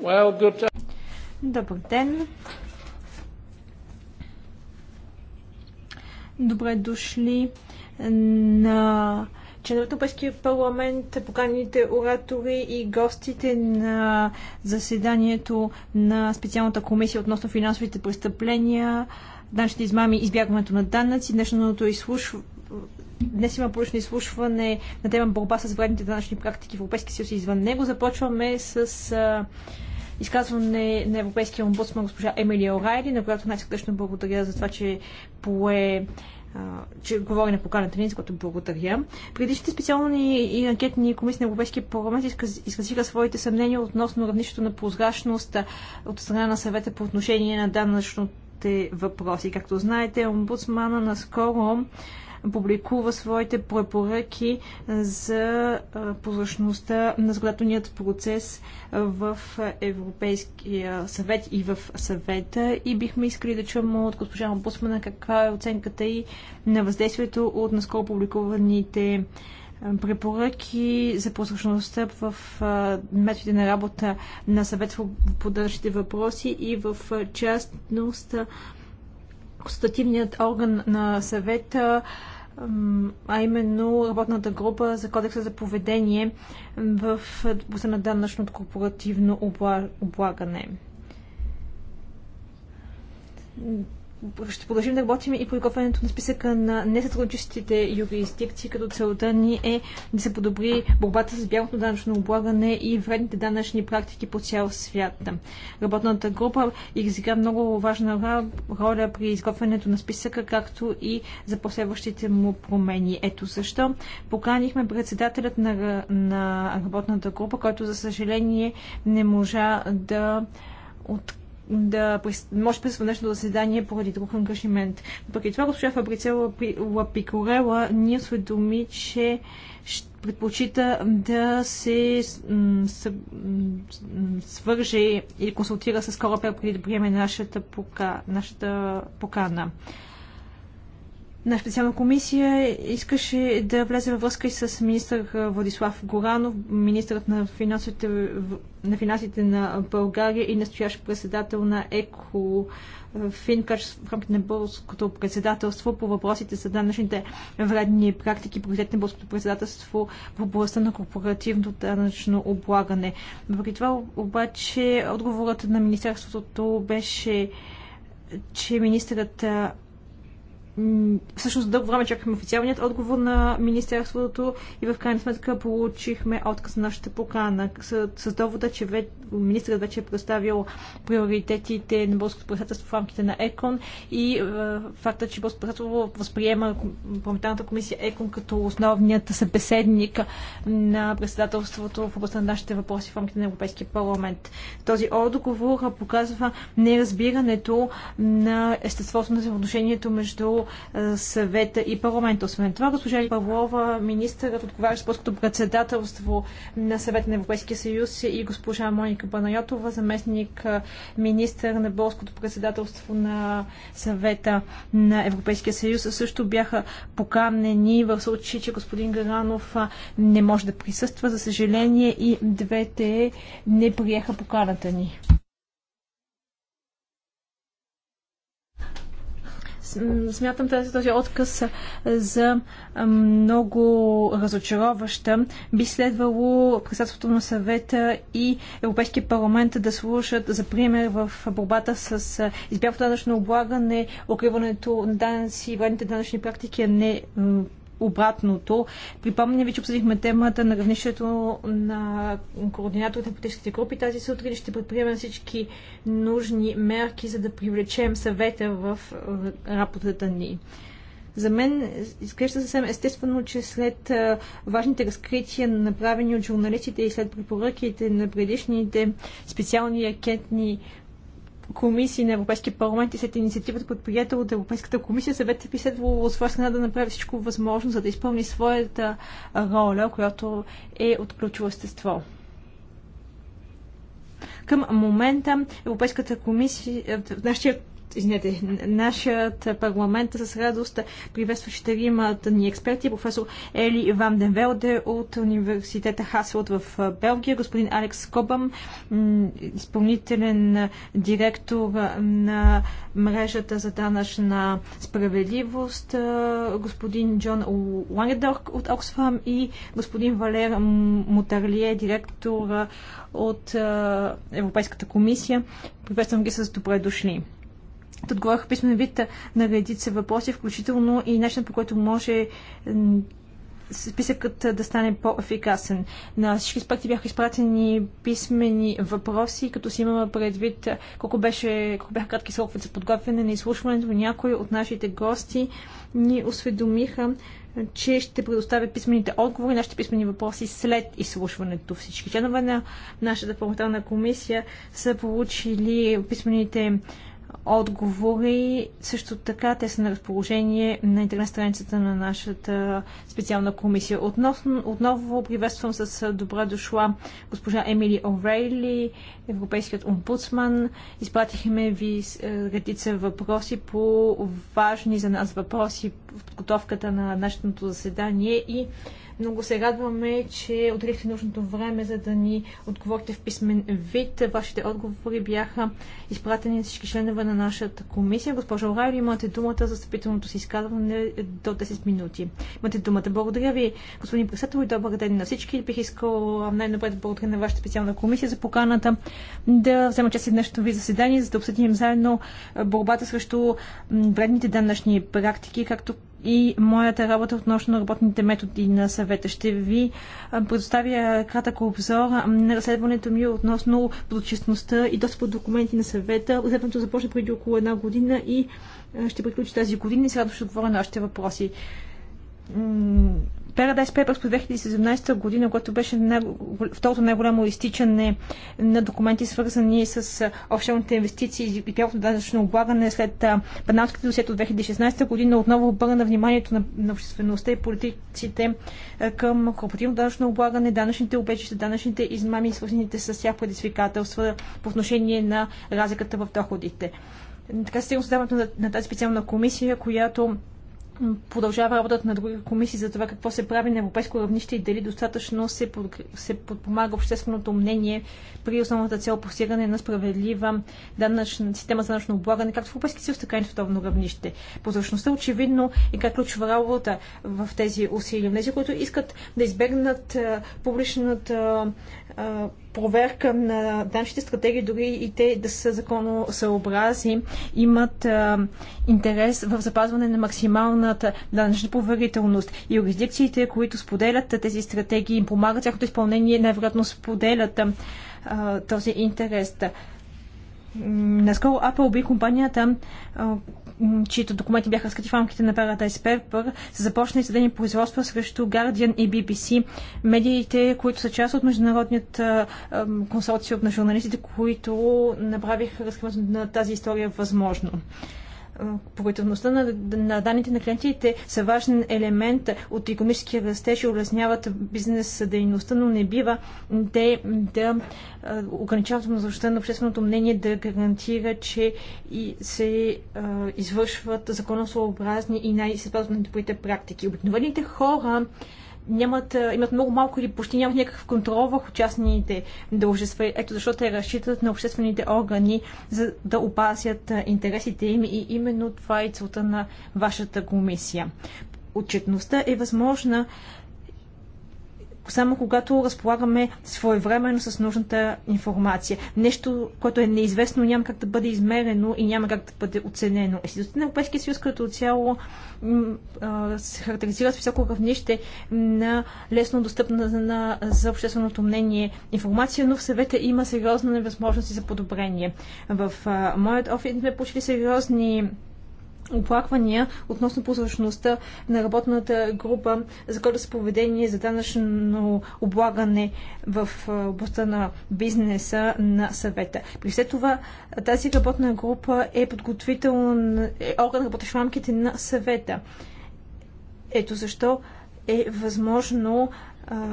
Well, Добър ден! Добре дошли на членовете парламент, поканените оратори и гостите на заседанието на специалната комисия относно финансовите престъпления, данъчните измами и избягването на данъци. Днешното изслушване Днес има поръчно изслушване на тема борба с вредните данъчни практики в Европейския съюз и извън него. Започваме с а, изказване на Европейския омбудсман госпожа Емилия Орайли, на която най съкъщно благодаря за това, че пое че говори на поканата ни, за което благодаря. Предишните специални и анкетни комисии на Европейския парламент изказиха своите съмнения относно равнището на прозрачност от страна на съвета по отношение на данъчните въпроси. Както знаете, омбудсмана наскоро публикува своите препоръки за прозрачността на законодателният процес в Европейския съвет и в съвета. И бихме искали да чуем от госпожа Омбусмана каква е оценката и на въздействието от наскоро публикуваните препоръки за прозрачността в методите на работа на съвет по въпроси и в частност консултативният орган на съвета, а именно работната група за кодекса за поведение в областта на данъчното корпоративно облагане ще продължим да работим и по изготвянето на списъка на несътрудничестите юрисдикции, като целта ни е да се подобри борбата с бялото данъчно облагане и вредните данъчни практики по цял свят. Работната група изигра много важна роля при изготвянето на списъка, както и за последващите му промени. Ето защо поканихме председателят на, на работната група, който за съжаление не можа да открие да може през днешното заседание поради друг ангажимент. Въпреки това, госпожа Фабрицела Лапикорела ни осведоми, че предпочита да се свърже и консултира с корабел преди да приеме нашата, пока, нашата покана на специална комисия искаше да влезе във връзка и с министър Владислав Горанов, министърът на финансите, на финансите на България и настоящ председател на ЕКО Финкач в рамките на българското председателство по въпросите за данъчните вредни практики, приоритет на българското председателство в областта на корпоративното данъчно облагане. Въпреки това обаче отговорът на Министерството беше че министърът всъщност дълго време чакахме официалният отговор на Министерството и в крайна сметка получихме отказ на нашата покана с, с довода, че ве, министърът вече е представил приоритетите на българското председателство в рамките на ЕКОН и е, факта, че българското председателство възприема парламентарната комисия ЕКОН като основният събеседник на председателството в областта на нашите въпроси в рамките на Европейския парламент. Този отговор показва неразбирането на естеството на взаимоотношението между съвета и парламента. Освен това, госпожа Павлова, министърът отговарящ полското председателство на съвета на Европейския съюз и госпожа Моника Банайотова, заместник министър на полското председателство на съвета на Европейския съюз, също бяха поканени в случай, че господин Гаранов не може да присъства. За съжаление и двете не приеха поканата ни. смятам тази, този отказ за много разочароваща. Би следвало председателството на съвета и Европейския парламент да слушат за пример в борбата с избягването на данъчно облагане, укриването на данъци и вредните данъчни практики, а не обратното. Припомня ви, че обсъдихме темата на равнището на координаторите на политическите групи. Тази сутрин ще предприемем всички нужни мерки, за да привлечем съвета в работата ни. За мен изглежда съвсем естествено, че след важните разкрития, направени от журналистите и след препоръките на предишните специални ракетни комисии на Европейския парламент и след инициативата приятел от Европейската комисия, съветът би следвало от своя страна да направи всичко възможно, за да изпълни своята роля, която е от ключово естество. Към момента Европейската комисия, нашия извинете, нашият парламент с радост приветства четиримата ни експерти, професор Ели Ван Денвелде от университета Хаслот в Белгия, господин Алекс Кобам, изпълнителен директор на мрежата за данъчна справедливост, господин Джон Лангедорг от Оксфам и господин Валер Мутарлие, директор от Европейската комисия. Приветствам ги с добре дошли отговорих писмен вид на редица въпроси, включително и начинът по който може списъкът да стане по-ефикасен. На всички аспекти бяха изпратени писмени въпроси, като си имала предвид колко, беше, колко бяха кратки срокове за подготвяне на изслушването. Някои от нашите гости ни осведомиха, че ще предоставят писмените отговори, нашите писмени въпроси след изслушването. Всички членове на нашата парламентарна комисия са получили писмените отговори. Също така те са на разположение на интернет страницата на нашата специална комисия. Относно, отново приветствам с добра дошла госпожа Емили Орейли, европейският омбудсман. Изпратихме ви редица въпроси по важни за нас въпроси в подготовката на днешното заседание и много се радваме, че отделихте нужното време, за да ни отговорите в писмен вид. Вашите отговори бяха изпратени всички членове на нашата комисия. Госпожа Орайли, имате думата за встъпителното си изказване до 10 минути. Имате думата. Благодаря ви, господин председател, и добър ден на всички. Бих искал най-напред да благодаря на вашата специална комисия за поканата да взема част в днешното ви заседание, за да обсъдим заедно борбата срещу вредните данъчни практики, както и моята работа относно работните методи на съвета. Ще ви предоставя кратък обзор на разследването ми относно прочистността и достъп до документи на съвета. Разследването започна преди около една година и ще приключи тази година и сега ще отговоря на нашите въпроси Paradise Papers по 2017 година, което беше най- второто най-голямо изтичане на документи, свързани с офшорните инвестиции и пялото данъчно облагане след панамските досиета от 2016 година, отново обърна вниманието на, на обществеността и политиците към корпоративно данъчно облагане, данъчните обечища, данъчните измами и свързаните с тях предизвикателства по отношение на разликата в доходите. Така се създаването на, на тази специална комисия, която продължава работата на други комисии за това какво се прави на европейско равнище и дали достатъчно се, под, се подпомага общественото мнение при основната цел постигане на справедлива данъчна система за данъчно облагане, както в Европейския съюз, така и на световно равнище. Позрачността очевидно е как ключова работа в тези усилия. Тези, които искат да избегнат публичната проверка на нашите стратегии, дори и те да са законосъобрази, имат а, интерес в запазване на максималната данъчна поверителност. И юрисдикциите, които споделят тези стратегии, им помагат тяхното изпълнение, най-вероятно споделят а, този интерес. Наскоро Apple би компанията, а, чието документи бяха разкрити в рамките на Paradise Paper, са започнали съдени производства срещу Guardian и BBC, медиите, които са част от международният консорциум на журналистите, които направиха разкриването на тази история възможно поведеността на, на данните на клиентите са важен елемент от економическия растеж и улесняват бизнес дейността, но не бива те да ограничават възможността на общественото мнение да гарантира, че и се а, извършват законосъобразни и най-съпазваните практики. Обикновените хора нямат, имат много малко или почти нямат някакъв контрол върху частните дължества. Ето защо те разчитат на обществените органи за да опасят интересите им и именно това е целта на вашата комисия. Отчетността е възможна само когато разполагаме своевременно с нужната информация. Нещо, което е неизвестно, няма как да бъде измерено и няма как да бъде оценено. Институтите на Европейския съюз като цяло се характеризира с високо равнище на лесно достъпна на, за общественото мнение информация, но в съвета има сериозна невъзможности за подобрение. В а, моят офис сме получили сериозни оплаквания относно прозрачността на работната група за кодекс поведение за данъчно облагане в областта на бизнеса на съвета. При все това тази работна група е подготвителен е орган, работещ в рамките на съвета. Ето защо е възможно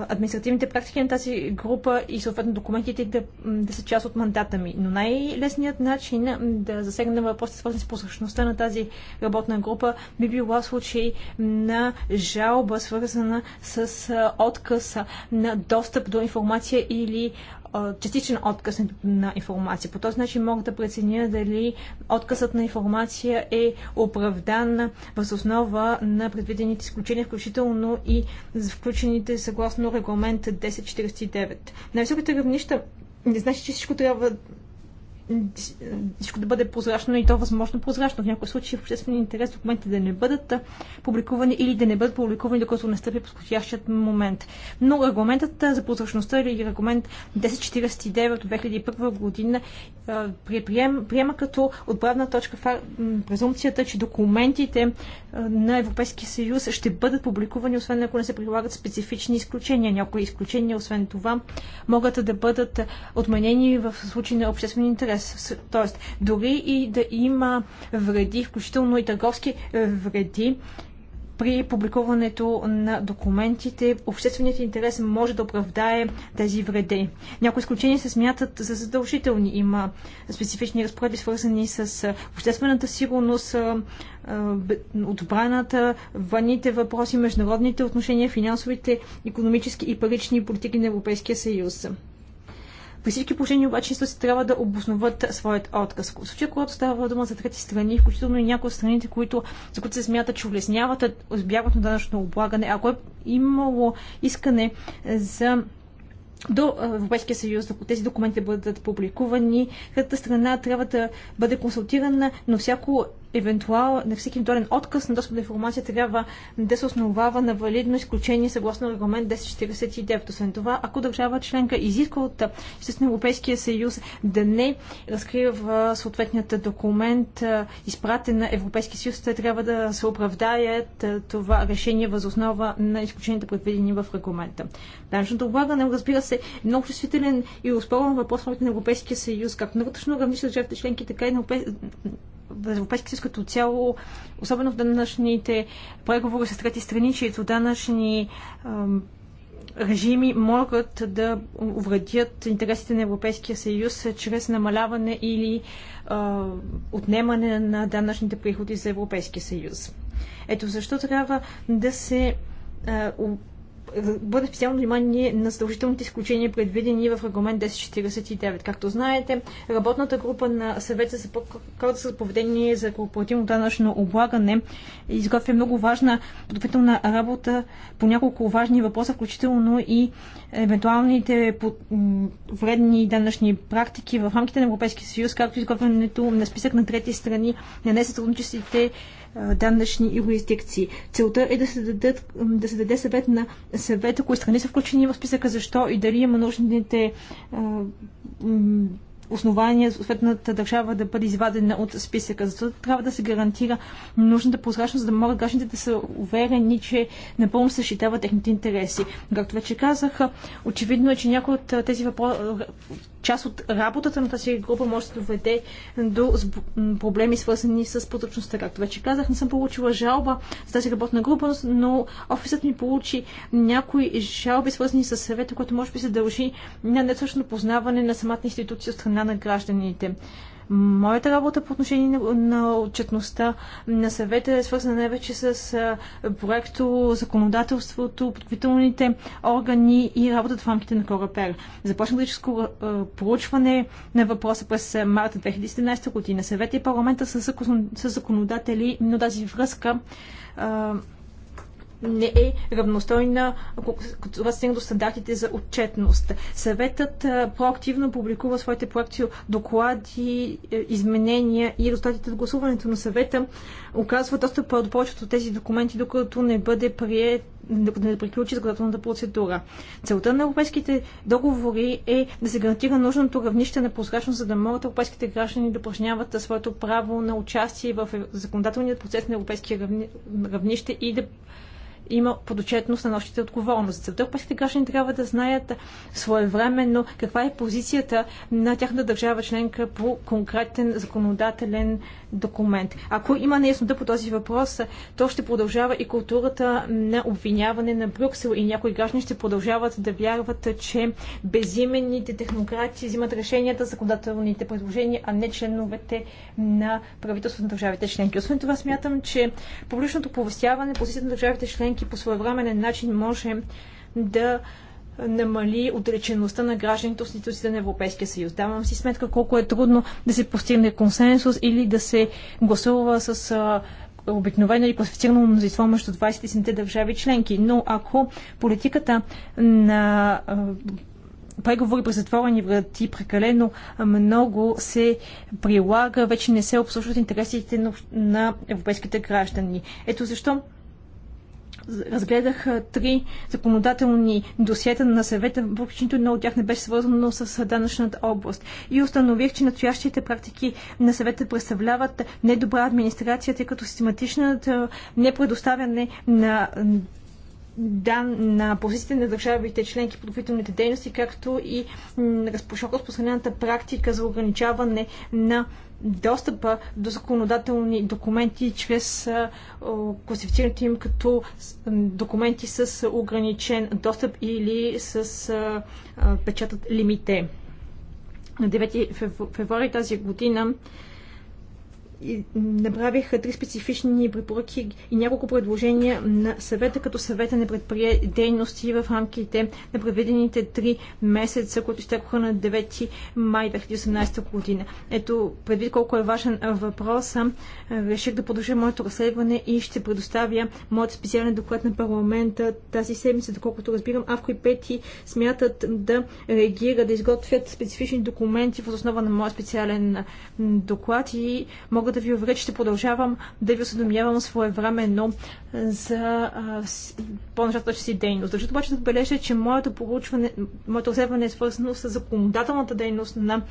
административните практики на тази група и съответно документите да, да са част от мандата ми. Но най-лесният начин да засегна въпроса, свързан с прозрачността на тази работна група, би била случай на жалба, свързана с отказ на достъп до информация или частичен отказ на информация. По този начин мога да преценя дали отказът на информация е оправдан въз основа на предвидените изключения, включително и за включените съгласно регламент 1049. На високите равнища не значи, че всичко трябва всичко да бъде прозрачно и то възможно прозрачно. В някои случаи в обществен интерес документите да не бъдат публикувани или да не бъдат публикувани, докато настъпи подходящият момент. Но регламентът за прозрачността или регламент 1049 от 2001 година прием, приема като отправна точка презумпцията, че документите на Европейския съюз ще бъдат публикувани, освен ако не се прилагат специфични изключения. Някои изключения, освен това, могат да бъдат отменени в случай на обществен интерес Тоест, дори и да има вреди, включително и търговски е, вреди, при публикуването на документите, общественият интерес може да оправдае тези вреди. Някои изключения се смятат за задължителни. Има специфични разпоредби, свързани с е, обществената сигурност, е, отбраната, ваните въпроси, международните отношения, финансовите, економически и парични политики на Европейския съюз. При всички положения обаче институции трябва да обосноват своят отказ. В случая, когато става дума за трети страни, включително и някои от страните, които, за които се смята, че улесняват избягването на данъчно облагане, ако е имало искане за до Европейския съюз, ако тези документи бъдат публикувани, трета страна трябва да бъде консултирана, но всяко евентуал, на всеки евентуален отказ на достъп до информация трябва да се основава на валидно изключение съгласно регламент 1049. Освен това, ако държава членка изисква от естествено Европейския съюз да не разкрива съответният документ, изпратен на Европейския съюз, те трябва да се оправдаят това решение въз основа на изключенията, предвидени в регламента. Данъчното облагане, разбира се, е много чувствителен и успорен въпрос на Европейския съюз, както на вътрешно равнище държавите членки, така и на Европейския съюз като цяло, особено в данъчните преговори с трети страни, чието данъчни режими могат да увредят интересите на Европейския съюз чрез намаляване или а, отнемане на данъчните приходи за Европейския съюз. Ето защо трябва да се а, бъде специално внимание на задължителните изключения, предвидени в регламент 1049. Както знаете, работната група на съвета за кодекс за поведение за корпоративно данъчно облагане изготвя много важна подготвителна работа по няколко важни въпроса, включително и евентуалните вредни данъчни практики в рамките на Европейския съюз, както изготвянето на списък на трети страни на несътрудничащите данъчни юрисдикции. Целта е да се, дадат, да се даде съвет на съвета, кои страни са включени в списъка, защо и дали има нужните основание съответната държава да бъде извадена от списъка. Защото трябва да се гарантира нужната прозрачност, за да могат гражданите да са уверени, че напълно защитава техните интереси. Както вече казах, очевидно е, че някои от тези въпроси, част от работата на тази група може да доведе до проблеми, свързани с прозрачността. Както вече казах, не съм получила жалба за тази работна група, но офисът ми получи някои жалби, свързани с съвета, което може би се дължи на недостатъчно познаване на самата институция от страна страна на гражданите. Моята работа по отношение на отчетността на съвета е свързана най-вече с проекто, законодателството, подпитателните органи и работата в рамките на Корапер. Започна политическо проучване на въпроса през марта 2017 година. Съвета и парламента са законодатели, но тази връзка не е равностойна, ако това стигне до стандартите за отчетност. Съветът проактивно публикува своите проекти, доклади, е, изменения и резултатите от гласуването на съвета оказва доста по повечето от тези документи, докато не бъде прият да не приключи законодателната процедура. Целта на европейските договори е да се гарантира нужното равнище на прозрачност, за да могат европейските граждани да упражняват своето право на участие в е, законодателния процес на европейския равнище и да има подочетност на нощите отговорност. Целта европейските граждани трябва да знаят своевременно каква е позицията на тяхната държава членка по конкретен законодателен документ. Ако има неяснота по този въпрос, то ще продължава и културата на обвиняване на Брюксел и някои граждани ще продължават да вярват, че безименните технократи взимат решенията за законодателните предложения, а не членовете на правителството на държавите членки. Освен това смятам, че публичното повестяване позицията на държавите членки по своевременен начин може да намали отдалечеността на гражданите от институциите на Европейския съюз. Давам си сметка колко е трудно да се постигне консенсус или да се гласува с а, обикновено и класифицирано мнозинство между 27-те държави членки. Но ако политиката на а, преговори при затворени врати прекалено много се прилага, вече не се обслужват интересите на, на европейските граждани. Ето защо разгледаха три законодателни досиета на съвета, въпреки нито едно от тях не беше свързано с данъчната област. И установих, че настоящите практики на съвета представляват недобра администрация, тъй като систематичната непредоставяне на дан на позициите на държавите членки по подготвителните дейности, както и разпространената практика за ограничаване на достъпа до законодателни документи чрез класифицирането им като документи с ограничен достъп или с печатът лимите. На 9 февруари тази година и направих три специфични препоръки и няколко предложения на съвета, като съвета не предприе дейности в рамките на предвидените три месеца, които изтекоха на 9 май 2018 година. Ето, предвид колко е важен въпрос, реших да продължа моето разследване и ще предоставя моят специален доклад на парламента тази седмица, доколкото разбирам, Авко и Пети смятат да реагират, да изготвят специфични документи в основа на моят специален доклад и могат мога да ви уверя, че ще продължавам да ви осъдомявам своевременно за по-нататъчната си дейност. Държа обаче да отбележа, че моето проучване, моето вземане е свързано с законодателната дейност на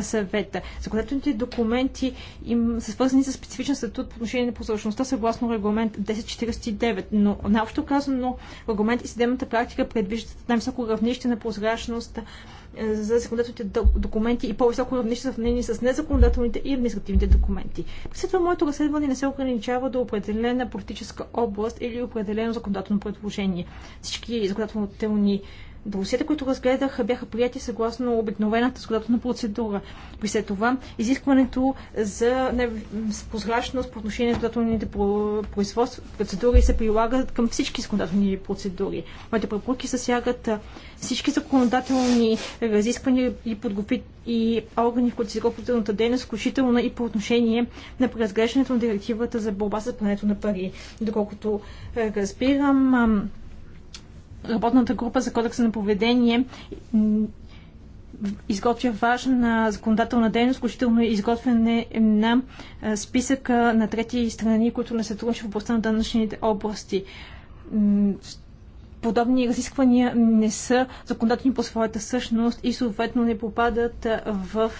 съвета. Законодателните документи им са свързани с специфичен статут по отношение на прозрачността съгласно регламент 1049, но наобщо казано регламент и съдебната практика предвиждат най-високо равнище на прозрачност за законодателните документи и по-високо равнище в сравнение с незаконодателните и административните документи. След това моето разследване не се ограничава до определена политическа област или определено законодателно предложение. Всички законодателни Досиета, които разгледах, бяха прияти съгласно обикновената законодателна процедура. При след това изискването за прозрачност по отношение на законодателните производства, процедури се прилагат към всички законодателни процедури. Моите препоръки засягат всички законодателни разисквания и, подготви... и органи, в които се изготвителната дейност, включително и по отношение на преразглеждането на директивата за борба с прането на пари. Доколкото разбирам, работната група за кодекса на поведение изготвя важна законодателна дейност, включително изготвяне на списъка на трети страни, които не сътрудничат в областта на данъчните области. Подобни разисквания не са законодателни по своята същност и съответно не попадат в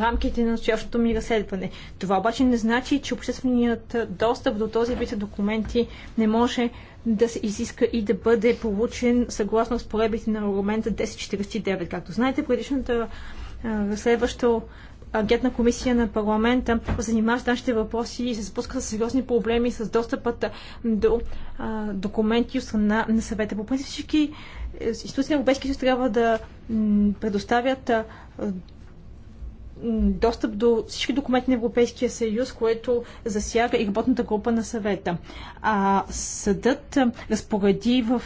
рамките на настоящото ми разследване. Това обаче не значи, че общественият достъп до този вид документи не може да се изиска и да бъде получен съгласно с поребите на регламента 1049. Както знаете, предишната разследваща агентна комисия на парламента занимава с нашите въпроси и се спуска с сериозни проблеми с достъпът до а, документи от страна на съвета. По принцип всички е, институции на Европейския съюз трябва да предоставят достъп до всички документи на Европейския съюз, което засяга и работната група на съвета. А съдът разпореди в,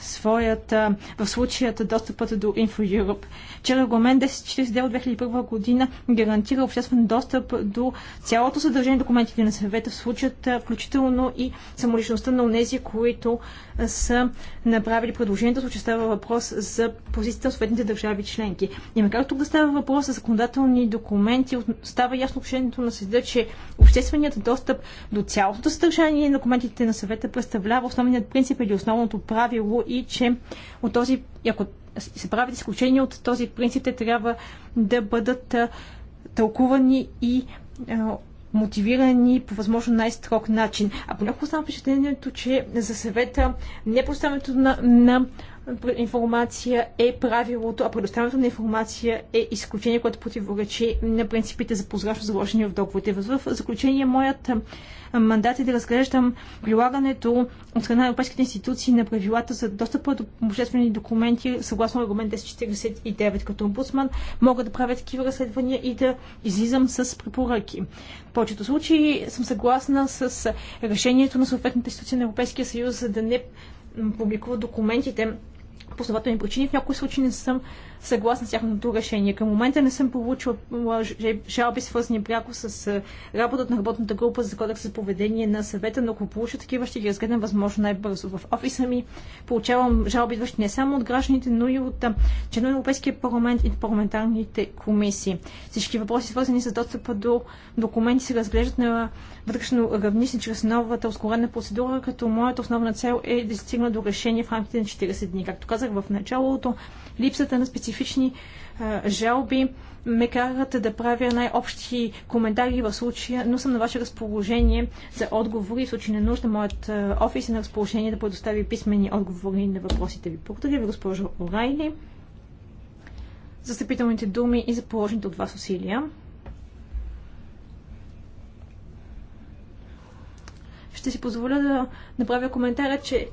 своята, в случаята достъпът до InfoEurop, че регламент 1049 от 2001 година гарантира обществен достъп до цялото съдържание на документите на съвета в случаята, включително и самоличността на унези, които са направили предложението, случай става въпрос за позицията на съответните държави членки. И макар тук да става въпрос за законодателни документи, става ясно общението на съда, че общественият достъп до цялото съдържание на документите на съвета представлява основният принцип или основното правило и че от този, ако се правят изключения от този принцип, те трябва да бъдат тълкувани и мотивирани по възможно най-строг начин. А понякога оставам впечатлението, че за съвета не е поставянето на, на информация е правилото, а предоставянето на информация е изключение, което противоречи на принципите за прозрачност, заложени в договорите. В заключение, моят мандат е да разглеждам прилагането от страна на европейските институции на правилата за достъпа до обществени документи съгласно регламент 1049 като омбудсман. Мога да правя такива разследвания и да излизам с препоръки. В повечето случаи съм съгласна с решението на съответната институция на Европейския съюз за да не публикува документите по основателни причини. В някои случаи не съм съгласна с тяхното решение. Към момента не съм получила жалби, свързани пряко с работата на работната група за кодекс за поведение на съвета, но ако получа такива, ще ги разгледам възможно най-бързо. В офиса ми получавам жалби, идващи не само от гражданите, но и от членове на Европейския парламент и парламентарните комисии. Всички въпроси, свързани с достъпа до документи, се разглеждат на вътрешно равнище чрез новата ускорена процедура, като моята основна цел е да стигна до решение в рамките на 40 дни. Както казах в началото, липсата на специфични жалби ме карат да правя най-общи коментари в случая, но съм на ваше разположение за отговори. В случай на нужда, моят офис е на разположение да предостави писмени отговори на въпросите ви. Благодаря ви, госпожо Орайли, за стъпителните думи и за положените от вас усилия. Ще си позволя да направя коментара, че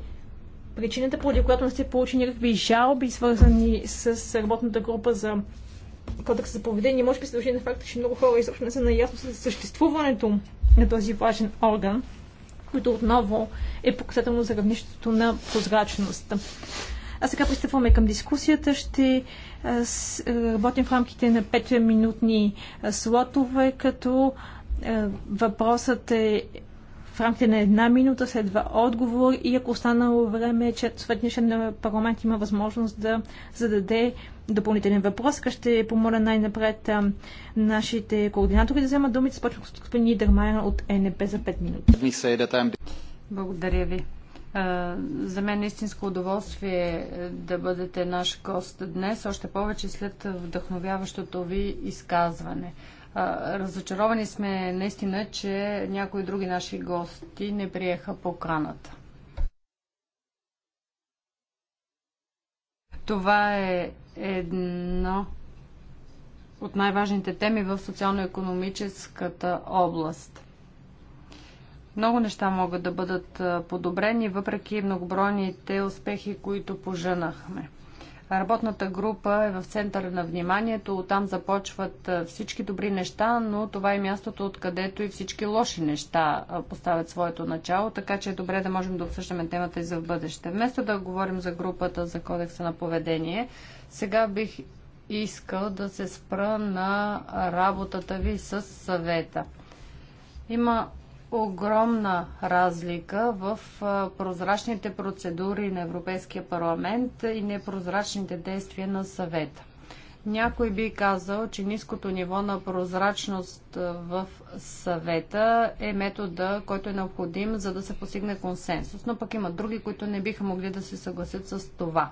причината, поради която не сте получили някакви жалби, свързани с работната група за кодекс за поведение, може би се дължи на факта, че много хора изобщо не са наясно с съществуването на този важен орган, който отново е показателно за равнището на прозрачност. А сега пристъпваме към дискусията. Ще работим в рамките на 5-минутни слотове, като въпросът е в рамките на една минута следва отговор и ако останало време, че съответният на парламент има възможност да зададе допълнителен въпрос. Така ще помоля най-напред нашите координатори да вземат думите. Започвам с господин Нидермайер от НП за 5 минути. Благодаря ви. За мен е истинско удоволствие е, да бъдете наш гост днес, още повече след вдъхновяващото ви изказване. Разочаровани сме наистина, че някои други наши гости не приеха поканата. Това е едно от най-важните теми в социално-економическата област. Много неща могат да бъдат подобрени, въпреки многобройните успехи, които поженахме. Работната група е в центъра на вниманието, оттам започват всички добри неща, но това е мястото, откъдето и всички лоши неща поставят своето начало, така че е добре да можем да обсъждаме темата и за в бъдеще. Вместо да говорим за групата за кодекса на поведение, сега бих искал да се спра на работата ви с съвета. Има огромна разлика в прозрачните процедури на Европейския парламент и непрозрачните действия на съвета. Някой би казал, че ниското ниво на прозрачност в съвета е метода, който е необходим, за да се постигне консенсус, но пък има други, които не биха могли да се съгласят с това.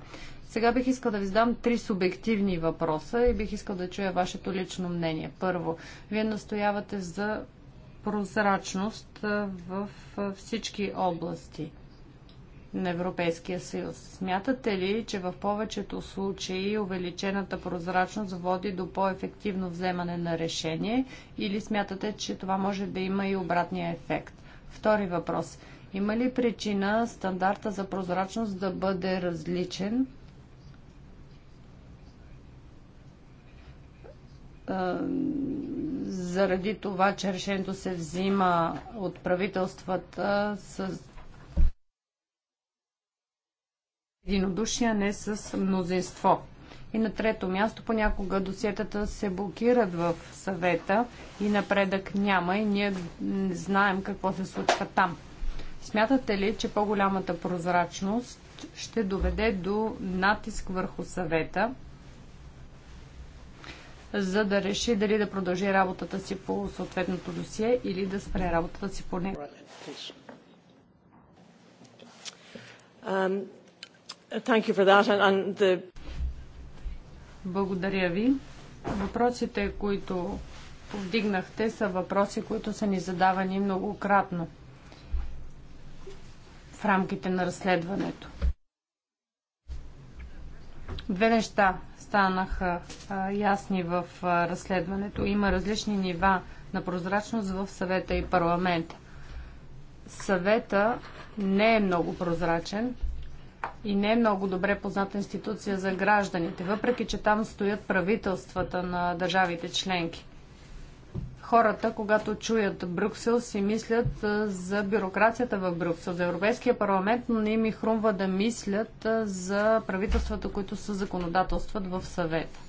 Сега бих искал да ви задам три субективни въпроса и бих искал да чуя вашето лично мнение. Първо, вие настоявате за прозрачност в всички области на Европейския съюз. Смятате ли, че в повечето случаи увеличената прозрачност води до по-ефективно вземане на решение или смятате, че това може да има и обратния ефект? Втори въпрос. Има ли причина стандарта за прозрачност да бъде различен Е, заради това, че решението се взима от правителствата с единодушие, не с мнозинство. И на трето място, понякога досетата се блокират в съвета и напредък няма и ние не знаем какво се случва там. Смятате ли, че по-голямата прозрачност ще доведе до натиск върху съвета за да реши дали да продължи работата си по съответното досие или да спре работата си по него. Um, Благодаря ви. Въпросите, които повдигнахте, са въпроси, които са ни задавани многократно в рамките на разследването. Две неща станаха а, ясни в а, разследването. Има различни нива на прозрачност в съвета и парламента. Съвета не е много прозрачен и не е много добре позната институция за гражданите, въпреки че там стоят правителствата на държавите членки хората, когато чуят Брюксел, си мислят за бюрокрацията в Брюксел, за Европейския парламент, но не ми хрумва да мислят за правителствата, които са законодателстват в съвета.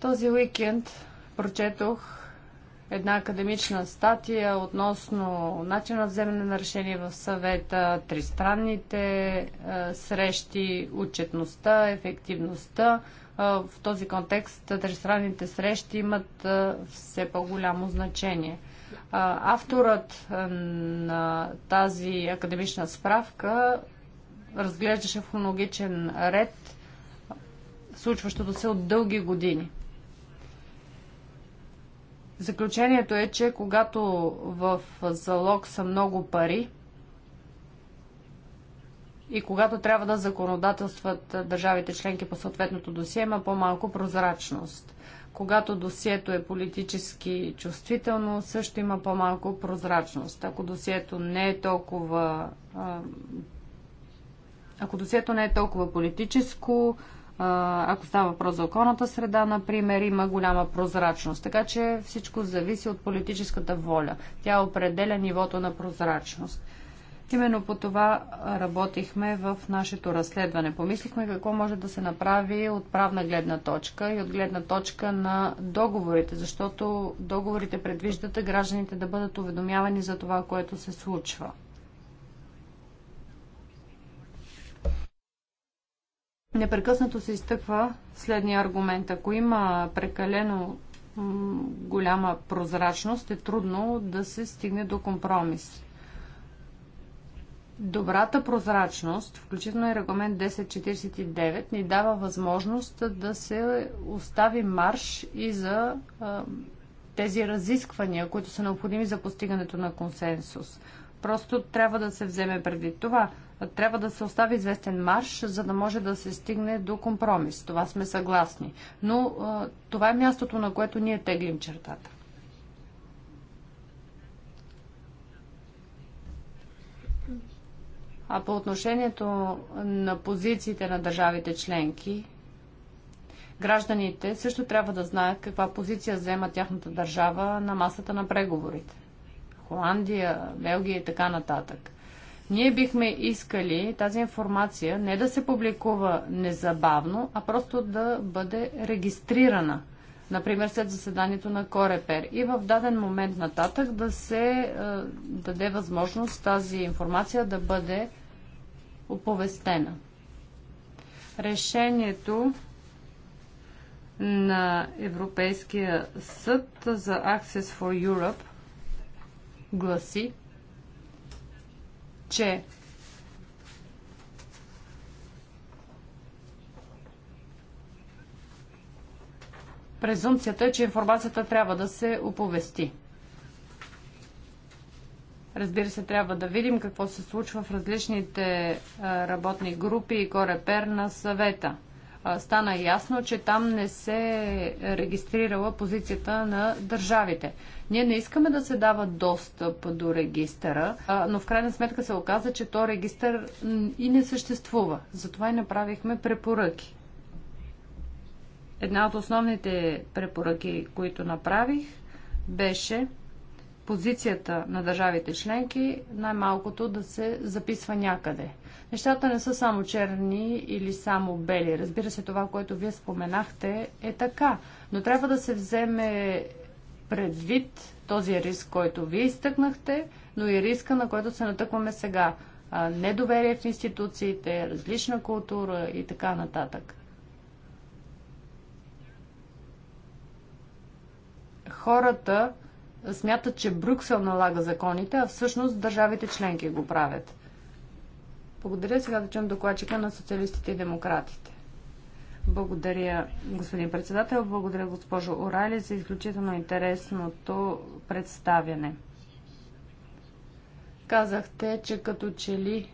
Този уикенд прочетох една академична статия относно начин на вземане на решение в съвета, тристранните е, срещи, отчетността, ефективността. Е, в този контекст тристранните срещи имат е, все по-голямо значение. Авторът на тази академична справка разглеждаше в хронологичен ред случващото се от дълги години. Заключението е, че когато в залог са много пари и когато трябва да законодателстват държавите членки по съответното досие, има по-малко прозрачност. Когато досието е политически чувствително, също има по-малко прозрачност. Ако досието не е толкова. Ако досието не е толкова политическо, ако става въпрос за околната среда, например, има голяма прозрачност. Така че всичко зависи от политическата воля. Тя определя нивото на прозрачност. Именно по това работихме в нашето разследване. Помислихме какво може да се направи от правна гледна точка и от гледна точка на договорите, защото договорите предвиждат гражданите да бъдат уведомявани за това, което се случва. непрекъснато се изтъква следния аргумент. Ако има прекалено голяма прозрачност, е трудно да се стигне до компромис. Добрата прозрачност, включително и регламент 1049, ни дава възможност да се остави марш и за тези разисквания, които са необходими за постигането на консенсус. Просто трябва да се вземе преди това. Трябва да се остави известен марш, за да може да се стигне до компромис. Това сме съгласни. Но това е мястото, на което ние теглим чертата. А по отношението на позициите на държавите членки, гражданите също трябва да знаят каква позиция взема тяхната държава на масата на преговорите. Холандия, Белгия и така нататък. Ние бихме искали тази информация не да се публикува незабавно, а просто да бъде регистрирана. Например, след заседанието на Корепер. И в даден момент нататък да се е, даде възможност тази информация да бъде оповестена. Решението на Европейския съд за Access for Europe гласи, че презумцията е, че информацията трябва да се оповести. Разбира се, трябва да видим какво се случва в различните работни групи и корепер на съвета – стана ясно, че там не се регистрирала позицията на държавите. Ние не искаме да се дава достъп до регистъра, но в крайна сметка се оказа, че то регистър и не съществува. Затова и направихме препоръки. Една от основните препоръки, които направих, беше позицията на държавите членки най-малкото да се записва някъде – Нещата не са само черни или само бели. Разбира се, това, което вие споменахте, е така. Но трябва да се вземе предвид този риск, който вие изтъкнахте, но и риска, на който се натъкваме сега. Недоверие в институциите, различна култура и така нататък. Хората смятат, че Брюксел налага законите, а всъщност държавите членки го правят. Благодаря. Сега да чуем докладчика на социалистите и демократите. Благодаря, господин председател. Благодаря, госпожо Орали, за изключително интересното представяне. Казахте, че като че ли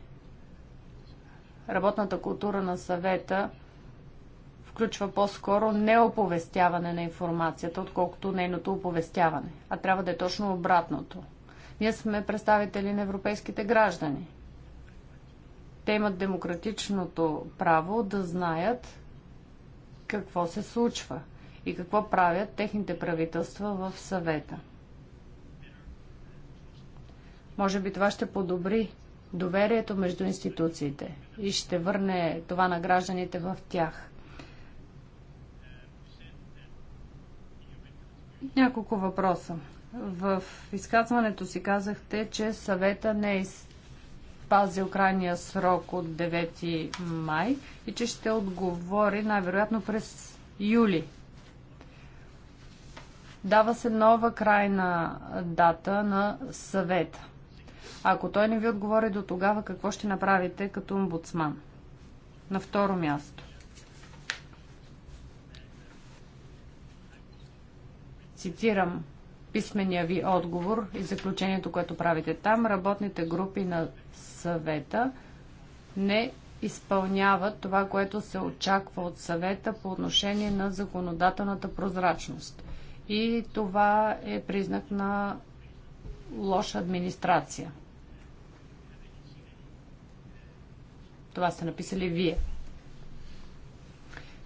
работната култура на съвета включва по-скоро неоповестяване на информацията, отколкото нейното оповестяване. А трябва да е точно обратното. Ние сме представители на европейските граждани – те имат демократичното право да знаят какво се случва и какво правят техните правителства в съвета. Може би това ще подобри доверието между институциите и ще върне това на гражданите в тях. Няколко въпроса. В изказването си казахте, че съвета не е спазил крайния срок от 9 май и че ще отговори най-вероятно през юли. Дава се нова крайна дата на съвета. Ако той не ви отговори до тогава, какво ще направите като омбудсман? На второ място. Цитирам писмения ви отговор и заключението, което правите там. Работните групи на съвета не изпълняват това, което се очаква от съвета по отношение на законодателната прозрачност. И това е признак на лоша администрация. Това сте написали вие.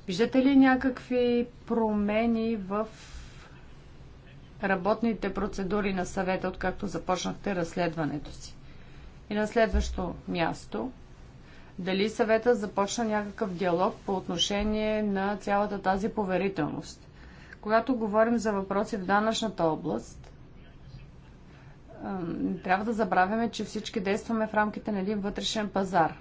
Виждате ли някакви промени в работните процедури на съвета, откакто започнахте разследването си? И на следващо място, дали съвета започна някакъв диалог по отношение на цялата тази поверителност. Когато говорим за въпроси в данъчната област, трябва да забравяме, че всички действаме в рамките на един вътрешен пазар.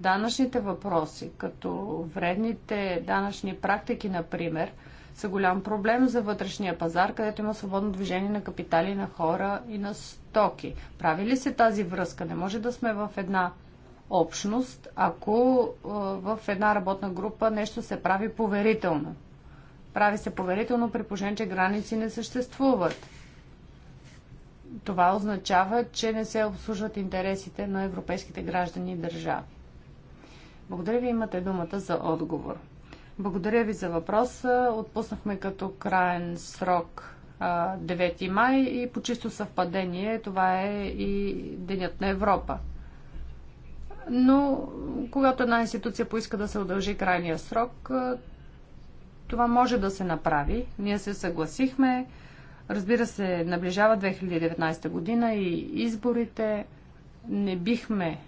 Данъчните въпроси, като вредните данъчни практики, например, са голям проблем за вътрешния пазар, където има свободно движение на капитали, на хора и на стоки. Прави ли се тази връзка? Не може да сме в една общност, ако е, в една работна група нещо се прави поверително. Прави се поверително при положение, че граници не съществуват. Това означава, че не се обслужват интересите на европейските граждани и държави. Благодаря ви, имате думата за отговор. Благодаря ви за въпроса. Отпуснахме като крайен срок 9 май и по чисто съвпадение това е и Денят на Европа. Но когато една институция поиска да се удължи крайния срок, това може да се направи. Ние се съгласихме. Разбира се, наближава 2019 година и изборите. Не бихме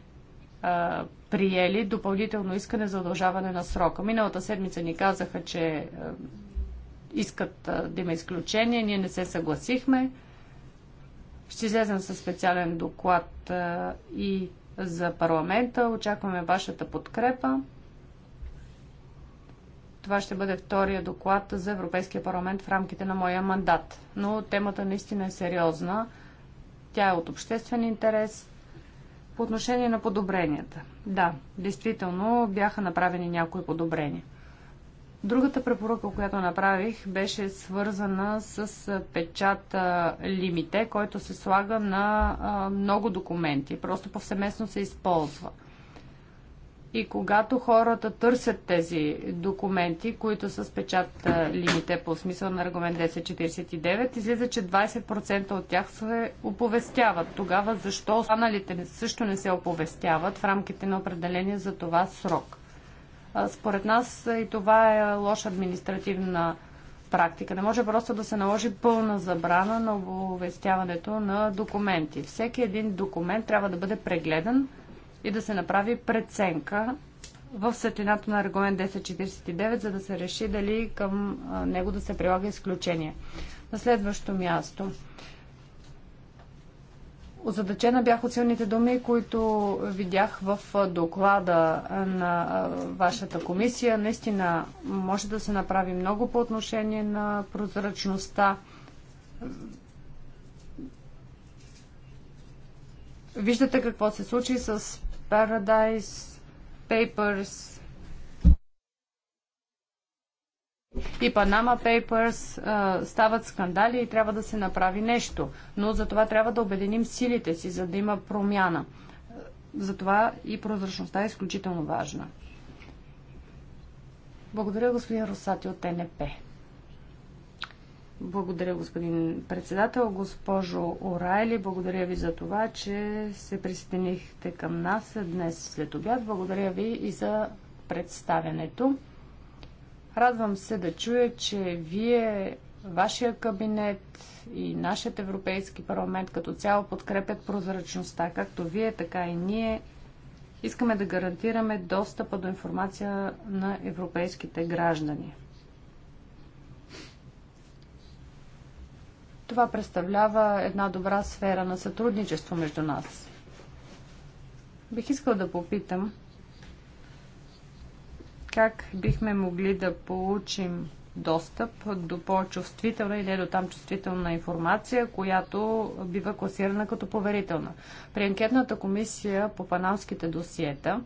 приели допълнително искане за удължаване на срока. Миналата седмица ни казаха, че искат да има изключение. Ние не се съгласихме. Ще излезем със специален доклад и за парламента. Очакваме вашата подкрепа. Това ще бъде втория доклад за Европейския парламент в рамките на моя мандат. Но темата наистина е сериозна. Тя е от обществен интерес по отношение на подобренията. Да, действително бяха направени някои подобрения. Другата препоръка, която направих, беше свързана с печата лимите, който се слага на много документи. Просто повсеместно се използва – и когато хората търсят тези документи, които са с печат лимите по смисъл на регламент 1049, излиза, че 20% от тях се оповестяват. Тогава защо останалите също не се оповестяват в рамките на определения за това срок? Според нас и това е лоша административна практика. Не може просто да се наложи пълна забрана на оповестяването на документи. Всеки един документ трябва да бъде прегледан и да се направи преценка в светлината на регламент 1049, за да се реши дали към него да се прилага изключение. На следващо място. Озадачена бях от силните думи, които видях в доклада на вашата комисия. Наистина може да се направи много по отношение на прозрачността. Виждате какво се случи с Paradise Papers и Панама Papers стават скандали и трябва да се направи нещо. Но за това трябва да обединим силите си, за да има промяна. Затова и прозрачността е изключително важна. Благодаря, господин Росати от НП. Благодаря, господин председател. Госпожо Орайли, благодаря ви за това, че се присъединихте към нас днес след обяд. Благодаря ви и за представянето. Радвам се да чуя, че вие, вашия кабинет и нашият Европейски парламент като цяло подкрепят прозрачността, както вие, така и ние. Искаме да гарантираме достъпа до информация на европейските граждани. Това представлява една добра сфера на сътрудничество между нас. Бих искал да попитам как бихме могли да получим достъп до по-чувствителна или до там чувствителна информация, която бива класирана като поверителна. При анкетната комисия по панамските досиета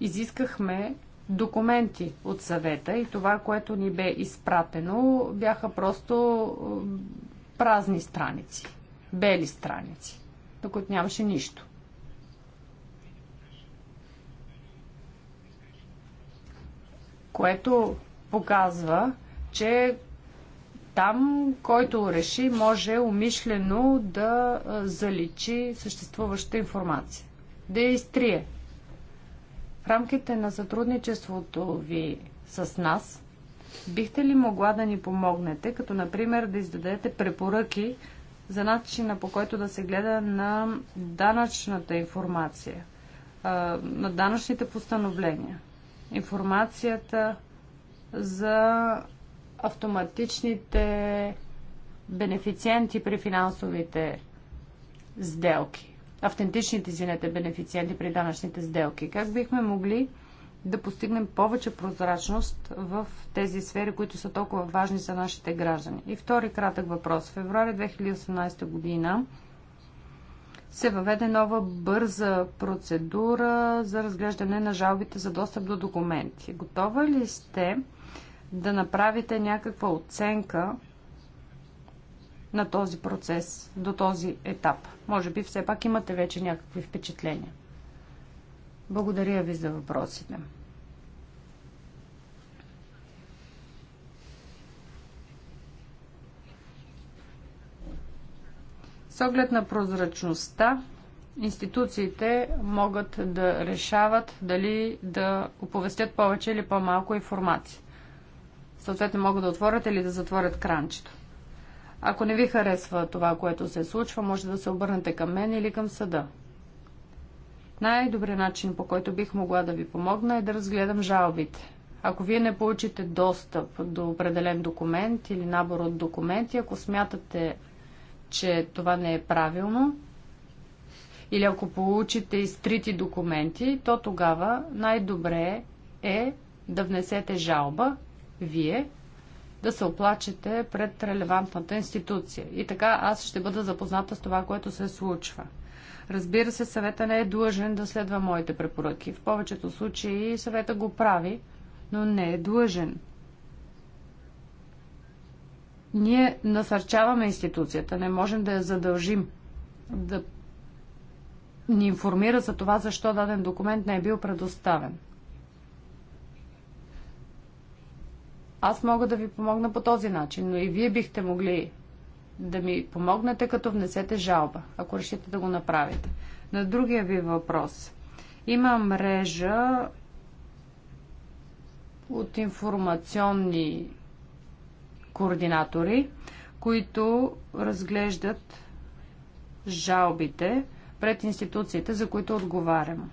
изискахме документи от съвета и това, което ни бе изпратено, бяха просто празни страници, бели страници, на които нямаше нищо. Което показва, че там, който реши, може умишлено да заличи съществуваща информация. Да я изтрие в рамките на сътрудничеството ви с нас, бихте ли могла да ни помогнете, като например да издадете препоръки за начина по който да се гледа на данъчната информация, на данъчните постановления, информацията за автоматичните бенефициенти при финансовите сделки автентичните извинете, бенефициенти при данъчните сделки. Как бихме могли да постигнем повече прозрачност в тези сфери, които са толкова важни за нашите граждани? И втори кратък въпрос. В февруари 2018 година се въведе нова бърза процедура за разглеждане на жалбите за достъп до документи. Готова ли сте да направите някаква оценка на този процес до този етап? Може би все пак имате вече някакви впечатления. Благодаря ви за въпросите. С оглед на прозрачността, институциите могат да решават дали да оповестят повече или по-малко информация. Съответно могат да отворят или да затворят кранчето. Ако не ви харесва това, което се случва, може да се обърнете към мен или към съда. Най-добрият начин, по който бих могла да ви помогна, е да разгледам жалбите. Ако вие не получите достъп до определен документ или набор от документи, ако смятате, че това не е правилно, или ако получите изтрити документи, то тогава най-добре е да внесете жалба вие да се оплачете пред релевантната институция. И така аз ще бъда запозната с това, което се случва. Разбира се, съвета не е длъжен да следва моите препоръки. В повечето случаи съвета го прави, но не е длъжен. Ние насърчаваме институцията, не можем да я задължим да ни информира за това, защо даден документ не е бил предоставен. Аз мога да ви помогна по този начин, но и вие бихте могли да ми помогнете, като внесете жалба, ако решите да го направите. На другия ви въпрос. Има мрежа от информационни координатори, които разглеждат жалбите пред институциите, за които отговарям.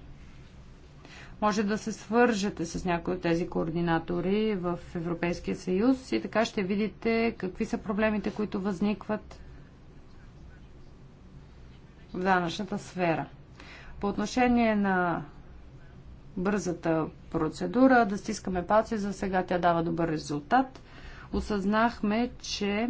Може да се свържете с някои от тези координатори в Европейския съюз и така ще видите какви са проблемите, които възникват в данъчната сфера. По отношение на бързата процедура, да стискаме палци, за сега тя дава добър резултат. Осъзнахме, че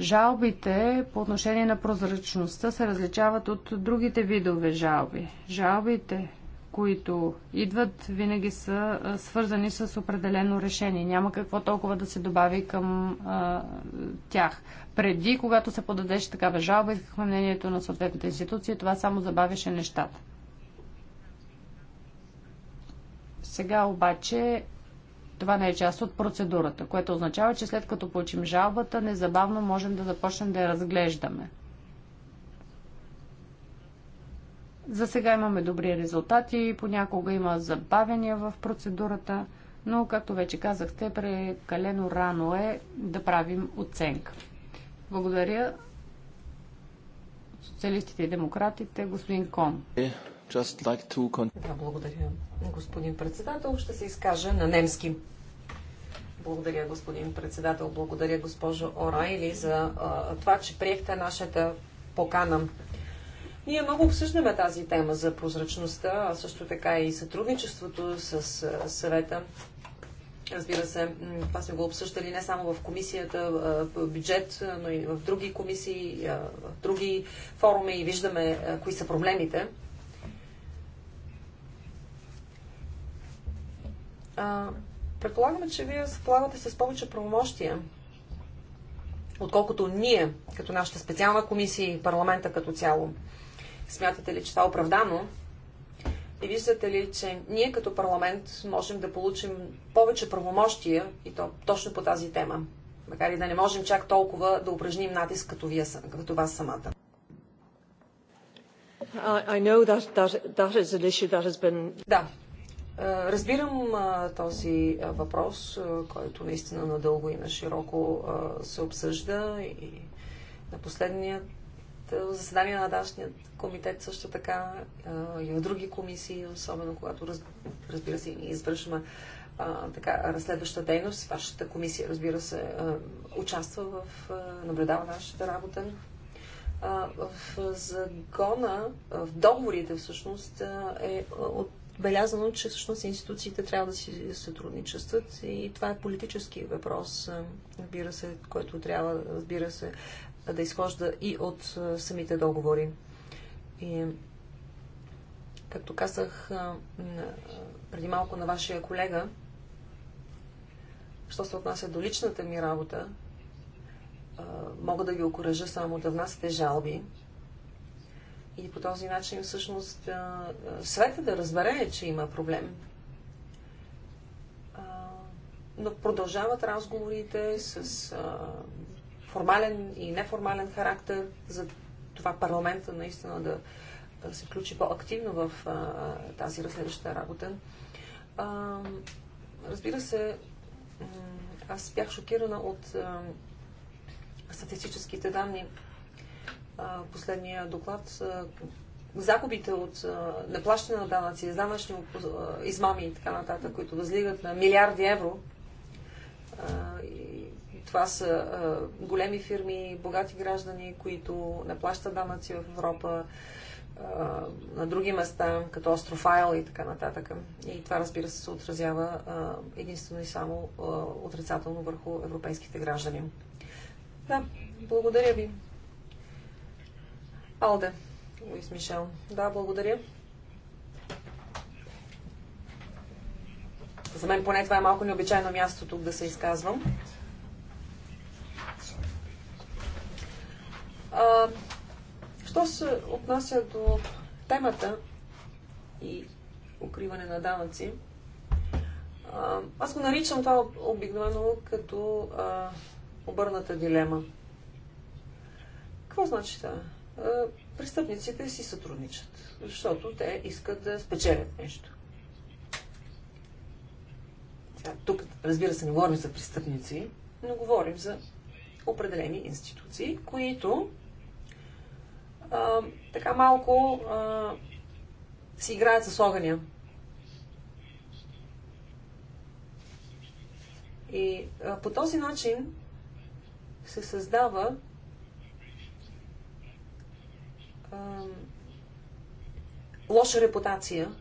Жалбите по отношение на прозрачността се различават от другите видове жалби. Жалбите които идват, винаги са свързани с определено решение. Няма какво толкова да се добави към а, тях. Преди, когато се подадеше такава жалба, искахме мнението на съответната институция. Това само забавяше нещата. Сега обаче това не е част от процедурата, което означава, че след като получим жалбата, незабавно можем да започнем да я разглеждаме. За сега имаме добри резултати, понякога има забавения в процедурата, но, както вече казахте, прекалено рано е да правим оценка. Благодаря социалистите и демократите, господин Ком. Е, like to... Да, благодаря, господин председател. Ще се изкажа на немски. Благодаря, господин председател. Благодаря, госпожо Орайли, за а, това, че приехте нашата покана. Ние много обсъждаме тази тема за прозрачността, а също така и сътрудничеството с съвета. Разбира се, това сме го обсъждали не само в комисията по бюджет, но и в други комисии, в други форуми и виждаме кои са проблемите. Предполагаме, че вие разполагате с повече правомощия, отколкото ние, като нашата специална комисия и парламента като цяло. Смятате ли, че това е оправдано? И виждате ли, че ние като парламент можем да получим повече правомощия и то точно по тази тема? Макар и да не можем чак толкова да упражним натиск като, вие, като вас самата. That, that, that been... Да. Е, разбирам е, този е, въпрос, който наистина надълго и на широко се обсъжда и на последният е, заседания на данъчния комитет също така е, и в други комисии, особено когато, разбира се, ние извършваме така, разследваща дейност. Вашата комисия, разбира се, е, участва в, наблюдава нашата работа. в загона, в договорите всъщност е Белязано, че всъщност институциите трябва да си сътрудничестват и това е политически въпрос, разбира се, който трябва, разбира се, да изхожда и от самите договори. И, както казах преди малко на вашия колега, що се отнася до личната ми работа, мога да ви окоръжа само да внасяте жалби. И по този начин всъщност света да разбере, че има проблем. Но продължават разговорите с формален и неформален характер, за това парламента наистина да се включи по-активно в а, тази разследваща работа. А, разбира се, аз бях шокирана от а, статистическите данни. А, последния доклад, а, загубите от а, неплащане на данъци, данъчни измами и така нататък, които възлигат на милиарди евро. А, и това са а, големи фирми, богати граждани, които не плащат данъци в Европа, а, на други места, като Острофайл и така нататък. И това, разбира се, се отразява а, единствено и само а, отрицателно върху европейските граждани. Да, благодаря ви. Алде, Луис Мишел. Да, благодаря. За мен поне това е малко необичайно място тук да се изказвам. А, що се отнася до темата и укриване на данъци, аз го наричам това обикновено като а, обърната дилема. Какво значи това? престъпниците си сътрудничат, защото те искат да спечелят нещо. тук, разбира се, не говорим за престъпници, но говорим за определени институции, които а, така малко а, си играят с огъня. И а, по този начин се създава а, лоша репутация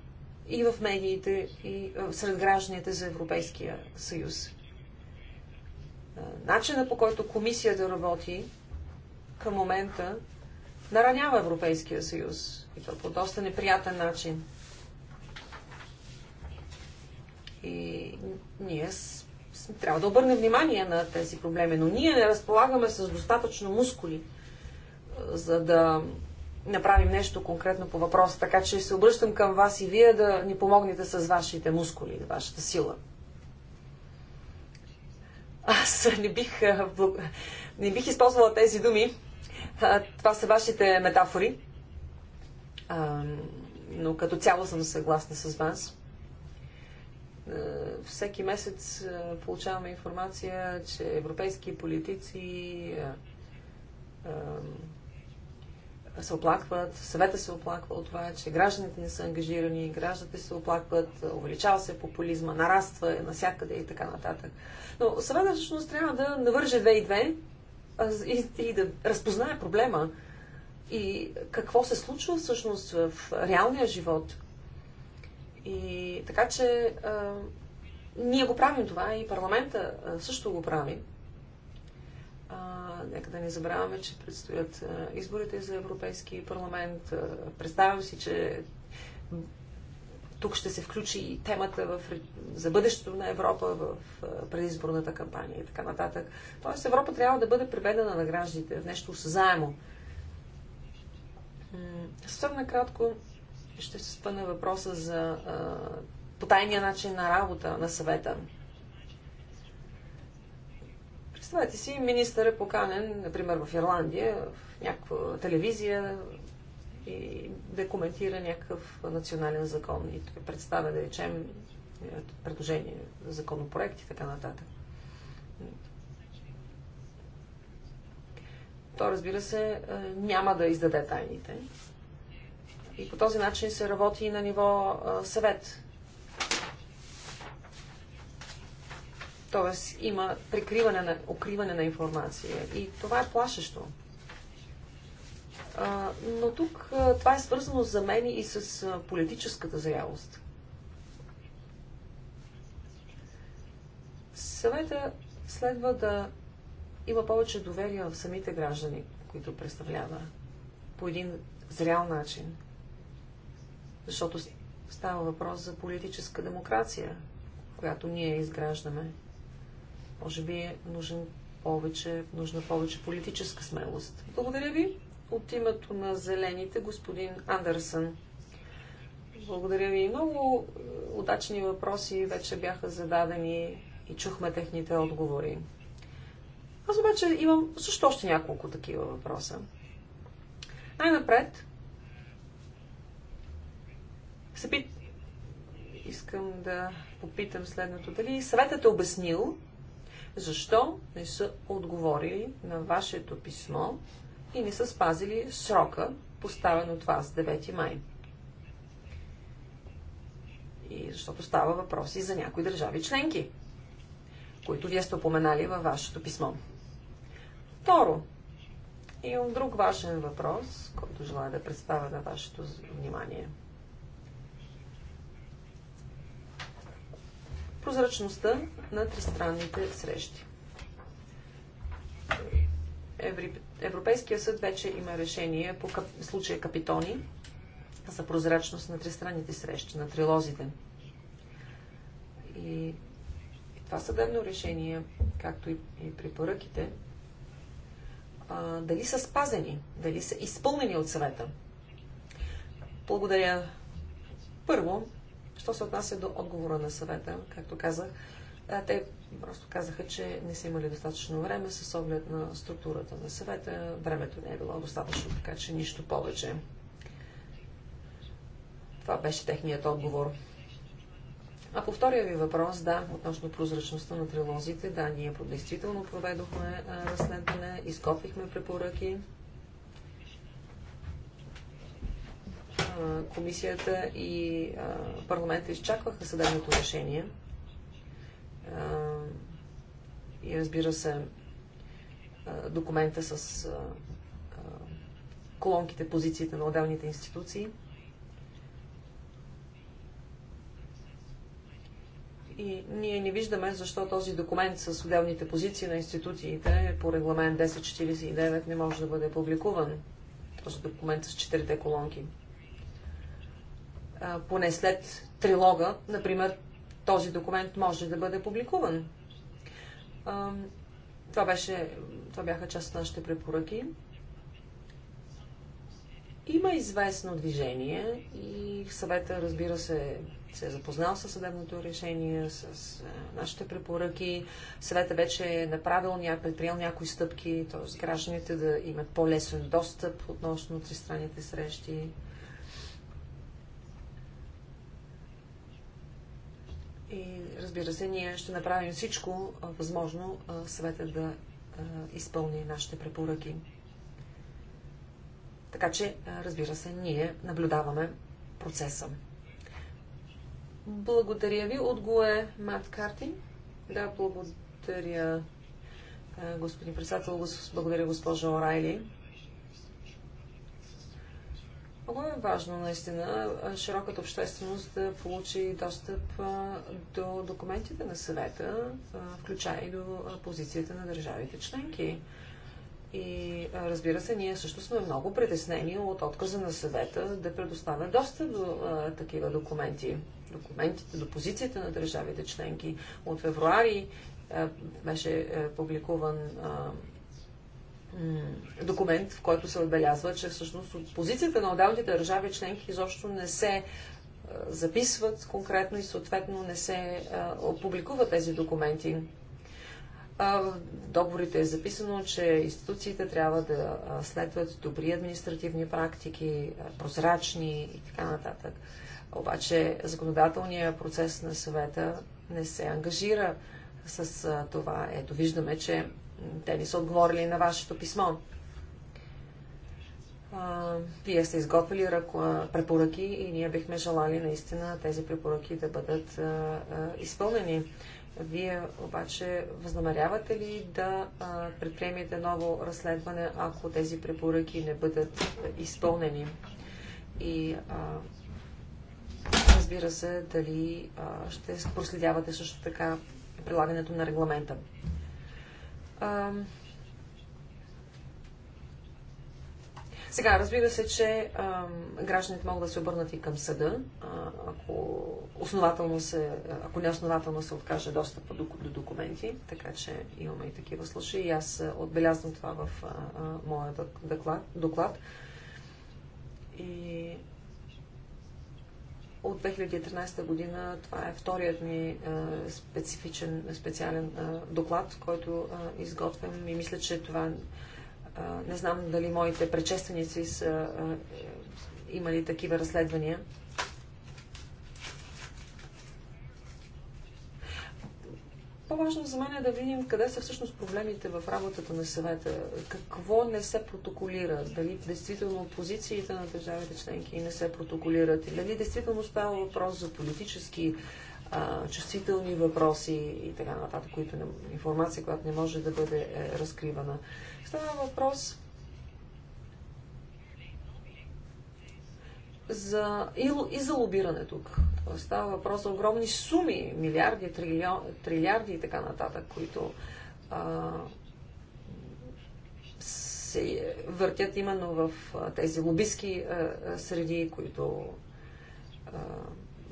и в медиите, и а, сред гражданите за Европейския съюз. А, начина по който комисията работи към момента наранява Европейския съюз. И то по доста неприятен начин. И ние с... трябва да обърнем внимание на тези проблеми, но ние не разполагаме с достатъчно мускули, за да направим нещо конкретно по въпроса. Така че се обръщам към вас и вие да ни помогнете с вашите мускули, вашата сила. Аз не бих, не бих използвала тези думи, това са вашите метафори. Но като цяло съм съгласна с вас. Всеки месец получаваме информация, че европейски политици се оплакват, съвета се оплаква от това, че гражданите не са ангажирани, гражданите се оплакват, увеличава се популизма, нараства навсякъде и така нататък. Но съвета всъщност трябва да навърже 2 и 2 и, и да разпознае проблема и какво се случва всъщност в реалния живот. И така че а, ние го правим това и парламента а, също го прави. А, нека да не забравяме, че предстоят а, изборите за Европейски парламент. А, представям си, че тук ще се включи и темата в, за бъдещето на Европа в предизборната кампания и така нататък. Тоест Европа трябва да бъде приведена на гражданите в нещо осъзаемо. Съвсем накратко ще се спъна въпроса за а, потайния начин на работа на съвета. Представете си, министър е поканен, например в Ирландия, в някаква телевизия, и да коментира някакъв национален закон и да представя, да речем, предложение, законопроект и така нататък. То, разбира се, е, няма да издаде тайните. И по този начин се работи и на ниво е, съвет. Тоест има прикриване на, укриване на информация. И това е плашещо но тук това е свързано за мен и с политическата зрялост. Съвета следва да има повече доверие в самите граждани, които представлява по един зрял начин. Защото става въпрос за политическа демокрация, която ние изграждаме. Може би е нужен повече, нужна повече политическа смелост. Благодаря ви. От името на зелените, господин Андерсън. Благодаря ви. Много удачни въпроси вече бяха зададени и чухме техните отговори. Аз обаче имам също още няколко такива въпроса. Най-напред се пит... искам да попитам следното. Дали съветът е обяснил защо не са отговорили на вашето писмо и не са спазили срока, поставен от вас 9 май. И защото става въпроси за някои държави членки, които вие сте упоменали във вашето писмо. Второ, имам друг важен въпрос, който желая да представя на вашето внимание. Прозрачността на тристранните срещи. Еври... Европейския съд вече има решение по кап... случая Капитони за прозрачност на тристранните срещи, на трилозите. И, и това съдебно решение, както и, и препоръките, а, дали са спазени, дали са изпълнени от съвета. Благодаря. Първо, що се отнася до отговора на съвета, както казах, а, те просто казаха, че не са имали достатъчно време с оглед на структурата на съвета. Времето не е било достатъчно, така че нищо повече. Това беше техният отговор. А по втория ви въпрос, да, относно прозрачността на трилозите, да, ние действително проведохме разследване, изготвихме препоръки. комисията и парламента изчакваха съдебното решение и разбира се документа с колонките, позициите на отделните институции. И ние не виждаме защо този документ с отделните позиции на институциите по регламент 1049 не може да бъде публикуван. Този документ с четирите колонки. Поне след трилога, например, този документ може да бъде публикуван. Това, беше, това бяха част от нашите препоръки. Има известно движение и съвета, разбира се, се е запознал със съдебното решение, с е, нашите препоръки. Съвета вече е направил, предприел някои стъпки, т.е. гражданите да имат по-лесен достъп относно тристранните срещи. И разбира се, ние ще направим всичко възможно съвета да изпълни нашите препоръки. Така че, разбира се, ние наблюдаваме процеса. Благодаря ви. Отгое Мат Картин. Да, благодаря, господин председател. Благодаря, госпожа Орайли. Много е важно наистина широката общественост да получи достъп до документите на съвета, включая и до позицията на държавите членки. И разбира се, ние също сме много притеснени от отказа на съвета да предоставя достъп до такива документи. Документите, до позицията на държавите членки. От февруари беше публикуван документ, в който се отбелязва, че всъщност от позицията на отделните държави членки изобщо не се записват конкретно и съответно не се публикуват тези документи. В договорите е записано, че институциите трябва да следват добри административни практики, прозрачни и така нататък. Обаче законодателният процес на съвета не се ангажира с това. Ето, виждаме, че те ни са отговорили на вашето писмо. Вие сте изготвили препоръки и ние бихме желали наистина тези препоръки да бъдат изпълнени. Вие обаче възнамерявате ли да предприемете ново разследване, ако тези препоръки не бъдат изпълнени? И разбира се, дали ще проследявате също така прилагането на регламента. Сега, разбира се, че гражданите могат да се обърнат и към съда, ако, основателно се, ако неоснователно се откаже достъп до, документи, така че имаме и такива случаи. И аз отбелязвам това в моят моя доклад. доклад. И от 2013 година това е вторият ми е, специфичен, специален е, доклад, който е, изготвям и мисля, че това не знам дали моите предшественици са имали такива разследвания. По-важно за мен е да видим къде са всъщност проблемите в работата на съвета, какво не се протоколира, дали действително позициите на държавите членки не се протоколират, и дали действително става въпрос за политически а, чувствителни въпроси и така нататък, които не, информация, която не може да бъде е, разкривана. Става въпрос за, и, и за лобиране тук. Става въпрос за огромни суми, милиарди, трилион, трилиарди и така нататък, които а, се въртят именно в а, тези лобистки среди, които а,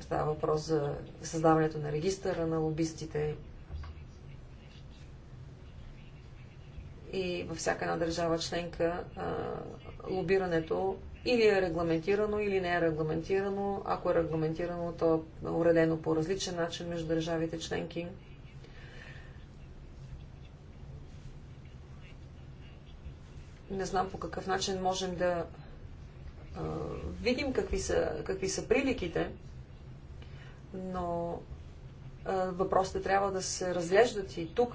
става въпрос за създаването на регистъра на лобистите. И във всяка една държава членка а, лобирането или е регламентирано, или не е регламентирано. Ако е регламентирано, то е уредено по различен начин между държавите членки. Не знам по какъв начин можем да а, видим какви са, какви са приликите, но въпросите трябва да се разглеждат и тук,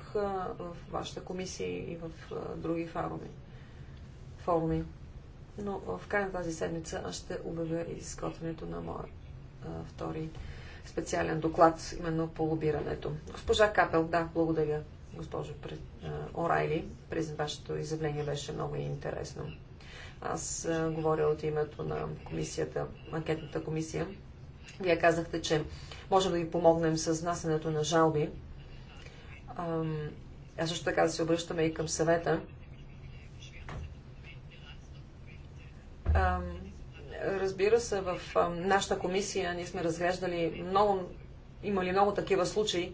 в вашата комисия, и в други форуми. форуми но в края на тази седмица аз ще обявя изготвянето на моя втори специален доклад, именно по лобирането. Госпожа Капел, да, благодаря, госпожо Орайли. През вашето изявление беше много интересно. Аз а, говоря от името на комисията, анкетната комисия. Вие казахте, че можем да ви помогнем с внасянето на жалби. Аз също така да се обръщаме и към съвета Разбира се, в нашата комисия ние сме разглеждали много, имали много такива случаи.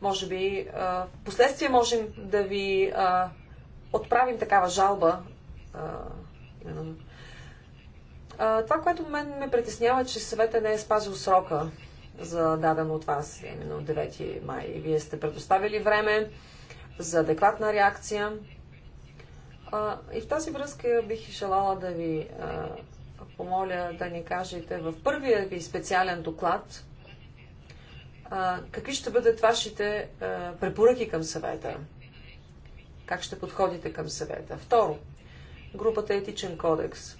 Може би в последствие можем да ви отправим такава жалба. Това, което мен ме притеснява, е, че съвета не е спазил срока за дадено от вас, именно 9 май. Вие сте предоставили време за адекватна реакция. И в тази връзка бих желала да ви помоля да ни кажете в първия ви специален доклад какви ще бъдат вашите препоръки към съвета. Как ще подходите към съвета? Второ, групата Етичен кодекс.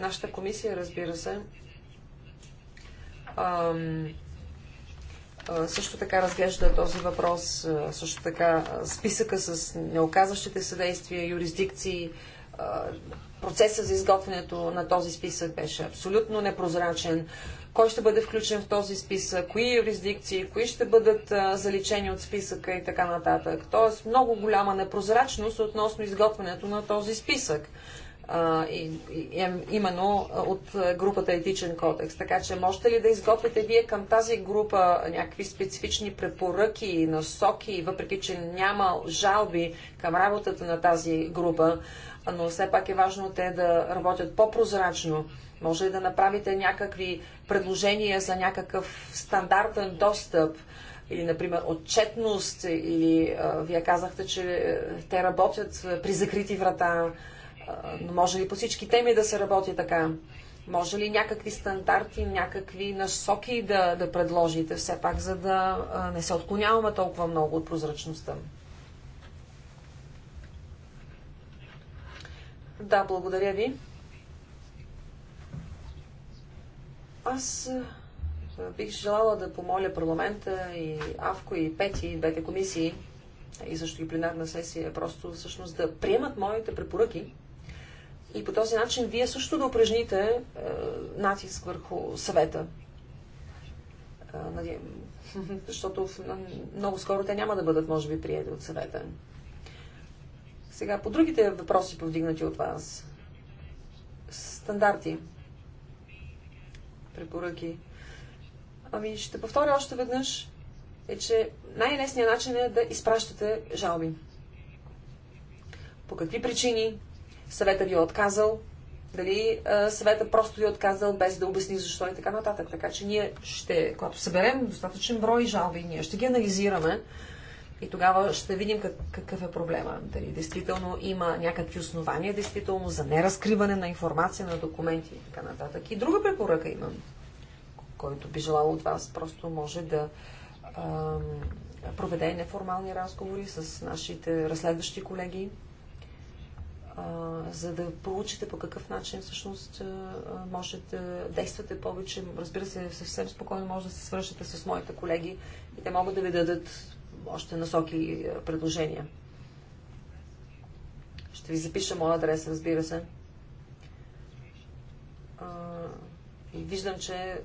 Нашата комисия, разбира се, също така разглежда този въпрос, също така списъка с неоказващите съдействия, юрисдикции. Процесът за изготвянето на този списък беше абсолютно непрозрачен. Кой ще бъде включен в този списък, кои юрисдикции, кои ще бъдат заличени от списъка и така нататък. Тоест много голяма непрозрачност относно изготвянето на този списък именно от групата Етичен кодекс. Така че можете ли да изготвите вие към тази група някакви специфични препоръки, насоки, въпреки че няма жалби към работата на тази група, но все пак е важно те да работят по-прозрачно. Може ли да направите някакви предложения за някакъв стандартен достъп? или, например, отчетност, или а, вие казахте, че те работят при закрити врата може ли по всички теми да се работи така? Може ли някакви стандарти, някакви насоки да, да предложите все пак, за да не се отклоняваме толкова много от прозрачността? Да, благодаря ви. Аз бих желала да помоля парламента и АВКО и ПЕТИ, и двете комисии, и също и пленарна сесия, просто всъщност да приемат моите препоръки, и по този начин вие също да упражните е, натиск върху съвета. Е, защото в, много скоро те няма да бъдат, може би, приети от съвета. Сега, по другите въпроси, повдигнати от вас. Стандарти. Препоръки. Ами, ще повторя още веднъж, е, че най-лесният начин е да изпращате жалби. По какви причини съвета ви е отказал, дали съвета просто ви е отказал без да обясни защо и така нататък. Така че ние ще, когато съберем достатъчен брой жалби, ние ще ги анализираме и тогава ще видим как, какъв е проблема. Дали действително има някакви основания, действително за неразкриване на информация, на документи и така нататък. И друга препоръка имам, който би желал от вас просто може да проведе неформални разговори с нашите разследващи колеги, за да получите по какъв начин всъщност може да действате повече. Разбира се, съвсем спокойно може да се свършите с моите колеги и те могат да ви дадат още насоки и предложения. Ще ви запиша моя адрес, разбира се. И виждам, че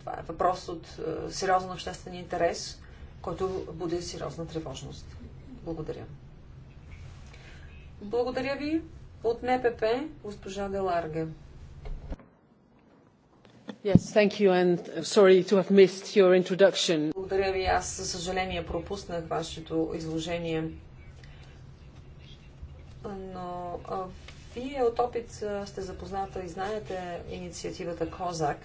това е въпрос от сериозен обществен интерес, който буде сериозна тревожност. Благодаря. Благодаря ви. От НПП, госпожа Деларге. Yes, thank you and sorry to have missed your introduction. Благодаря ви. Аз със съжаление пропуснах вашето изложение. Но а, вие от опит сте запозната и знаете инициативата Козак.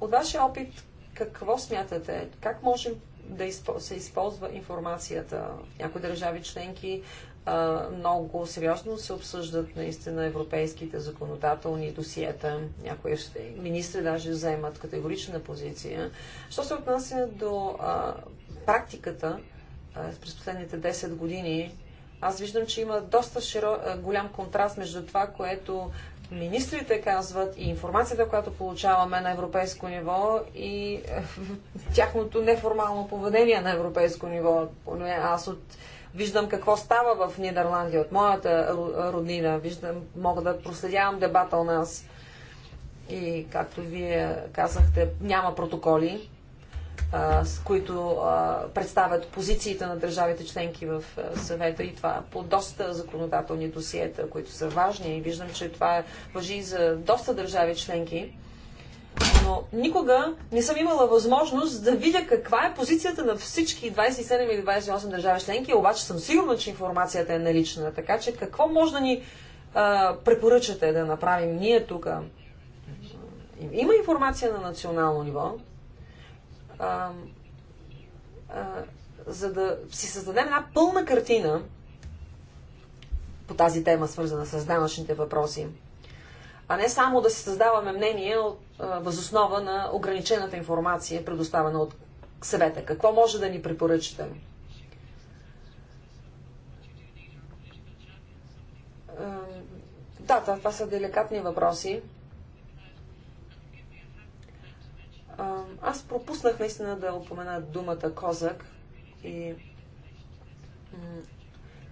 От вашия опит какво смятате? Как можем да изпо, се използва информацията. В някои държави членки а, много сериозно се обсъждат наистина европейските законодателни досиета. Някои министри даже вземат категорична позиция. Що се отнася до а, практиката а, през последните 10 години, аз виждам, че има доста широ... голям контраст между това, което министрите казват и информацията, която получаваме на европейско ниво и е, тяхното неформално поведение на европейско ниво. Аз от, виждам какво става в Нидерландия, от моята роднина. Виждам, мога да проследявам дебата у нас. И както вие казахте, няма протоколи с които представят позициите на държавите членки в съвета и това по доста законодателни досиета, които са важни и виждам, че това въжи и за доста държави членки. Но никога не съм имала възможност да видя каква е позицията на всички 27 или 28 държави членки, обаче съм сигурна, че информацията е налична. Така че какво може да ни а, препоръчате да направим ние тук? Има информация на национално ниво, а, а, за да си създадем една пълна картина по тази тема, свързана с данъчните въпроси. А не само да си създаваме мнение възоснова на ограничената информация, предоставена от съвета. Какво може да ни препоръчате? Да, това са деликатни въпроси. Аз пропуснах наистина да упомена думата козак и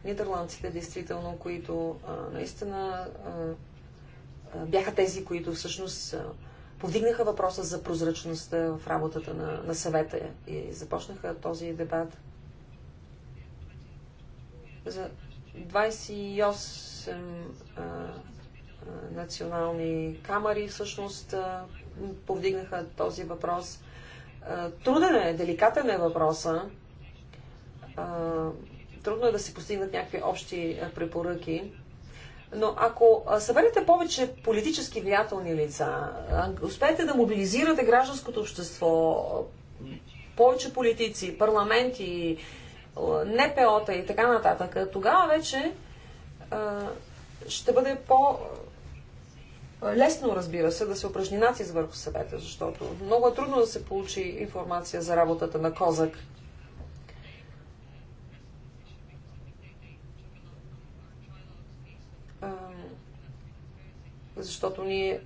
нидерландците, действително, които а, наистина а, бяха тези, които всъщност а, повдигнаха въпроса за прозрачността в работата на, на съвета и започнаха този дебат за 28 национални камери всъщност повдигнаха този въпрос. Труден е, деликатен е въпроса. Трудно е да се постигнат някакви общи препоръки. Но ако съберете повече политически влиятелни лица, успеете да мобилизирате гражданското общество, повече политици, парламенти, НПО-та и така нататък, тогава вече ще бъде по, лесно, разбира се, да се упражни натиск върху съвета, защото много е трудно да се получи информация за работата на Козак. Защото ние е,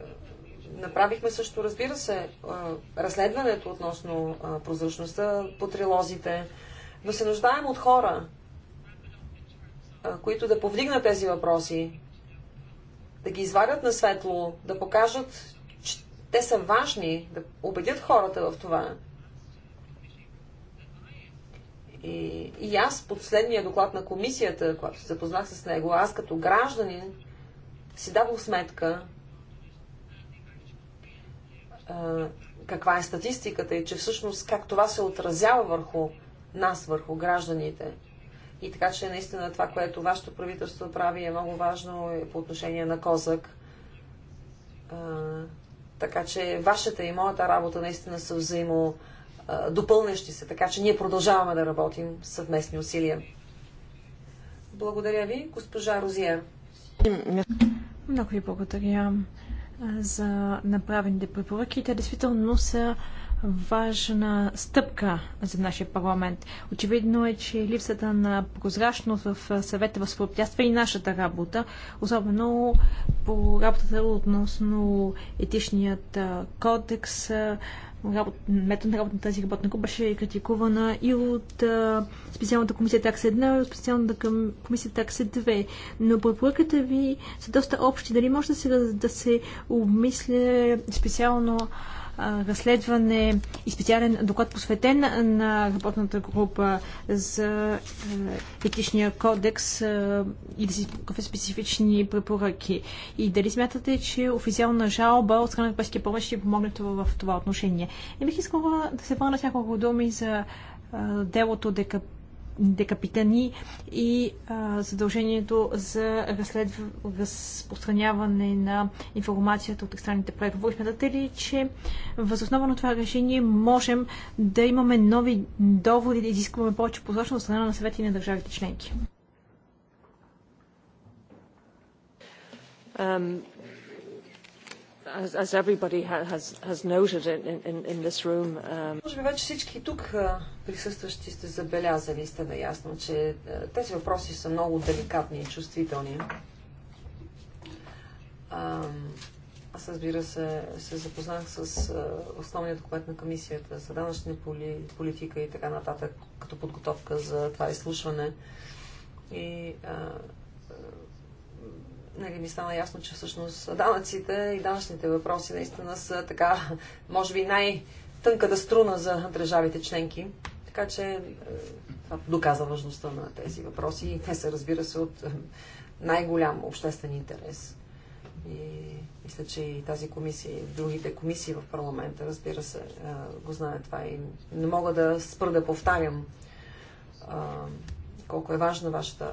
направихме също, разбира се, е, разследването относно е, прозрачността по трилозите, но се нуждаем от хора, които да повдигнат тези въпроси, да ги извадят на светло, да покажат, че те са важни, да убедят хората в това. И, и аз последния доклад на комисията, когато се запознах с него, аз като гражданин си давам сметка а, каква е статистиката и че всъщност как това се отразява върху нас, върху гражданите. И така, че наистина това, което вашето правителство прави е много важно по отношение на Козък. А, така че вашата и моята работа наистина са взаимо допълнещи се, така че ние продължаваме да работим съвместни усилия. Благодаря ви, госпожа Розия. Много ви благодаря за направените препоръки. Те действително са важна стъпка за нашия парламент. Очевидно е, че липсата на прозрачност в съвета възпрепятства и нашата работа, особено по работата относно етичният кодекс. Работ... Метод на работа на тази работна група беше критикувана и от а, специалната комисия такса 1 и от специалната към комисия ТАКС 2. Но препоръката ви са доста общи. Дали може да се, да се обмисля специално разследване и специален доклад посветен на работната група за етичния кодекс и да си специфични препоръки. И дали смятате, че официална жалба от страна на Европейския парламент ще помогне в това отношение? Не бих искала да се върна с няколко думи за делото ДКП декапитани и а, задължението за разследв... разпространяване на информацията от екстранните преговори. Смятате ли, че възоснова на това решение можем да имаме нови доводи да изискваме повече прозрачност от страна на съвети на държавите членки? as everybody has, has noted in, in, in this room. Um, Може би вече всички тук присъстващи сте забелязали и сте наясно, че тези въпроси са много деликатни и чувствителни. Аз разбира се, се запознах с основния документ на комисията за данъчна политика и така нататък, като подготовка за това изслушване. И а, нали, ми стана ясно, че всъщност данъците и данъчните въпроси наистина са така, може би най-тънката струна за държавите членки. Така че е, това доказа важността на тези въпроси и те са, разбира се, от е, най-голям обществен интерес. И мисля, че и тази комисия, и другите комисии в парламента, разбира се, е, го знаят това и не мога да спра да повтарям колко е важна вашата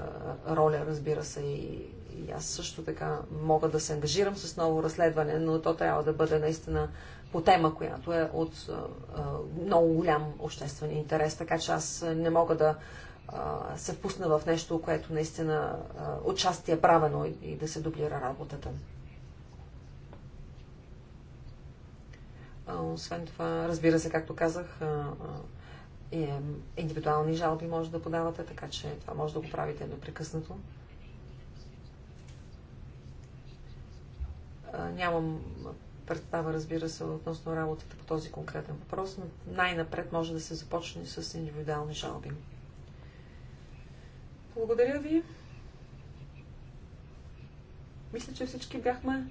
роля, разбира се, и и аз също така мога да се ангажирам с ново разследване, но то трябва да бъде наистина по тема, която е от а, много голям обществен интерес, така че аз не мога да а, се впусна в нещо, което наистина отчасти е правено и, и да се дублира работата. А, освен това, разбира се, както казах, а, а, е, индивидуални жалби може да подавате, така че това може да го правите непрекъснато. Нямам представа, разбира се, относно работата по този конкретен въпрос, но най-напред може да се започне с индивидуални жалби. Благодаря ви. Мисля, че всички бяхме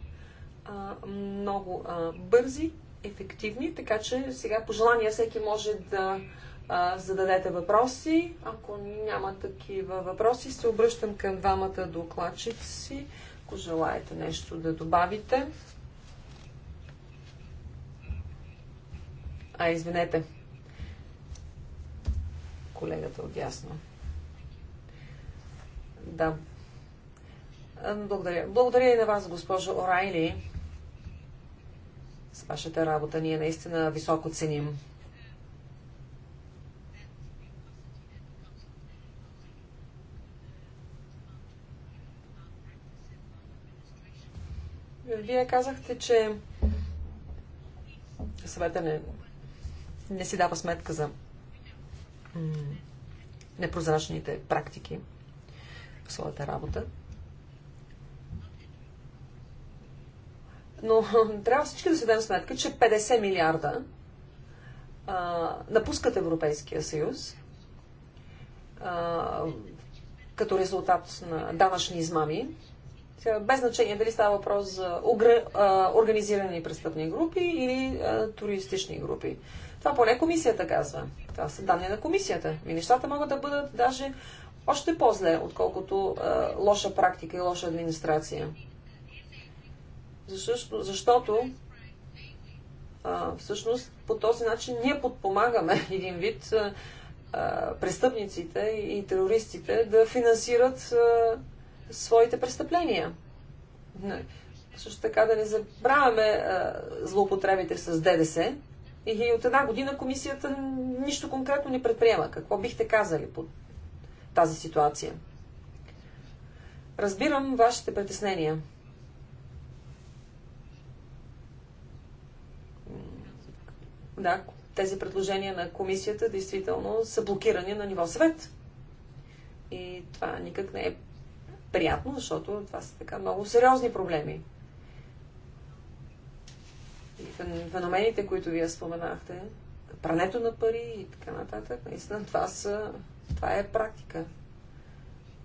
а, много а, бързи, ефективни, така че сега пожелания всеки може да а, зададете въпроси. Ако няма такива въпроси, се обръщам към двамата докладчици ако желаете нещо да добавите. А, извинете. Колегата отясно. Да. Благодаря. Благодаря и на вас, госпожо Орайли. С вашата работа ние наистина високо ценим. Вие казахте, че съвета не, не си дава сметка за непрозрачните практики в своята работа. Но трябва всички да се дадем сметка, че 50 милиарда а, напускат Европейския съюз а, като резултат на данъчни измами е, без значение дали става въпрос за организирани престъпни групи или туристични групи. Това поне комисията казва. Това са данни на комисията. И нещата могат да бъдат даже още по-зле, отколкото лоша практика и лоша администрация. Защото, защото а, всъщност по този начин ние подпомагаме един вид а, престъпниците и терористите да финансират своите престъпления. Също така да не забравяме злоупотребите с ДДС. И от една година комисията нищо конкретно не предприема. Какво бихте казали по тази ситуация? Разбирам вашите притеснения. Да, тези предложения на комисията действително са блокирани на ниво съвет. И това никак не е приятно, защото това са така много сериозни проблеми. И феномените, които вие споменахте, прането на пари и така нататък, наистина това, са, това е практика.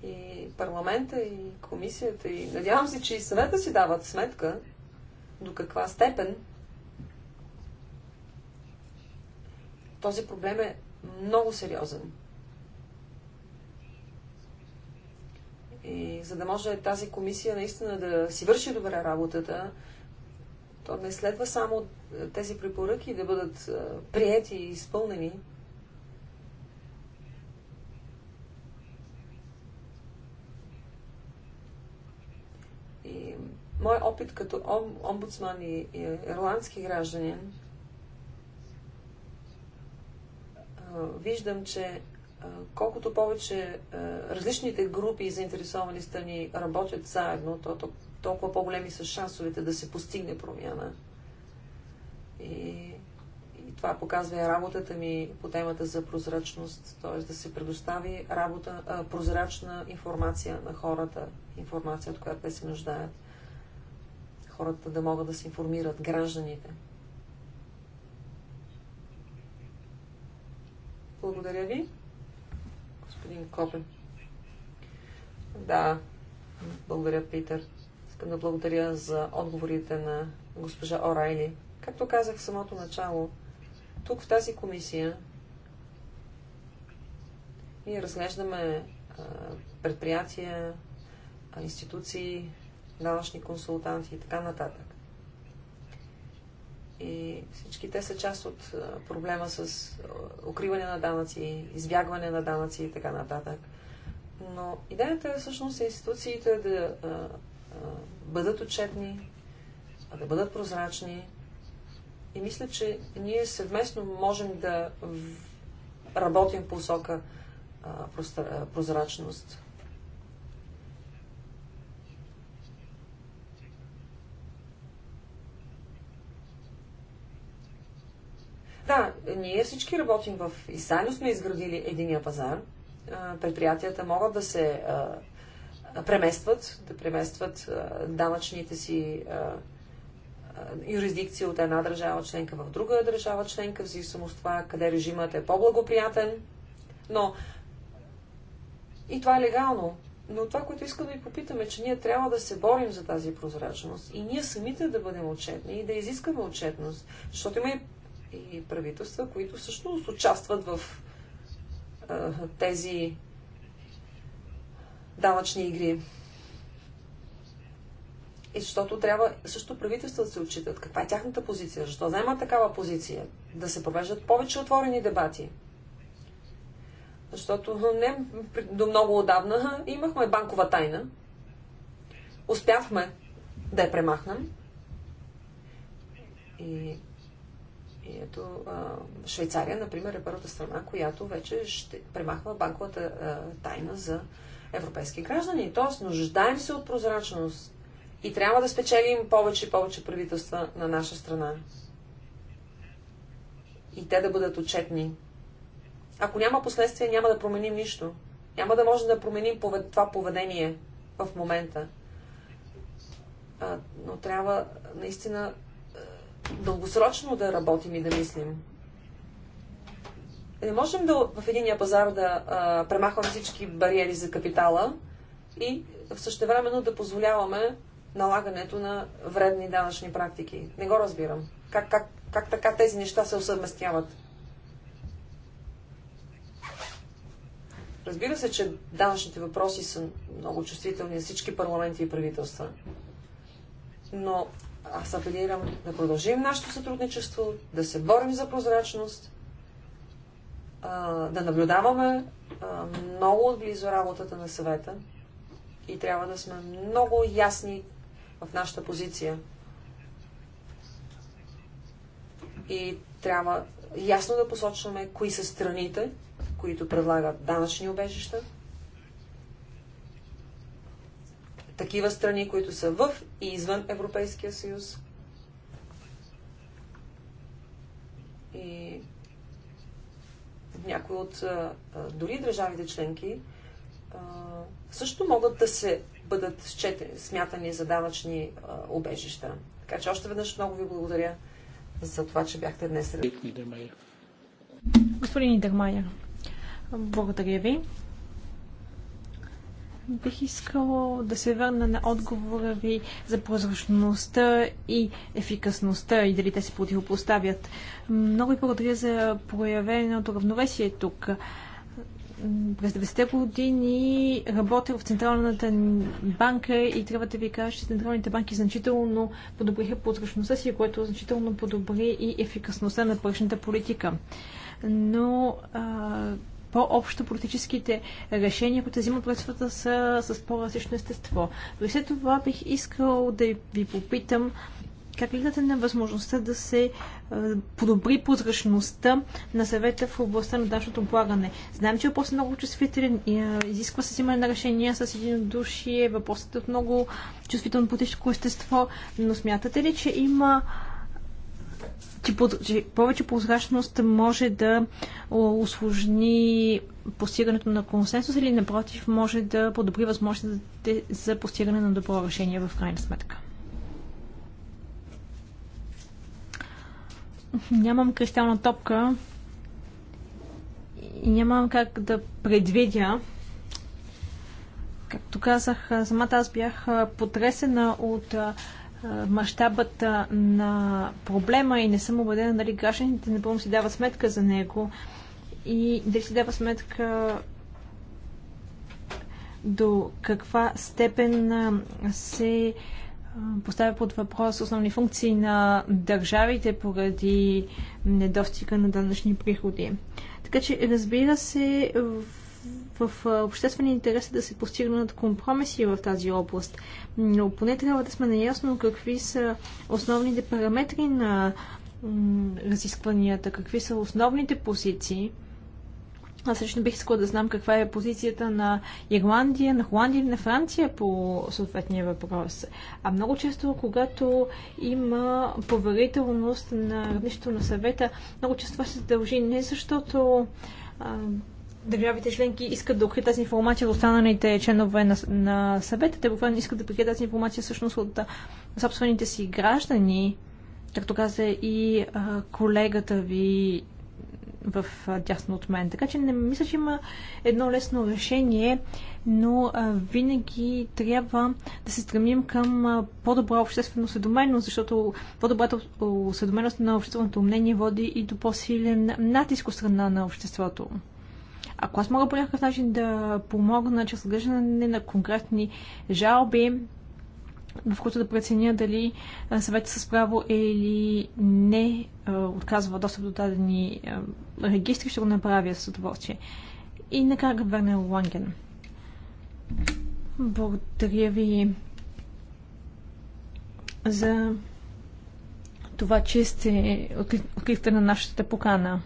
И парламента, и комисията, и надявам се, че и съвета си дават сметка до каква степен този проблем е много сериозен. И за да може тази комисия наистина да си върши добре работата, то не следва само тези препоръки да бъдат приети и изпълнени. И мой опит като омбудсман и ирландски гражданин, виждам, че колкото повече различните групи и заинтересовани страни работят заедно, то толкова по-големи са шансовете да се постигне промяна. И, и това показва и работата ми по темата за прозрачност, т.е. да се предостави работа, а, прозрачна информация на хората, информация, от която те се нуждаят. Хората да могат да се информират, гражданите. Благодаря ви господин Копен. Да, благодаря, Питър. Искам да благодаря за отговорите на госпожа Орайли. Както казах в самото начало, тук в тази комисия ние разглеждаме предприятия, институции, данъчни консултанти и така нататък. И всички те са част от проблема с укриване на данъци, избягване на данъци и така нататък. Но идеята е всъщност институциите да а, а, бъдат отчетни, да бъдат прозрачни. И мисля, че ние съвместно можем да работим по посока а, прозрачност. ние всички работим в... И сме изградили единия пазар. Предприятията могат да се преместват, да преместват данъчните си юрисдикции от една държава членка в друга държава членка, в зависимост от това къде режимът е по-благоприятен. Но и това е легално. Но това, което искам да ви попитаме, е, че ние трябва да се борим за тази прозрачност и ние самите да бъдем отчетни и да изискаме отчетност, защото има и и правителства, които всъщност участват в а, тези данъчни игри. И защото трябва също правителствата да се отчитат каква е тяхната позиция, защо взема такава позиция, да се провеждат повече отворени дебати. Защото не до много отдавна имахме банкова тайна. Успяхме да я премахнем. И и ето Швейцария, например, е първата страна, която вече ще премахва банковата тайна за европейски граждани. Тоест, нуждаем се от прозрачност и трябва да спечелим повече и повече правителства на наша страна. И те да бъдат отчетни. Ако няма последствия, няма да променим нищо. Няма да можем да променим това поведение в момента. но трябва наистина дългосрочно да работим и да мислим. Не можем да, в единия пазар да а, премахваме всички бариери за капитала и в същевременно да позволяваме налагането на вредни данъчни практики. Не го разбирам. Как, как, как така тези неща се усъвместяват? Разбира се, че данъчните въпроси са много чувствителни на всички парламенти и правителства. Но аз апелирам да продължим нашето сътрудничество, да се борим за прозрачност, да наблюдаваме много отблизо работата на съвета и трябва да сме много ясни в нашата позиция. И трябва ясно да посочваме кои са страните, които предлагат данъчни обежища, такива страни, които са в и извън Европейския съюз. И някои от дори държавите членки също могат да се бъдат счете, смятани за данъчни обежища. Така че още веднъж много ви благодаря за това, че бяхте днес. Господин Нидермайер, благодаря ви. Бих искала да се върна на отговора ви за прозрачността и ефикасността и дали те се противопоставят. Много ви благодаря за проявеното равновесие тук. През 90-те години работя в Централната банка и трябва да ви кажа, че централните банки значително подобриха прозрачността си, което значително подобри и ефикасността на паричната политика. Но а, по-общо политическите решения, които взимат правителствата са с по-различно естество. Дори след това бих искал да ви попитам как гледате на възможността да се е, подобри прозрачността на съвета в областта на данъчното облагане? Знаем, че въпросът е много чувствителен и е, изисква се взимане на решения с един души. Въпросът е от много чувствително политическо естество, но смятате ли, че има че, повече прозрачност може да осложни постигането на консенсус или напротив може да подобри възможностите за постигане на добро решение в крайна сметка. Нямам кристална топка и нямам как да предвидя както казах, самата аз бях потресена от мащабът на проблема и не съм убедена дали гражданите напълно си дават сметка за него и дали си дава сметка до каква степен се поставя под въпрос основни функции на държавите поради недостига на данъчни приходи. Така че, разбира се, в в обществен интерес е да се постигнат компромиси в тази област. Но поне трябва да сме наясно какви са основните параметри на разискванията, какви са основните позиции. Аз лично бих искала да знам каква е позицията на Ирландия, на Холандия или на Франция по съответния въпрос. А много често, когато има поверителност на равнището на съвета, много често това се дължи не защото а, държавите членки искат да укрият тази информация от останалите членове на, на съвета. Те буквално искат да прикрият тази информация всъщност от собствените си граждани, както каза и а, колегата ви в дясно от мен. Така че не мисля, че има едно лесно решение, но а, винаги трябва да се стремим към а, по-добра обществена осведоменост, защото по-добрата осведоменост на общественото мнение води и до по-силен натиск от страна на обществото. Ако аз мога по някакъв начин да помогна чрез разглеждане на конкретни жалби, в които да преценя дали съветът с право е или не отказва достъп до дадени регистри, ще го направя с удоволствие. И накрая Вернер Ланген. Благодаря ви за това, че сте открихте на нашата покана.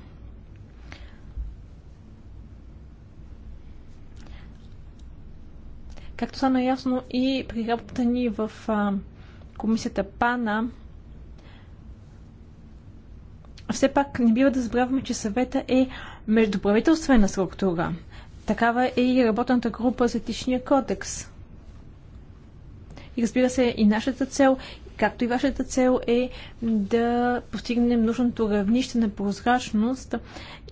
Както са наясно и при работата ни в комисията ПАНА, все пак не бива да забравяме, че съвета е междуправителствена структура. Такава е и работната група за етичния кодекс. И разбира се, и нашата цел както и вашата цел е да постигнем нужното равнище на прозрачност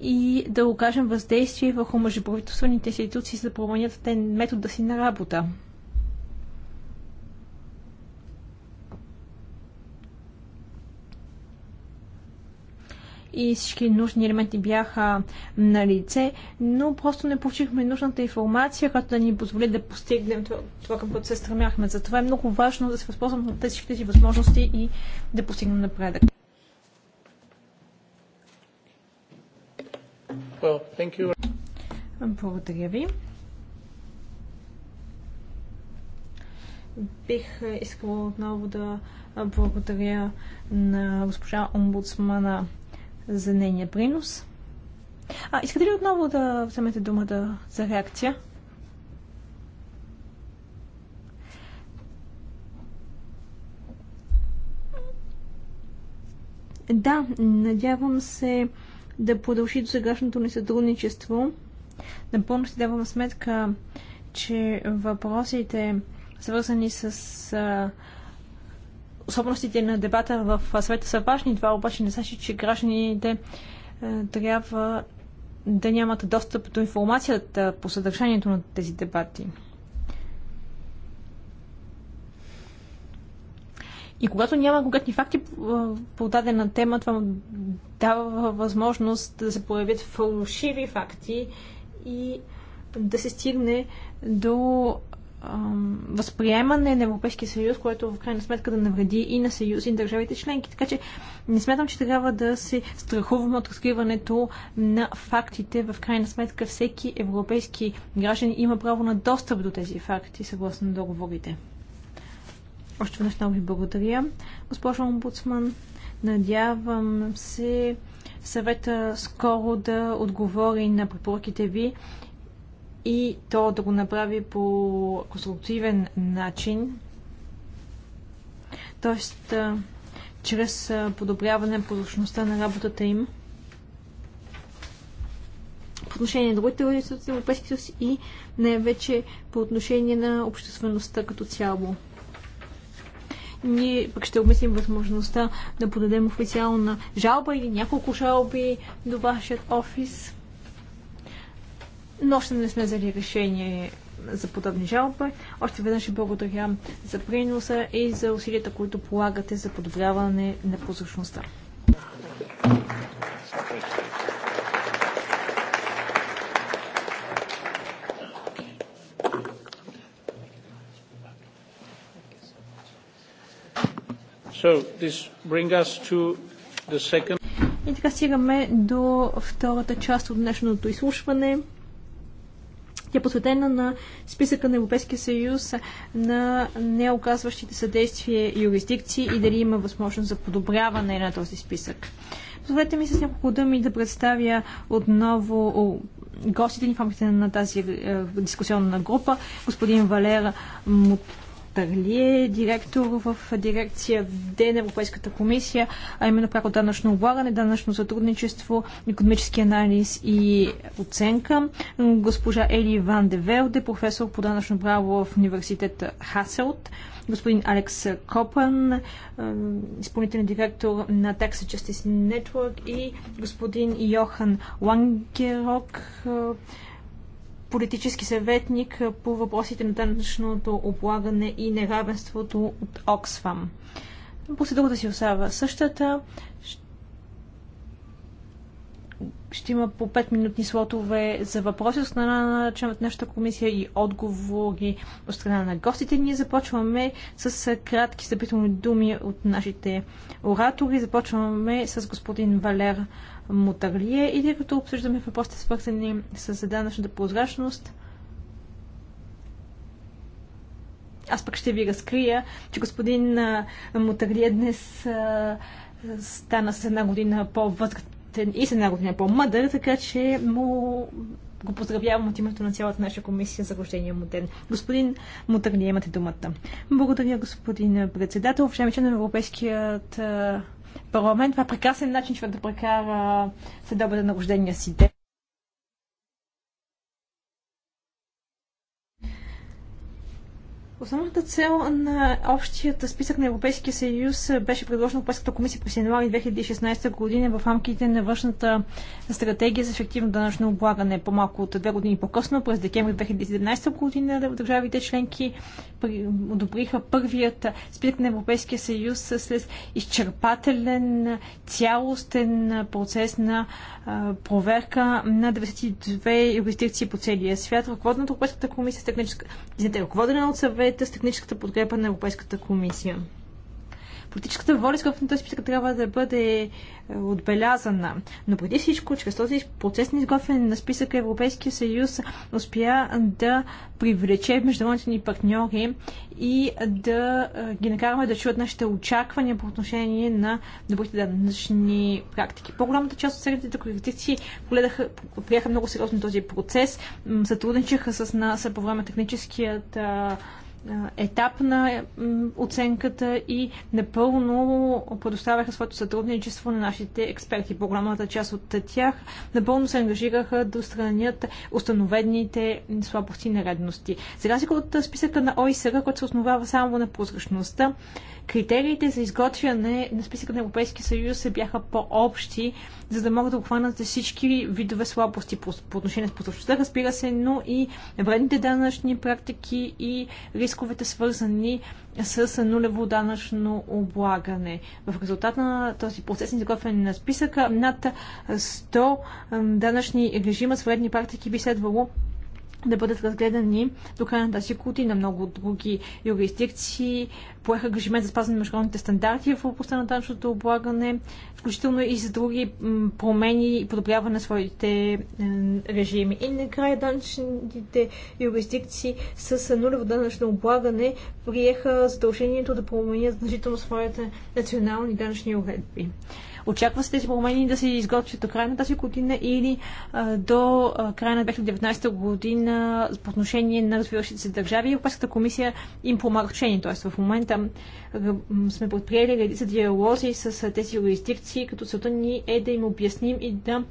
и да окажем въздействие върху мъжеправителствените институции, за да променят метода си на работа. и всички нужни елементи бяха на лице, но просто не получихме нужната информация, която да ни позволи да постигнем това, това към което се стремяхме. Затова е много важно да се възползваме от тези, тези възможности и да постигнем напредък. Well, thank you. Благодаря ви. Бих искала отново да благодаря на госпожа омбудсмана за нейния принос. А, искате ли отново да вземете думата за реакция? Да, надявам се да продължи до сегашното ни сътрудничество. Напълно си давам сметка, че въпросите, свързани с особеностите на дебата в света са важни. Това обаче не значи, че гражданите е, трябва да нямат достъп до информацията по съдържанието на тези дебати. И когато няма конкретни факти е, по дадена тема, това дава възможност да се появят фалшиви факти и да се стигне до е, възприемане на Европейския съюз, което в крайна сметка да навреди и на съюз, и на държавите членки. Така че не смятам, че трябва да се страхуваме от разкриването на фактите. В крайна сметка всеки европейски граждан има право на достъп до тези факти, съгласно на договорите. Още веднъж много ви благодаря. Госпожо Омбудсман, надявам се съвета скоро да отговори на препоръките ви и то да го направи по конструктивен начин, т.е. чрез подобряване прозрачността на работата им по отношение на другите организации на Европейския съюз и най-вече по отношение на обществеността като цяло. Ние пък ще обмислим възможността да подадем официална жалба или няколко жалби до вашият офис но още не сме взели решение за подобни жалби. Още веднъж благодаря за приноса и за усилията, които полагате за подобряване на прозрачността. So, this bring us to the second... И така стигаме до втората част от днешното изслушване. Тя е посветена на списъка на Европейския съюз на неоказващите съдействие юрисдикции и дали има възможност за подобряване на този списък. Позволете ми с няколко думи да представя отново гостите ни в рамките на тази е, дискусионна група, господин Валера Мут Перлие, директор в дирекция в ден Европейската комисия, а именно право данъчно облагане, данъчно сътрудничество, економически анализ и оценка. Госпожа Ели Ван Девелде, професор по данъчно право в университета Хаселт. Господин Алекс Копан, изпълнителен директор на Tax Justice Network и господин Йохан Лангерок, политически съветник по въпросите на данъчното облагане и неравенството от Оксфам. Процедурата си остава същата. Ще има по 5-минутни слотове за въпроси от страна на членът нашата комисия и отговори от страна на гостите. Ние започваме с кратки стъпителни думи от нашите оратори. Започваме с господин Валер Мотарлие и тъй като обсъждаме въпросите свързани с данъчната прозрачност, аз пък ще ви разкрия, че господин Мутаглие днес стана с една година по-възрастен и с една година по-мъдър, така че му го поздравявам от името на цялата наша комисия за рождения му ден. Господин Мутърни, имате думата. Благодаря, господин председател. Уважаеми че на Европейският парламент. Това е прекрасен начин човек да прекара следобеда на рождения си ден. Основната цел на общият списък на Европейския съюз беше предложена Европейската комисия през януари 2016 година в рамките на външната стратегия за ефективно данъчно облагане. По-малко от две години по-късно, през декември 2017 година, държавите членки одобриха първият списък на Европейския съюз след изчерпателен, цялостен процес на проверка на 92 юрисдикции по целия свят. Ръководната Европейската комисия, ръководена от съвет наред с техническата подкрепа на Европейската комисия. Политическата воля, изкъпната този списък трябва да бъде е, отбелязана. Но преди всичко, чрез този процес на изготвяне на списък Европейския съюз успя да привлече международните ни партньори и да е, ги накараме да чуят нашите очаквания по отношение на добрите данъчни практики. По-голямата част от средните критици приеха много сериозно този процес, сътрудничаха с нас по време на техническият етап на оценката и напълно предоставяха своето сътрудничество на нашите експерти. По-голямата част от тях напълно се ангажираха да устранят установените слабости и нередности. За разлика от списъка на ОИСР, който се основава само на прозрачността, критериите за изготвяне на списъка на Европейския съюз бяха по-общи, за да могат да обхванат всички видове слабости по, по отношение с прозрачността, разбира се, но и вредните данъчни практики и риск рисковете свързани с нулево данъчно облагане. В резултат на този процес на изготвяне на списъка над 100 данъчни режима с вредни практики би следвало да бъдат разгледани до края на тази година. Много други юрисдикции поеха ангажимент за спазване на международните стандарти в областта на данъчното облагане, включително и за други промени и подобряване на своите е, режими. И накрая данъчните юрисдикции с нулево данъчно облагане приеха задължението да променят значително своите национални данъчни уредби. Очаква се тези промени да се изготвят до края на тази година или а, до а, края на 2019 година по отношение на развиващите се държави. Европейската комисия им помага в Тоест в момента сме предприели редица диалози с тези юрисдикции, като целта ни е да им обясним и да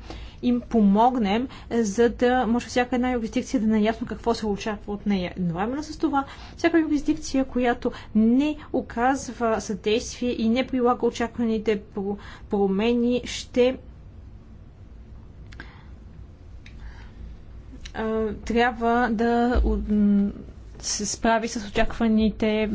им помогнем, за да може всяка една юрисдикция да е наясно какво се очаква от нея. Едновременно с това, всяка юрисдикция, която не оказва съдействие и не прилага очакваните промени, ще трябва да се справи с очакваните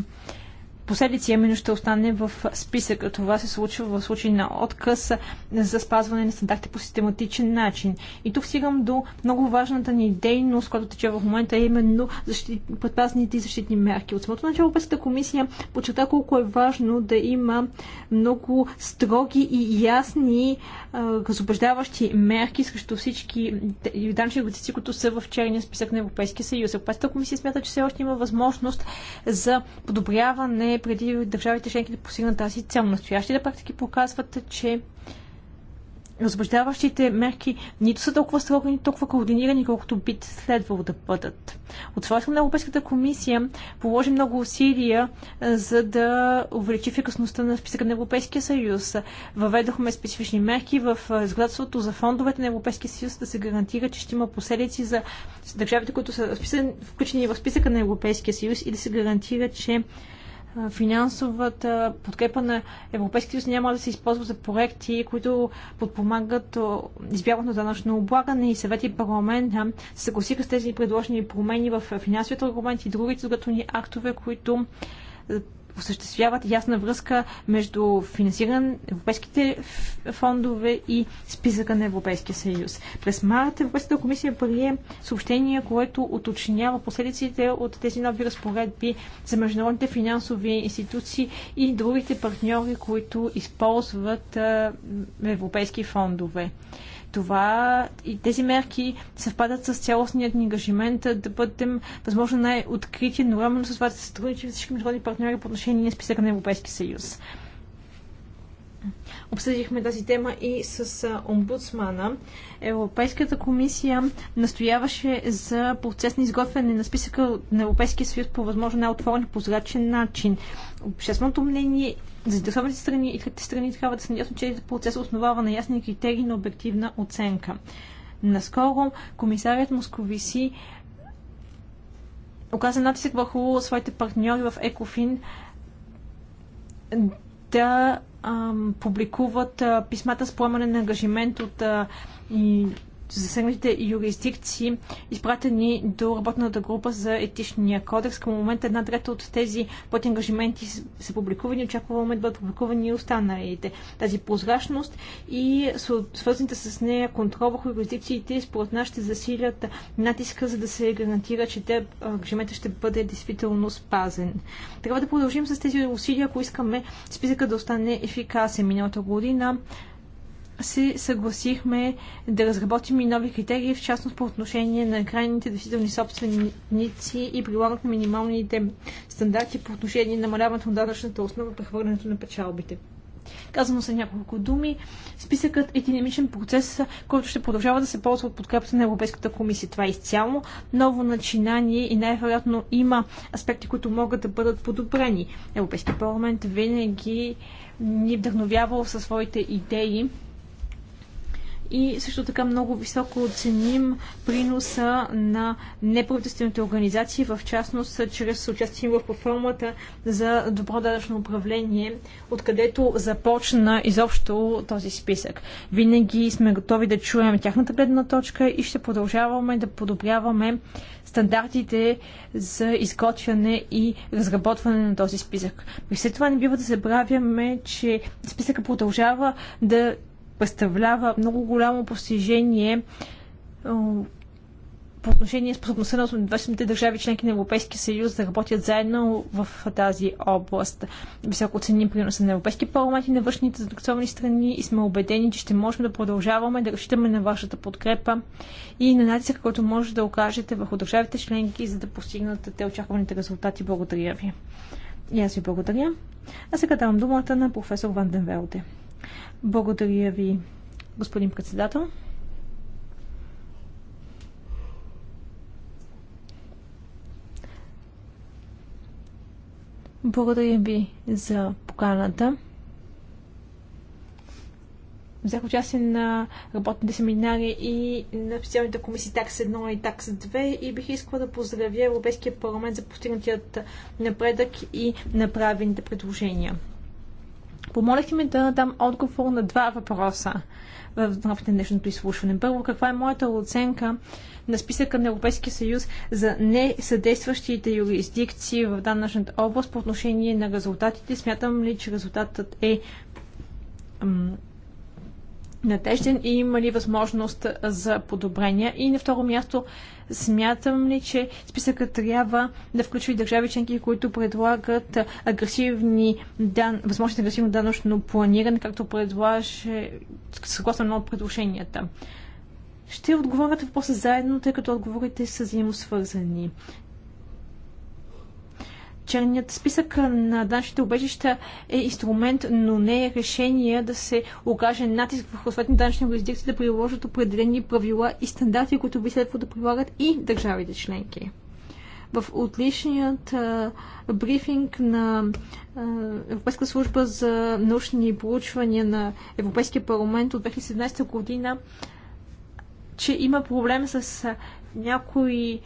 последици именно ще остане в списъка. Това се случва в случай на отказ за спазване на стандарти по систематичен начин. И тук стигам до много важната ни дейност, която тече в момента, е именно защит... предпазните и защитни мерки. От самото начало Европейската комисия подчерта колко е важно да има много строги и ясни разобеждаващи мерки срещу всички данъчни годици, които са в черния списък на Европейския съюз. Европейската комисия смята, че все още има възможност за подобряване преди държавите членки да постигнат тази цел. Настоящите практики показват, че освобождаващите мерки нито са толкова строги, нито толкова координирани, колкото би следвало да бъдат. От своя страна Европейската комисия положи много усилия за да увеличи ефикасността на списъка на Европейския съюз. Въведохме специфични мерки в изградството за фондовете на Европейския съюз да се гарантира, че ще има последици за държавите, които са включени в списъка на Европейския съюз и да се гарантира, че финансовата подкрепа на Европейския съюз няма да се използва за проекти, които подпомагат избягването на данъчно облагане и съвети и парламента се съгласиха с тези предложени промени в финансовите регламенти и другите законодателни актове, които осъществяват ясна връзка между финансиране европейските фондове и списъка на Европейския съюз. През март Европейската комисия прие съобщение, което уточнява последиците от тези нови разпоредби за международните финансови институции и другите партньори, които използват европейски фондове. Това и тези мерки съвпадат с цялостният ни ангажимент да бъдем възможно най-открити, но равно с това да се сътрудничим всички международни партньори по отношение на списъка на Европейския съюз обсъдихме тази тема и с омбудсмана. Европейската комисия настояваше за процес на изготвяне на списъка на Европейския съюз по възможно най-отворен и прозрачен начин. Общественото мнение за държавните страни и трите страни трябва да са ясно, че процес основава на ясни критерии на обективна оценка. Наскоро комисарият Московиси оказа натиск върху своите партньори в Екофин да публикуват писмата с поемане на ангажимент от засегнатите юрисдикции, изпратени до работната група за етичния кодекс. Към момента една трета от тези плати ангажименти са публикувани. Очакваме да бъдат публикувани и останалите. Тази прозрачност и свързаните с нея контрол върху юрисдикциите според нас ще засилят натиска, за да се гарантира, че те, ангажиментът ще бъде действително спазен. Трябва да продължим с тези усилия, ако искаме списъка да остане ефикасен. Миналата година се съгласихме да разработим и нови критерии, в частност по отношение на крайните действителни собственици и прилагат минималните стандарти по отношение на намаляването на данъчната основа, прехвърлянето на печалбите. Казано са няколко думи. Списъкът е динамичен процес, който ще продължава да се ползва от подкрепата на Европейската комисия. Това е изцяло ново начинание и най-вероятно има аспекти, които могат да бъдат подобрени. Европейския парламент винаги ни вдъхновявал със своите идеи и също така много високо оценим приноса на неправителствените организации, в частност чрез участие в платформата за добро данъчно управление, откъдето започна изобщо този списък. Винаги сме готови да чуем тяхната гледна точка и ще продължаваме да подобряваме стандартите за изготвяне и разработване на този списък. При след това не бива да забравяме, че списъка продължава да представлява много голямо постижение е, по отношение способността на 28-те държави, членки на Европейския съюз, да работят заедно в тази област. Високо ценим приноса на Европейски парламент и на външните заинтересовани страни и сме убедени, че ще можем да продължаваме да разчитаме на вашата подкрепа и на натиска, който може да окажете върху държавите членки, за да постигнат те очакваните резултати. Благодаря ви. И аз ви благодаря. А сега давам думата на професор Ван Велде. Благодаря ви, господин председател. Благодаря ви за поканата. Взех участие на работните семинари и на специалните комисии такс 1 и такс 2 и бих искала да поздравя Европейския парламент за постигнатият напредък и направените предложения. Помолихте ми да дам отговор на два въпроса в рамките на днешното изслушване. Първо, каква е моята оценка на списъка на Европейския съюз за несъдействащите юрисдикции в данъчната област по отношение на резултатите? Смятам ли, че резултатът е надежден и има ли възможност за подобрения? И на второ място, смятам ли, че списъкът трябва да включва и държави членки, които предлагат агресивни дан... възможно агресивно данъчно планиране, както предлагаше съгласно едно от предложенията? Ще отговорят въпроса заедно, тъй като отговорите са взаимосвързани черният списък на данъчните обежища е инструмент, но не е решение да се окаже натиск в съответни данъчни юрисдикции да приложат определени правила и стандарти, които би следвало да прилагат и държавите членки. В отличният а, брифинг на а, Европейска служба за научни проучвания на Европейския парламент от 2017 година, че има проблем с някои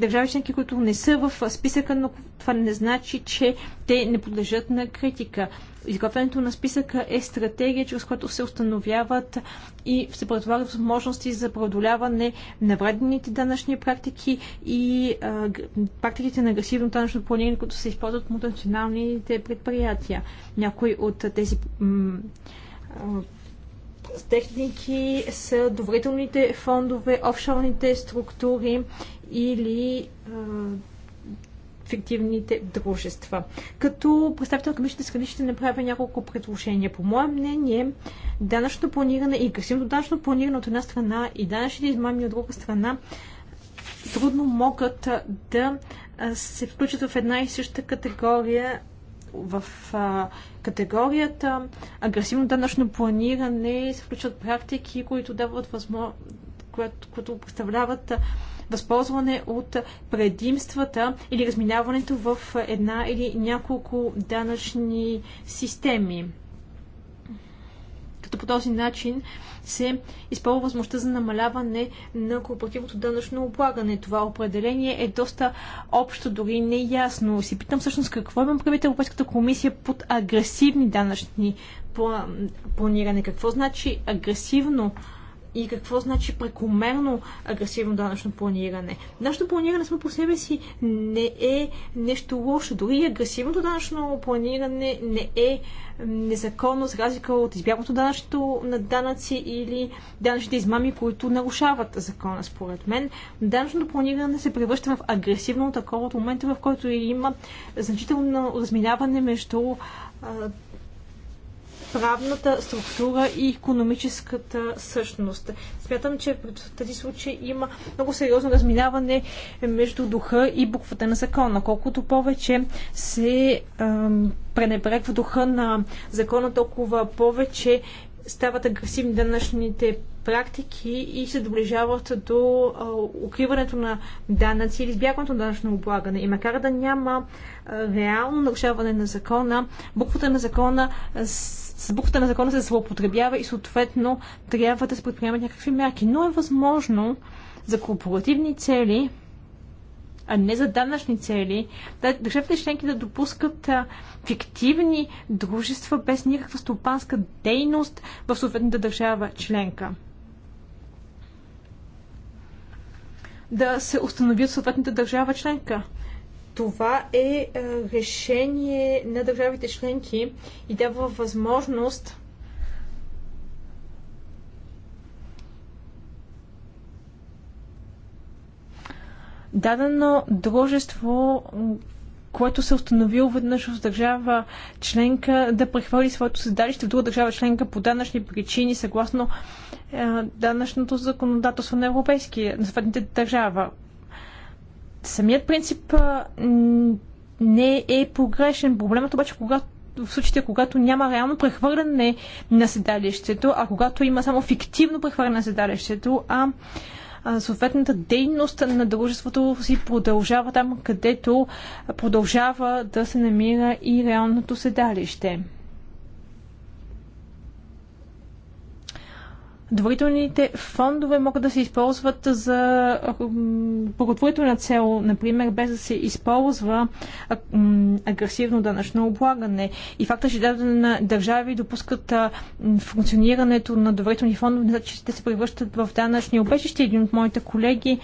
държави членки, които не са в списъка, но това не значи, че те не подлежат на критика. Изготвянето на списъка е стратегия, чрез която се установяват и се предлагат възможности за преодоляване на вредните данъчни практики и а, практиките на агресивно данъчно планиране, които се използват от националните предприятия. Някои от тези техники са доверителните фондове, офшорните структури или фиктивните дружества. Като представител към Мишите страни ще направя няколко предложения. По мое мнение, данъчно планиране и агресивното данъчно планиране от една страна и данъчните измами от друга страна трудно могат да се включат в една и съща категория в а, категорията агресивно данъчно планиране се включват практики, които дават възможност, които представляват възползване от предимствата или разминаването в една или няколко данъчни системи като по този начин се използва възможността за намаляване на корпоративното данъчно облагане. Това определение е доста общо, дори неясно. Си питам всъщност какво имам правите Европейската комисия под агресивни данъчни планиране. Какво значи агресивно и какво значи прекомерно агресивно данъчно планиране. Нашето планиране само по себе си не е нещо лошо. Дори агресивното данъчно планиране не е незаконно, с разлика от избягното данъчно на данъци или данъчните измами, които нарушават закона, според мен. Данъчното планиране се превръща в агресивно такова от момента, в който има значително разминаване между правната структура и економическата същност. Смятам, че в тази случаи има много сериозно разминаване между духа и буквата на закона. Колкото повече се ем, пренебрегва духа на закона, толкова повече стават агресивни данъчните практики и се доближават до а, укриването на данъци или избягването на данъчно облагане. И макар да няма а, реално нарушаване на закона, буквата на закона с буквата на закона се злоупотребява и съответно трябва да се предприемат някакви мерки. Но е възможно за корпоративни цели, а не за данъчни цели, да, държавите членки да допускат а, фиктивни дружества без никаква стопанска дейност в съответната държава членка. Да се установи от съответната държава членка това е, е решение на държавите членки и дава възможност дадено дружество, което се установило веднъж в държава членка, да прехвърли своето седалище в друга държава членка по данъчни причини, съгласно е, данъчното законодателство на Европейския, на съответните държава Самият принцип не е погрешен. Проблемът обаче, когато в случаите, когато няма реално прехвърляне на седалището, а когато има само фиктивно прехвърляне на седалището, а съответната дейност на дружеството си продължава там, където продължава да се намира и реалното седалище. Доверителните фондове могат да се използват за благотворителна цел, например, без да се използва агресивно данъчно облагане. И факта, че дадена държави допускат функционирането на доверителни фондове, значи, че те се превръщат в данъчни обещащи. Един от моите колеги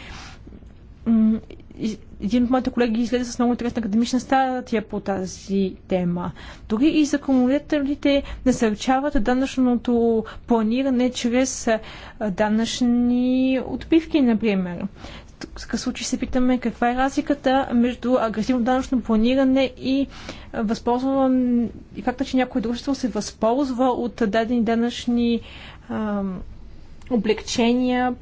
един от моите колеги излезе с много интересна академична статия по тази тема. Дори и законодателите насърчават данъчното планиране чрез данъчни отбивки, например. В такъв случай се питаме каква е разликата между агресивно данъчно планиране и възползване и факта, че някое дружество се възползва от дадени данъчни облегчения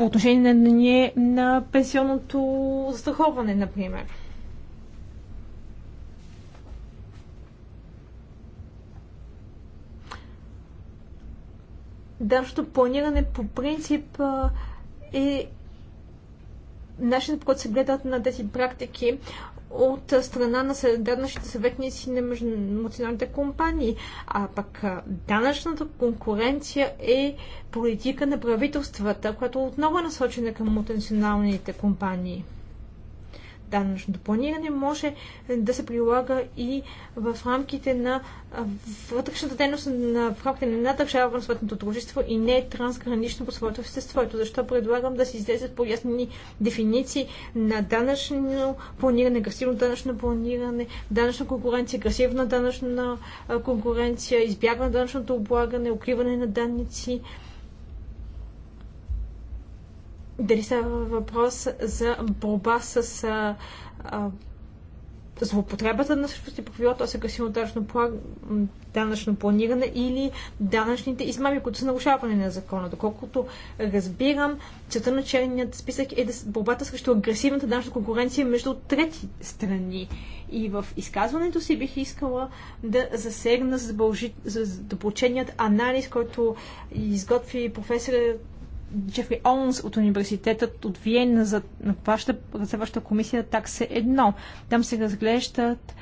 по отношение на, на пенсионното застраховане, например. данъчното планиране по принцип е начинът по който се гледат на тези практики от страна на данъчните съветници на националните компании. А пък данъчната конкуренция е политика на правителствата, която е отново е насочена към мултинационалните компании данъчното планиране може е, да се прилага и в рамките на вътрешната дейност на, в рамките на една държава в съответното дружество и не е трансгранично по своето естество. Ето защо предлагам да се излезат по-ясни дефиниции на данъчно планиране, агресивно данъчно планиране, данъчна конкуренция, агресивна данъчна конкуренция, избягване на данъчното облагане, укриване на данници, дали става въпрос за борба с а, а, злоупотребата на същото правило, т.е. агресивно данъчно, данъчно планиране или данъчните измами, които са нарушаване на закона. Доколкото разбирам, целта на черният списък е да борбата срещу агресивната данъчна конкуренция между трети страни. И в изказването си бих искала да засегна задълбоченият анализ, който изготви професорът Джефри Олнс от университетът от Виена за вашата разследваща комисия такса е едно. Там се разглеждат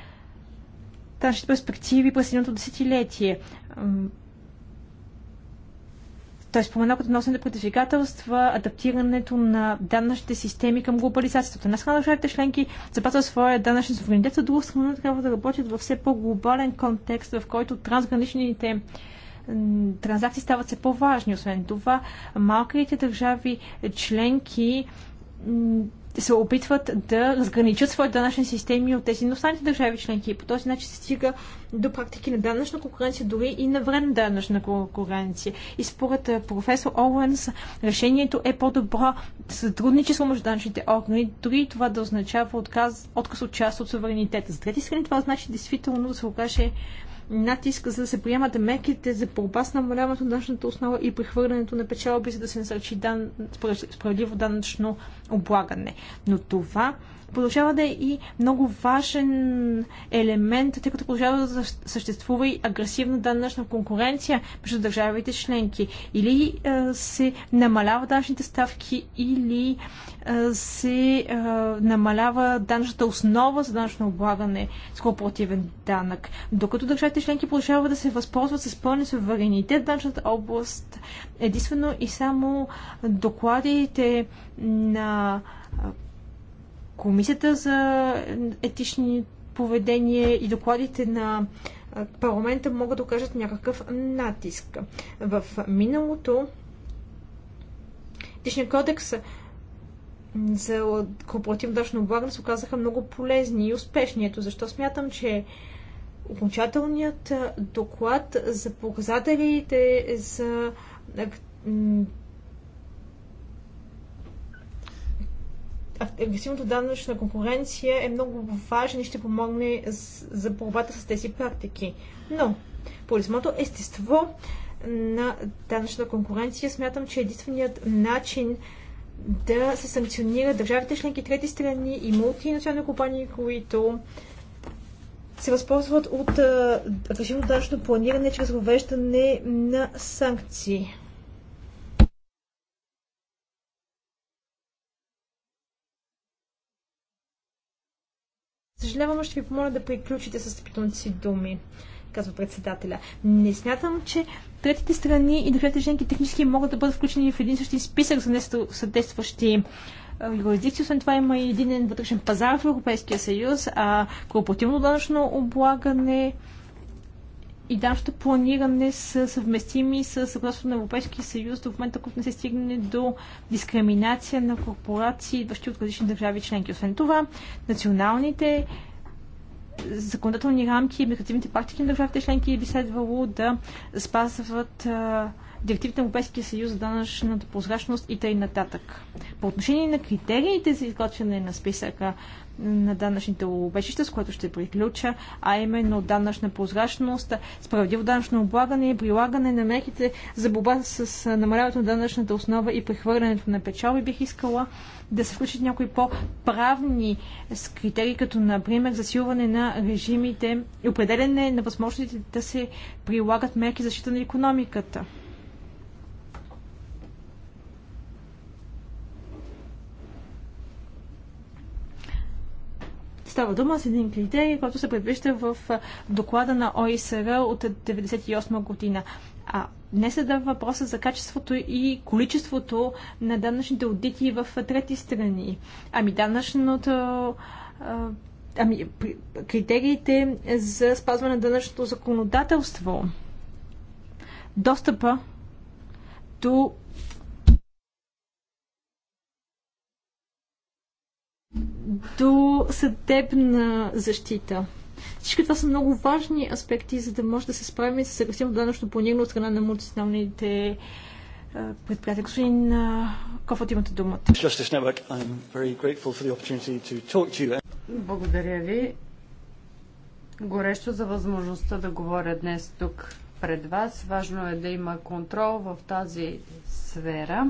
нашите перспективи през едното десетилетие. Той спомена като носене предизвикателства адаптирането на данъчните системи към глобализацията. От една страна държавите членки запазват своя данъчен суверенитет, а друга страна трябва да работят във все по-глобален контекст, в който трансграничните транзакции стават все по-важни. Освен това, малките държави членки се опитват да разграничат своите данъчни системи от тези на останалите държави членки. И по този начин се стига до практики на данъчна конкуренция, дори и на вредна данъчна конкуренция. И според професор Оуенс, решението е по-добро сътрудничество между данъчните органи, дори и това да означава отказ, отказ от част от суверенитета. За трети страни това значи действително да се окаже натиск, за да се приемат мерките за борба с намаляването на данъчната основа и прехвърлянето на печалби, за да се насърчи дан... справедливо данъчно облагане. Но това продължава да е и много важен елемент, тъй като продължава да съществува и агресивна данъчна конкуренция между държавите членки. Или а, е, се намаляват данъчните ставки, или а, е, се а, е, намалява данъчната основа за данъчно облагане с корпоративен данък. Докато държавите членки продължават да се възползват с пълни суверенитет в данъчната област, единствено и само докладите на Комисията за етични поведение и докладите на парламента могат да окажат някакъв натиск. В миналото етичният кодекс за корпоративно дъжно облагане се оказаха много полезни и успешни. Ето защо смятам, че окончателният доклад за показателите за агресивната данъчна конкуренция е много важен и ще помогне за борбата с тези практики. Но, по самото естество на данъчна конкуренция, смятам, че единственият начин да се санкционират държавите членки, трети страни и мултинационални компании, които се възползват от агресивно данъчно планиране чрез въвеждане на санкции. Съжалявам, ще ви помоля да приключите с питонци си думи, казва председателя. Не смятам, че третите страни и двете женки технически могат да бъдат включени в един същи списък за съдействащи юрисдикции. Освен това има и един вътрешен пазар в Европейския съюз, а корпоративно данъчно облагане, и данъчното планиране са съвместими с съгласно на Европейския съюз до момента, когато не се стигне до дискриминация на корпорации, идващи от различни държави членки. Освен това, националните законодателни рамки и мигративните практики на държавите членки би следвало да спазват директивите на Европейския съюз за данъчната прозрачност и т.н. нататък. По отношение на критериите за изготвяне на списъка на данъчните обещища, с което ще приключа, а именно данъчна прозрачност, справедливо данъчно облагане и прилагане на мерките за борба с намаляването на данъчната основа и прехвърлянето на печалби. Бих искала да се включат някои по-правни критерии, като например засилване на режимите и определене на възможностите да се прилагат мерки за защита на економиката. Става дума с един критерий, който се предвижда в доклада на ОИСР от 1998 година. А не се дава въпроса за качеството и количеството на данъчните аудити в трети страни. Ами данъчното ами, критериите за спазване на данъчното законодателство, достъпа до до съдебна защита. Всички това са много важни аспекти, за да може да се справим с агресивно данъчно планиране от страна на мултиционалните предприятия. Господин Кофът, имате думата. Благодаря ви горещо за възможността да говоря днес тук пред вас. Важно е да има контрол в тази сфера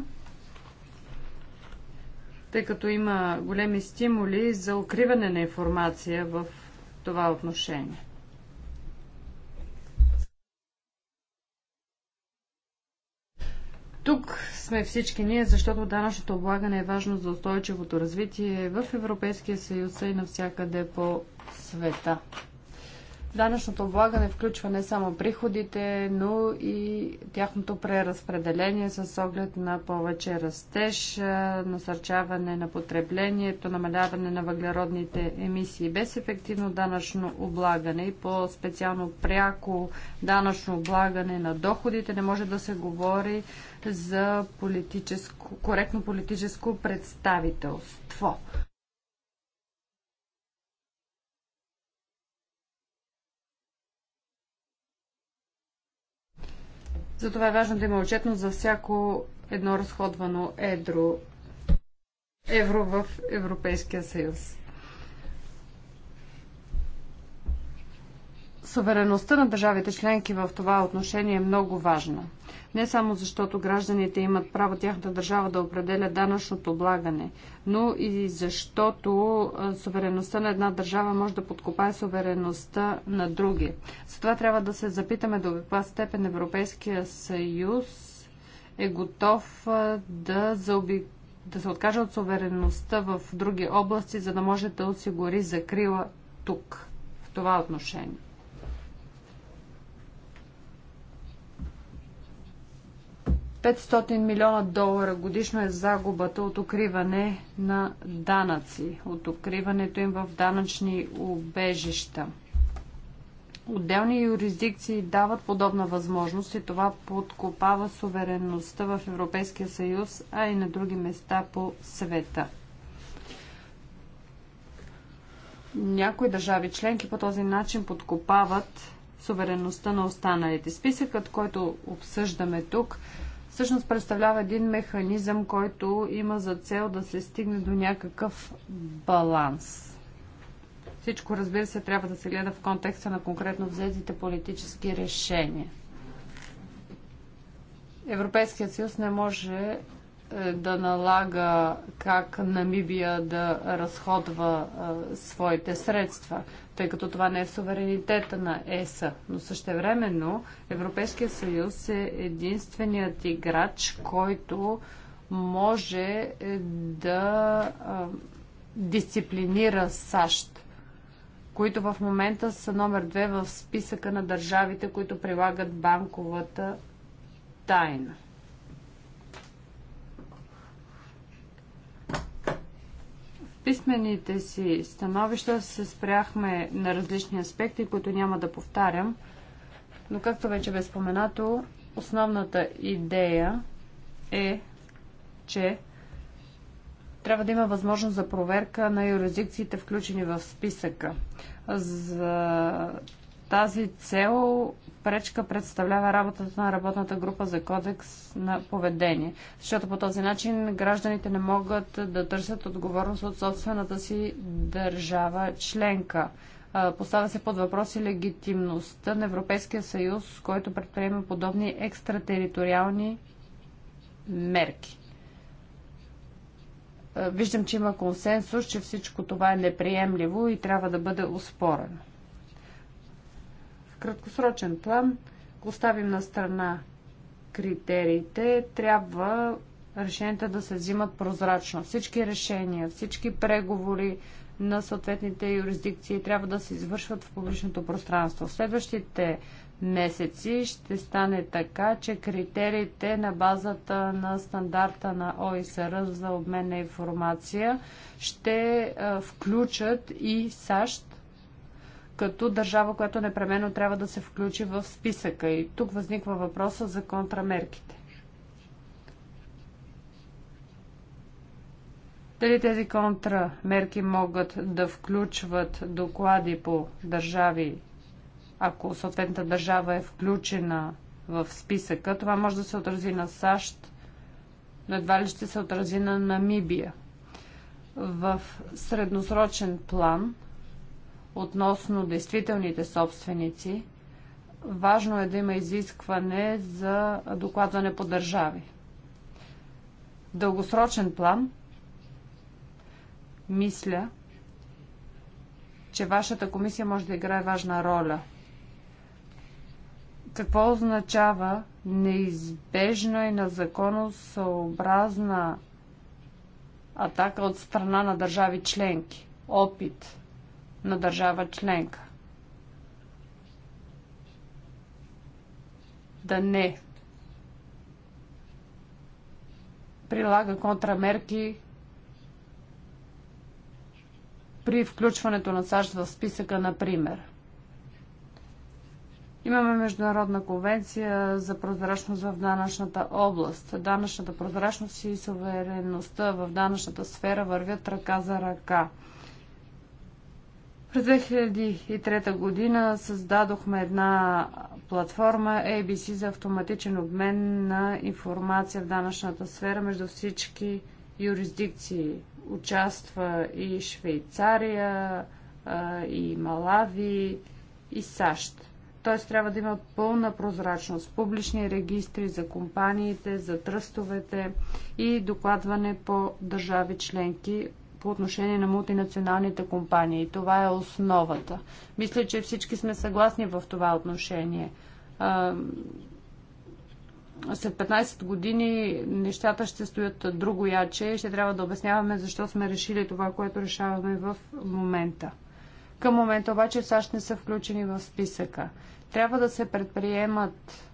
тъй като има големи стимули за укриване на информация в това отношение. Тук сме всички ние, защото данъчното облагане е важно за устойчивото развитие в Европейския съюз и навсякъде по света. Данъчното облагане включва не само приходите, но и тяхното преразпределение с оглед на повече растеж, насърчаване на потреблението, намаляване на въглеродните емисии без ефективно данъчно облагане и по-специално пряко данъчно облагане на доходите не може да се говори за политическо, коректно политическо представителство. Затова е важно да има отчетност за всяко едно разходвано едро, евро в Европейския съюз. сувереността на държавите членки в това отношение е много важна. Не само защото гражданите имат право тяхната държава да определя данъчното облагане, но и защото сувереността на една държава може да подкопае сувереността на други. Затова трябва да се запитаме до каква степен Европейския съюз е готов да заобиколи да се откаже от суверенността в други области, за да може да осигури закрила тук, в това отношение. 500 милиона долара годишно е загубата от укриване на данъци, от укриването им в данъчни убежища. Отделни юрисдикции дават подобна възможност и това подкопава суверенността в Европейския съюз, а и на други места по света. Някои държави членки по този начин подкопават суверенността на останалите. Списъкът, който обсъждаме тук, всъщност представлява един механизъм, който има за цел да се стигне до някакъв баланс. Всичко, разбира се, трябва да се гледа в контекста на конкретно взетите политически решения. Европейският съюз не може е, да налага как Намибия да разходва а, е, своите средства тъй като това не е в суверенитета на ЕСА. Но същевременно Европейския съюз е единственият играч, който може е, да дисциплинира САЩ, които в момента са номер две в списъка на държавите, които прилагат банковата тайна. писмените си становища се спряхме на различни аспекти, които няма да повтарям. Но както вече бе споменато, основната идея е, че трябва да има възможност за проверка на юрисдикциите, включени в списъка. За тази цел пречка представлява работата на работната група за кодекс на поведение, защото по този начин гражданите не могат да търсят отговорност от собствената си държава членка. Поставя се под въпрос и легитимността на Европейския съюз, който предприема подобни екстратериториални мерки. Виждам, че има консенсус, че всичко това е неприемливо и трябва да бъде успорено краткосрочен план, оставим на страна критериите, трябва решенията да се взимат прозрачно. Всички решения, всички преговори на съответните юрисдикции трябва да се извършват в публичното пространство. В следващите месеци ще стане така, че критериите на базата на стандарта на ОИСР за обмен на информация ще включат и САЩ като държава, която непременно трябва да се включи в списъка. И тук възниква въпроса за контрамерките. Дали тези контрамерки могат да включват доклади по държави, ако съответната държава е включена в списъка? Това може да се отрази на САЩ, но едва ли ще се отрази на Намибия. В средносрочен план – относно действителните собственици, важно е да има изискване за докладване по държави. дългосрочен план, мисля, че вашата комисия може да играе важна роля. Какво означава неизбежна и на законосъобразна атака от страна на държави членки? Опит – на държава членка. Да не прилага контрамерки при включването на САЩ в списъка, например. Имаме Международна конвенция за прозрачност в данъчната област. Данъчната прозрачност и суверенността в данъчната сфера вървят ръка за ръка. През 2003 година създадохме една платформа ABC за автоматичен обмен на информация в данъчната сфера между всички юрисдикции. Участва и Швейцария, и Малави, и САЩ. Т.е. трябва да има пълна прозрачност, публични регистри за компаниите, за тръстовете и докладване по държави членки по отношение на мултинационалните компании. Това е основата. Мисля, че всички сме съгласни в това отношение. След 15 години нещата ще стоят друго яче и ще трябва да обясняваме защо сме решили това, което решаваме в момента. Към момента обаче САЩ не са включени в списъка. Трябва да се предприемат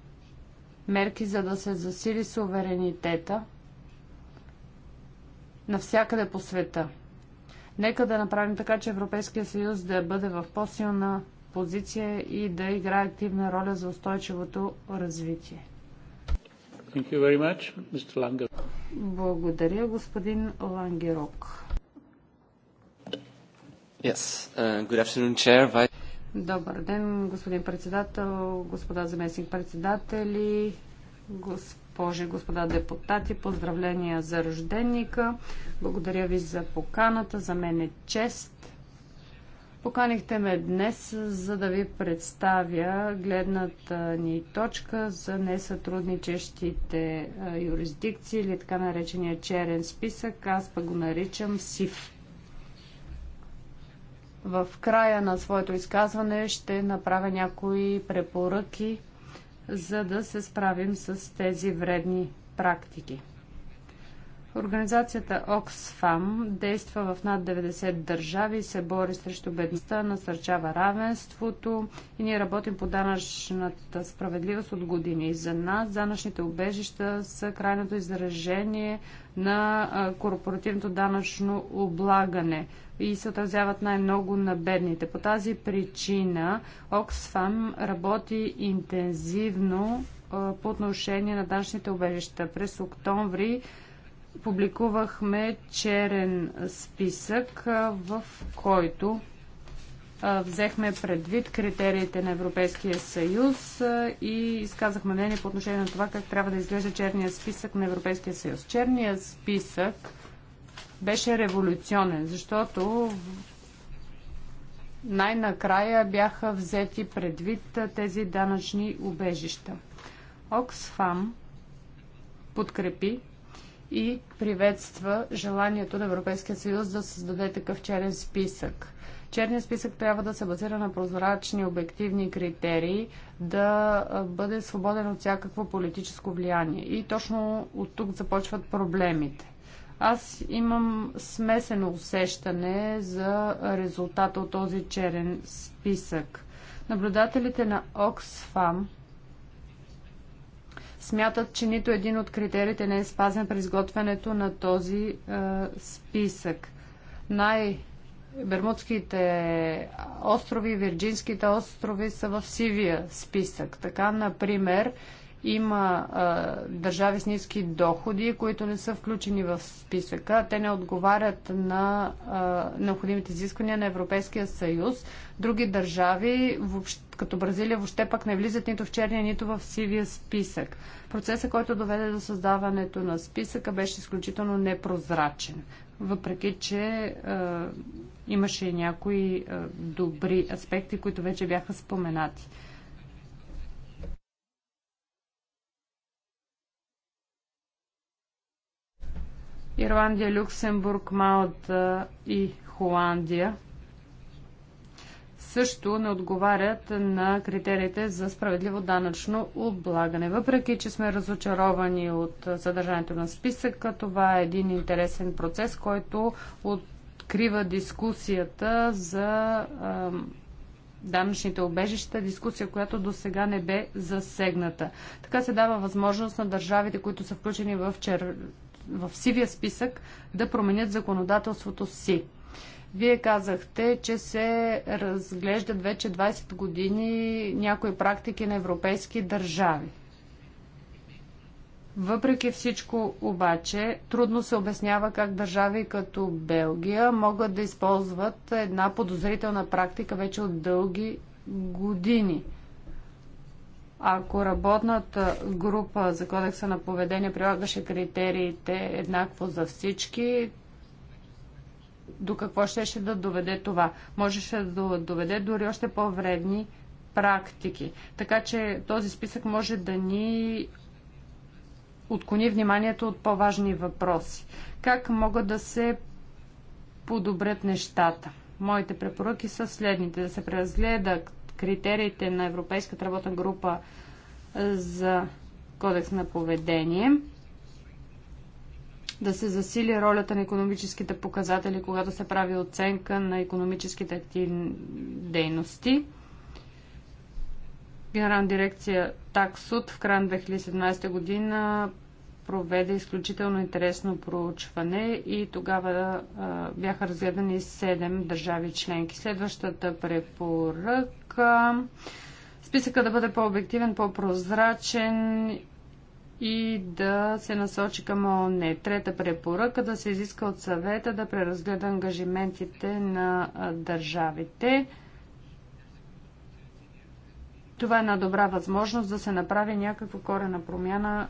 мерки, за да се засили суверенитета – навсякъде по света. Нека да направим така, че Европейския съюз да бъде в по-силна позиция и да играе активна роля за устойчивото развитие. Thank you very much, Mr. Langer. Благодаря, господин Лангерок. Yes. Uh, good afternoon, chair. Добър ден, господин председател, господа заместник председатели, господин госпожи и господа депутати. Поздравления за Рожденика. Благодаря ви за поканата. За мен е чест. Поканихте ме днес, за да ви представя гледната ни точка за несътрудничещите юрисдикции или така наречения черен списък. Аз пък го наричам СИФ. В края на своето изказване ще направя някои препоръки – за да се справим с тези вредни практики. Организацията Oxfam действа в над 90 държави се бори срещу бедността, насърчава равенството и ние работим по данъчната справедливост от години. За нас данъчните обежища са крайното изражение на корпоративното данъчно облагане – и се отразяват най-много на бедните. По тази причина Оксфам работи интензивно по отношение на данъчните убежища. През октомври публикувахме черен списък, в който взехме предвид критериите на Европейския съюз и изказахме мнение по отношение на това как трябва да изглежда черния списък на Европейския съюз. Черния списък беше революционен, защото най-накрая бяха взети предвид тези данъчни убежища. Оксфам подкрепи и приветства желанието на Европейския съюз да създаде такъв черен списък. Черният списък трябва да се базира на прозрачни, обективни критерии, да бъде свободен от всякакво политическо влияние. И точно от тук започват проблемите. Аз имам смесено усещане за резултата от този черен списък. Наблюдателите на Оксфам смятат, че нито един от критериите не е спазен при изготвянето на този е, списък. Най- Бермудските острови Вирджинските острови са в сивия списък. Така, например, има а, държави с ниски доходи, които не са включени в списъка. Те не отговарят на а, необходимите изисквания на Европейския съюз. Други държави, въобще, като Бразилия, въобще пак не влизат нито в черния, нито в сивия списък. Процесът, който доведе до създаването на списъка, беше изключително непрозрачен. Въпреки, че а, имаше и някои а, добри аспекти, които вече бяха споменати. Ирландия, Люксембург, Малта и Холандия също не отговарят на критериите за справедливо данъчно облагане. Въпреки, че сме разочаровани от съдържанието на списъка, това е един интересен процес, който открива дискусията за данъчните обежища, дискусия, която до сега не бе засегната. Така се дава възможност на държавите, които са включени в чер в сивия списък да променят законодателството си. Вие казахте, че се разглеждат вече 20 години някои практики на европейски държави. Въпреки всичко обаче, трудно се обяснява как държави като Белгия могат да използват една подозрителна практика вече от дълги години – ако работната група за кодекса на поведение прилагаше критериите еднакво за всички, до какво щеше ще да доведе това? Можеше да доведе дори още по-вредни практики. Така че този списък може да ни отклони вниманието от по-важни въпроси. Как могат да се подобрят нещата? Моите препоръки са следните. Да се преразгледат критериите на Европейската работна група за кодекс на поведение, да се засили ролята на економическите показатели, когато се прави оценка на економическите активни дейности. Генерална дирекция Таксуд в края на 2017 година проведе изключително интересно проучване и тогава а, бяха разгледани 7 държави членки. Следващата препоръка списъка да бъде по-обективен, по-прозрачен и да се насочи към ООН. Трета препоръка да се изиска от съвета да преразгледа ангажиментите на държавите. Това е една добра възможност да се направи някаква корена промяна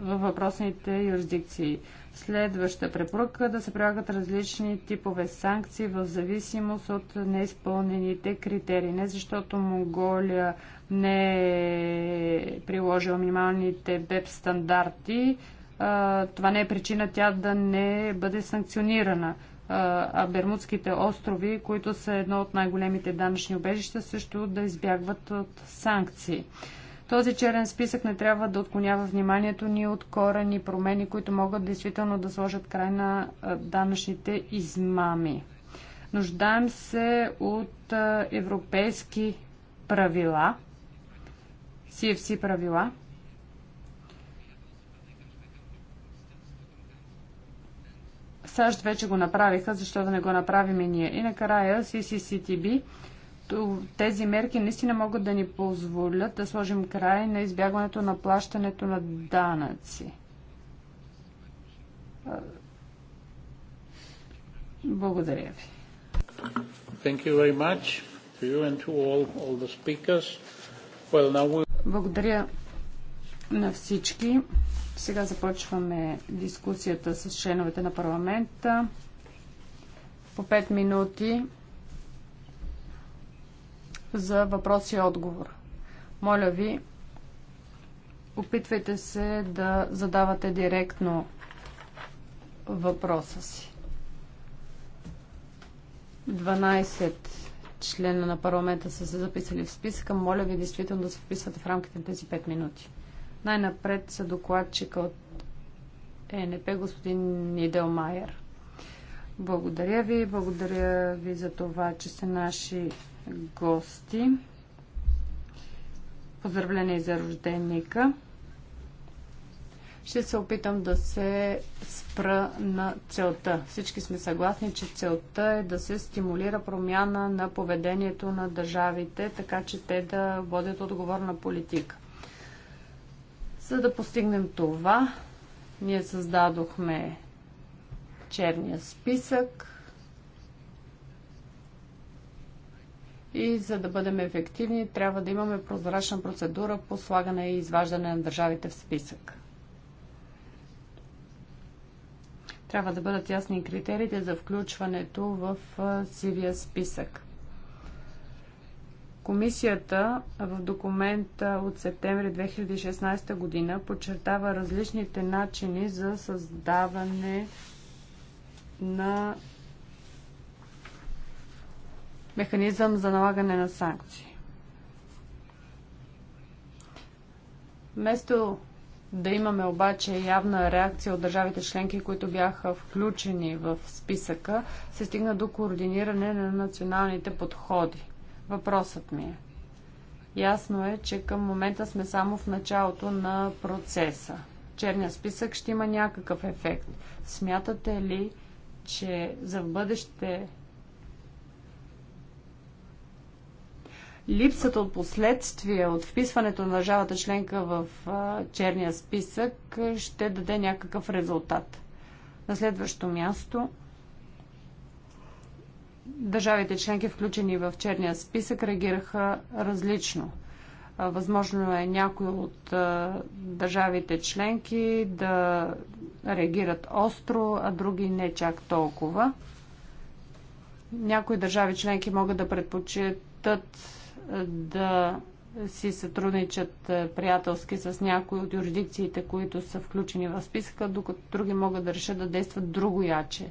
във въпросните юрисдикции. Следваща препоръка да се прилагат различни типове санкции в зависимост от неизпълнените критерии. Не защото Монголия не е приложила минималните БЕП стандарти, това не е причина тя да не бъде санкционирана. А Бермудските острови, които са едно от най-големите данъчни обежища, също да избягват от санкции. Този черен списък не трябва да отклонява вниманието ни от корени промени, които могат действително да сложат край на данъчните измами. Нуждаем се от европейски правила, CFC правила, САЩ вече го направиха, защо да не го направим и ние. И накрая CCCTB тези мерки наистина могат да ни позволят да сложим край на избягването на плащането на данъци. Благодаря ви. Thank you very much to you and to all, all the speakers. Well, now we... Благодаря на всички. Сега започваме дискусията с членовете на парламента. По 5 минути за въпрос и отговор. Моля ви, опитвайте се да задавате директно въпроса си. 12 члена на парламента са се записали в списъка. Моля ви действително да се вписвате в рамките на тези 5 минути. Най-напред са докладчика от ЕНП, господин Нидел Майер. Благодаря ви, благодаря ви за това, че сте наши гости. Поздравление за рожденика. Ще се опитам да се спра на целта. Всички сме съгласни, че целта е да се стимулира промяна на поведението на държавите, така че те да водят отговорна политика. За да постигнем това, ние създадохме черния списък, и за да бъдем ефективни, трябва да имаме прозрачна процедура по слагане и изваждане на държавите в списък. Трябва да бъдат ясни критериите за включването в сивия списък. Комисията в документа от септември 2016 година подчертава различните начини за създаване на механизъм за налагане на санкции. Вместо да имаме обаче явна реакция от държавите членки, които бяха включени в списъка, се стигна до координиране на националните подходи. Въпросът ми е. Ясно е, че към момента сме само в началото на процеса. Черния списък ще има някакъв ефект. Смятате ли, че за в бъдеще Липсата от последствия от вписването на държавата членка в черния списък ще даде някакъв резултат. На следващо място държавите членки, включени в черния списък, реагираха различно. Възможно е някои от държавите членки да реагират остро, а други не чак толкова. Някои държави членки могат да предпочитат да си сътрудничат е, приятелски с някои от юрисдикциите, които са включени в списъка, докато други могат да решат да действат друго яче.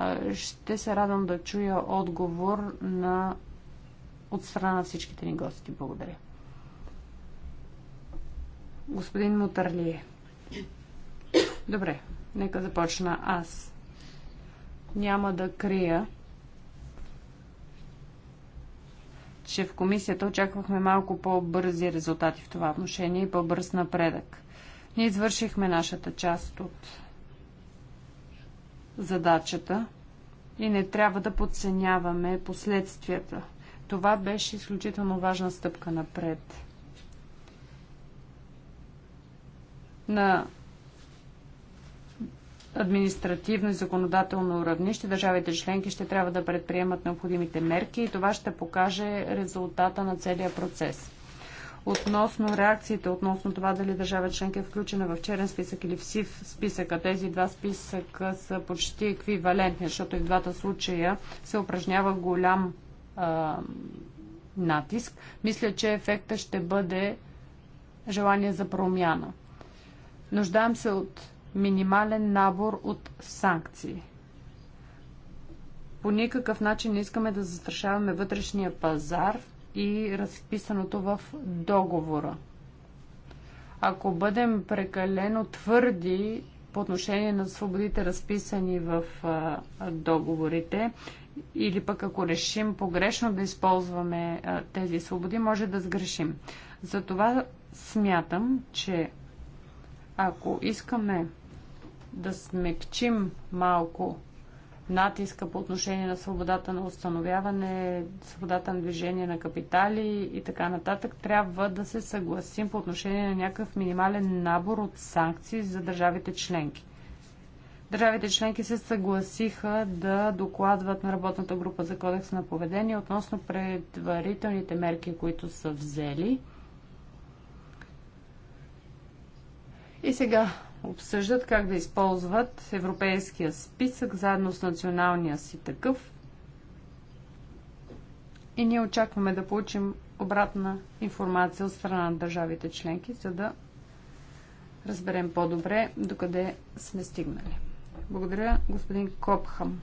Е, ще се радвам да чуя отговор на от страна на всичките ни гости. Благодаря. Господин Мутарлие. Добре, нека започна аз. Няма да крия, че в комисията очаквахме малко по-бързи резултати в това отношение и по-бърз напредък. Ние извършихме нашата част от задачата и не трябва да подценяваме последствията. Това беше изключително важна стъпка напред. На административно и законодателно равнище държавите членки ще трябва да предприемат необходимите мерки и това ще покаже резултата на целия процес. Относно реакциите, относно това дали държава членка е включена в черен списък или в сив списъка, тези два списъка са почти еквивалентни, защото и в двата случая се упражнява голям а, натиск. Мисля, че ефекта ще бъде желание за промяна. Нуждаем се от минимален набор от санкции. По никакъв начин не искаме да застрашаваме вътрешния пазар и разписаното в договора. Ако бъдем прекалено твърди по отношение на свободите, разписани в договорите, или пък ако решим погрешно да използваме тези свободи, може да сгрешим. Затова смятам, че ако искаме да смекчим малко натиска по отношение на свободата на установяване, свободата на движение на капитали и така нататък, трябва да се съгласим по отношение на някакъв минимален набор от санкции за държавите членки. Държавите членки се съгласиха да докладват на работната група за кодекс на поведение относно предварителните мерки, които са взели. И сега обсъждат как да използват европейския списък заедно с националния си такъв. И ние очакваме да получим обратна информация от страна на държавите членки, за да разберем по-добре докъде сме стигнали. Благодаря, господин Копхам.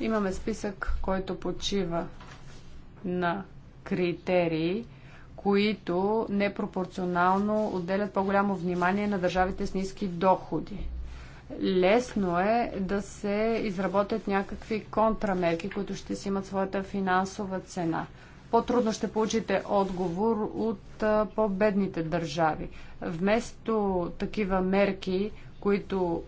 Имаме списък, който почива на критерии, които непропорционално отделят по-голямо внимание на държавите с ниски доходи. Лесно е да се изработят някакви контрамерки, които ще си имат своята финансова цена по-трудно ще получите отговор от по-бедните държави. Вместо такива мерки, които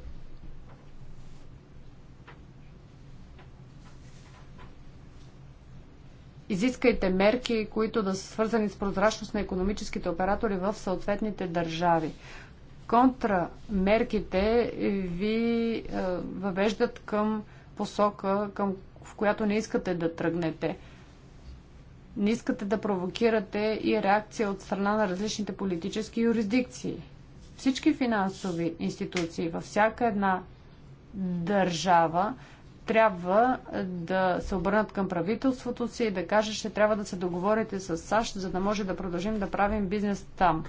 изискайте мерки, които да са свързани с прозрачност на економическите оператори в съответните държави. Контрамерките ви е, въвеждат към посока, към, в която не искате да тръгнете. Не искате да провокирате и реакция от страна на различните политически юрисдикции. Всички финансови институции във всяка една държава трябва да се обърнат към правителството си и да кажат, че трябва да се договорите с САЩ, за да може да продължим да правим бизнес там.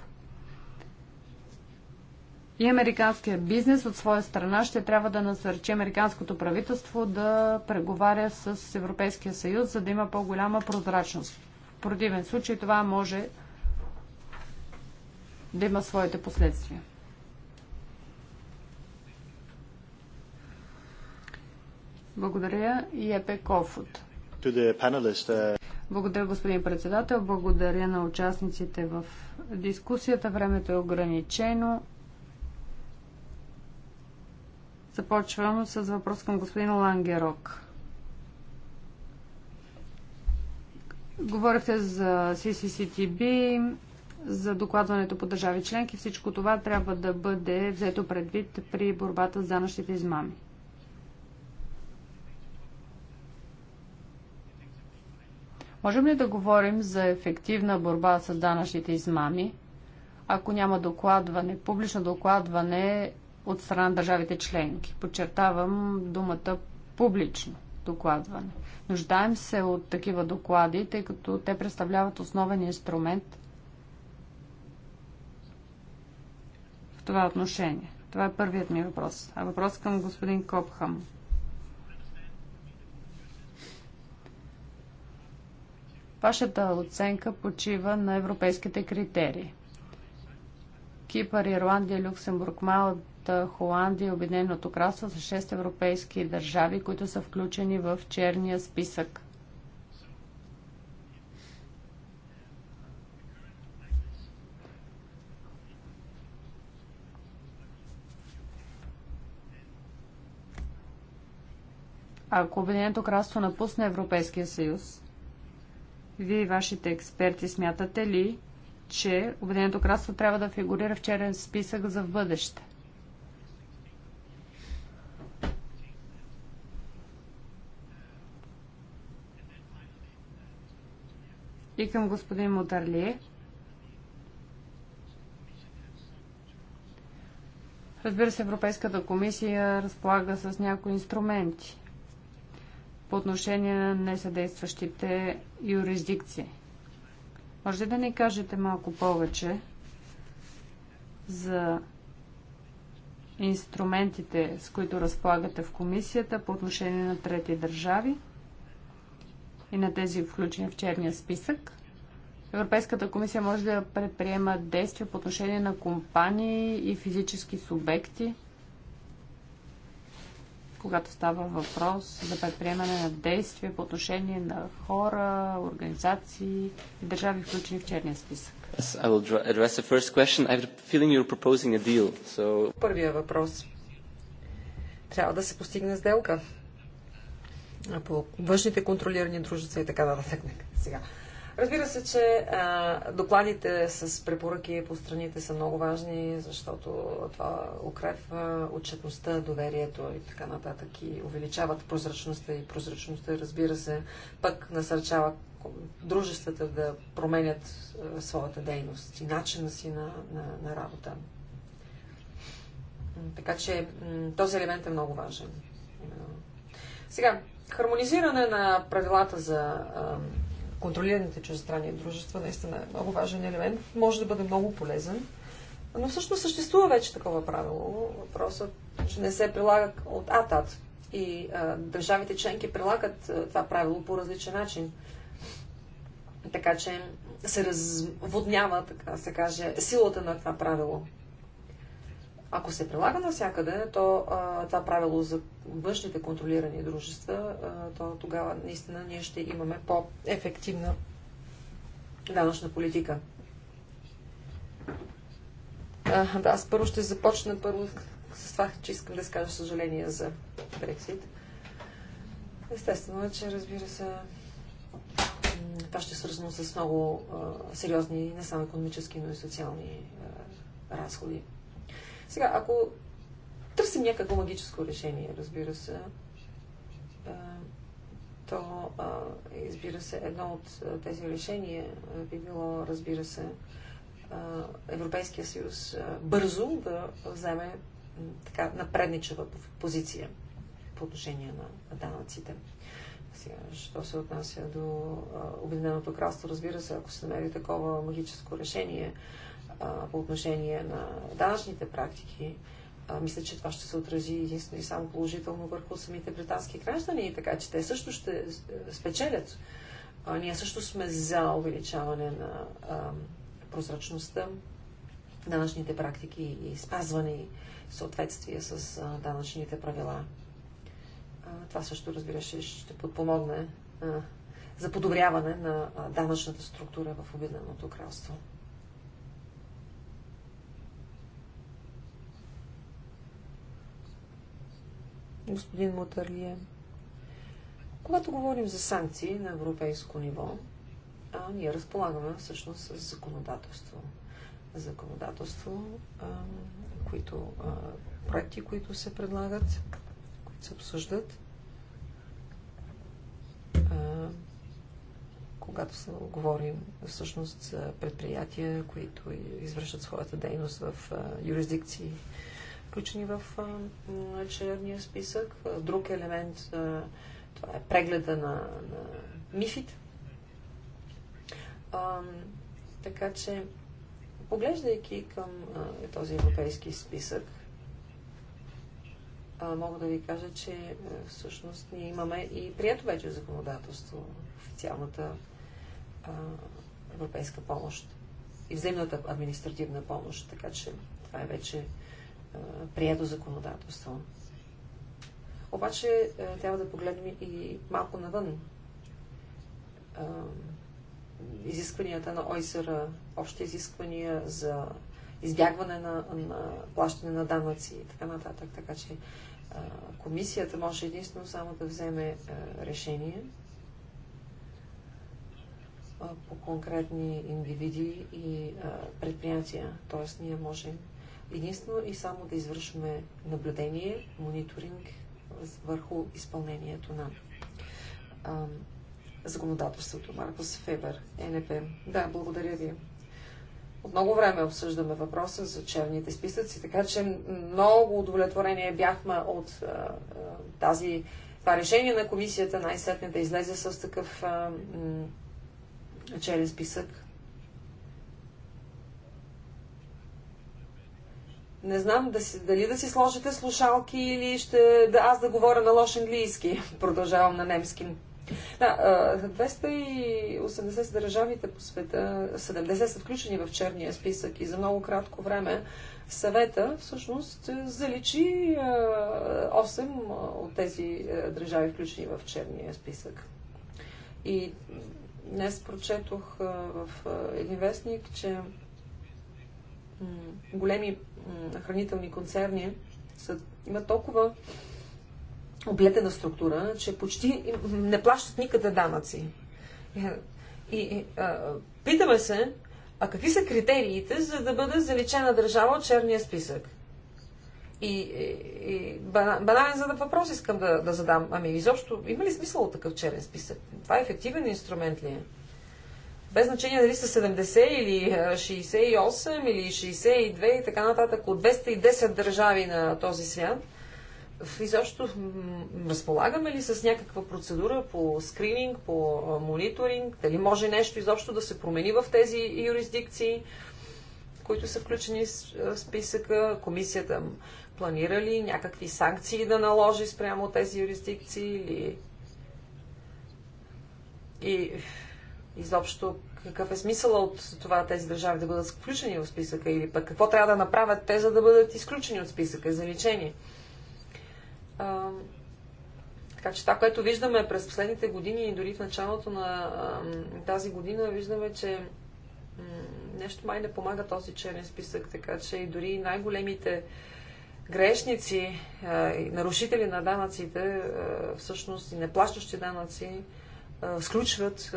И американския бизнес от своя страна ще трябва да насърчи американското правителство да преговаря с Европейския съюз, за да има по-голяма прозрачност. В противен случай това може да има своите последствия. Благодаря и Епе Кофут. Uh, Благодаря, господин председател. Благодаря на участниците в дискусията. Времето е ограничено. Започвам с въпрос към господин Лангерок. Говорихте за CCCTB, за докладването по държави членки. Всичко това трябва да бъде взето предвид при борбата с данъчните измами. Можем ли да говорим за ефективна борба с данъчните измами, ако няма докладване, публично докладване от страна на държавите членки? Подчертавам думата публично докладване. Нуждаем се от такива доклади, тъй като те представляват основен инструмент в това отношение. Това е първият ми въпрос. А въпрос към господин Копхам. Вашата оценка почива на европейските критерии. Кипър, Ирландия, Люксембург, Малта, Холандия и Обединеното кралство са 6 европейски държави, които са включени в черния списък. Ако Обединеното кралство напусне Европейския съюз, вие и вашите експерти смятате ли, че Обединеното кралство трябва да фигурира в черен списък за бъдеще? И към господин Модарли. Разбира се, Европейската комисия разполага с някои инструменти по отношение на несъдействащите юрисдикции. Може да ни кажете малко повече за инструментите, с които разполагате в комисията по отношение на трети държави и на тези включени в черния списък? Европейската комисия може да предприема действия по отношение на компании и физически субекти – когато става въпрос за предприемане на действия по отношение на хора, организации и държави, включени в черния списък. So... Първия въпрос. Трябва да се постигне сделка. По външните контролирани дружества и така нататък. Сега. Разбира се, че а, докладите с препоръки по страните са много важни, защото това укрепва отчетността, доверието и така нататък и увеличават прозрачността и прозрачността, разбира се, пък насърчават дружествата да променят а, своята дейност и начина си на, на, на работа. Така че този елемент е много важен. Сега, хармонизиране на правилата за а, контролираните чуждестранни дружества наистина е много важен елемент, може да бъде много полезен. Но всъщност съществува вече такова правило. Въпросът, че не се прилага от АТАТ. И а, държавите членки прилагат а, това правило по различен начин. Така че се разводнява, така се каже, силата на това правило. Ако се прилага навсякъде, то а, това правило за външните контролирани дружества, а, то тогава наистина ние ще имаме по-ефективна данъчна политика. А, да, аз първо ще започна първо с това, че искам да скажа съжаление за Брексит. Естествено е, че разбира се, това ще е свързано с много а, сериозни, не само економически, но и социални а, разходи. Сега, ако търсим някакво магическо решение, разбира се, то, избира се, едно от тези решения би било, разбира се, Европейския съюз бързо да вземе така напредничава позиция по отношение на данъците. Сега, що се отнася до Обединеното кралство, разбира се, ако се намери такова магическо решение, по отношение на данъчните практики, мисля, че това ще се отрази единствено и само положително върху самите британски граждани, така че те също ще е, спечелят. А, ние също сме за увеличаване на а, прозрачността, данъчните практики и спазване и съответствие с а, данъчните правила. А, това също, разбира се, ще подпомогне а, за подобряване на а, данъчната структура в Обединеното кралство. господин Мотърлие. Когато говорим за санкции на европейско ниво, а, ние разполагаме всъщност с законодателство. Законодателство, а, които, а, проекти, които се предлагат, които се обсъждат. А, когато се говорим всъщност за предприятия, които извършат своята дейност в а, юрисдикции, включени в черния списък. Друг елемент това е прегледа на, на мифит. А, така че, поглеждайки към а, този европейски списък, а, мога да ви кажа, че а, всъщност ние имаме и прието вече законодателство в официалната а, европейска помощ и взаимната административна помощ. Така че това е вече прието законодателство. Обаче трябва да погледнем и малко навън. Изискванията на ОИСР, общи изисквания за избягване на, на плащане на данъци и така нататък. Така че комисията може единствено само да вземе решение по конкретни индивиди и предприятия. Тоест ние можем единствено и само да извършваме наблюдение, мониторинг върху изпълнението на а, законодателството. Маркос Фебер, НП. Да, благодаря ви. От много време обсъждаме въпроса за черните списъци, така че много удовлетворение бяхме от а, тази, това решение на комисията най-сетне да излезе с такъв а, черен списък Не знам да си, дали да си сложите слушалки или ще, да, аз да говоря на лош английски. Продължавам на немски. Да, 280 държавите по света, 70 са включени в черния списък и за много кратко време съвета всъщност заличи 8 от тези държави включени в черния списък. И днес прочетох в един вестник, че големи хранителни концерни са, има толкова облетена структура, че почти не плащат никъде данъци. Е, и, и а, питаме се, а какви са критериите, за да бъде заличена държава от черния списък? И, и, и банален за да въпрос искам да, да задам. Ами, изобщо, има ли смисъл от такъв черен списък? Това е ефективен инструмент ли е? без значение дали са 70 или 68 или 62 и така нататък, от 210 държави на този свят, изобщо разполагаме ли с някаква процедура по скрининг, по мониторинг, дали може нещо изобщо да се промени в тези юрисдикции, които са включени в списъка, комисията планира ли някакви санкции да наложи спрямо тези юрисдикции или... И изобщо какъв е смисъл от това тези държави да бъдат включени в списъка или пък какво трябва да направят те, за да бъдат изключени от списъка, заличени. А, така че това, което виждаме през последните години и дори в началото на а, тази година, виждаме, че нещо май не помага този черен списък, така че и дори най-големите грешници, а, нарушители на данъците, всъщност и неплащащи данъци, сключват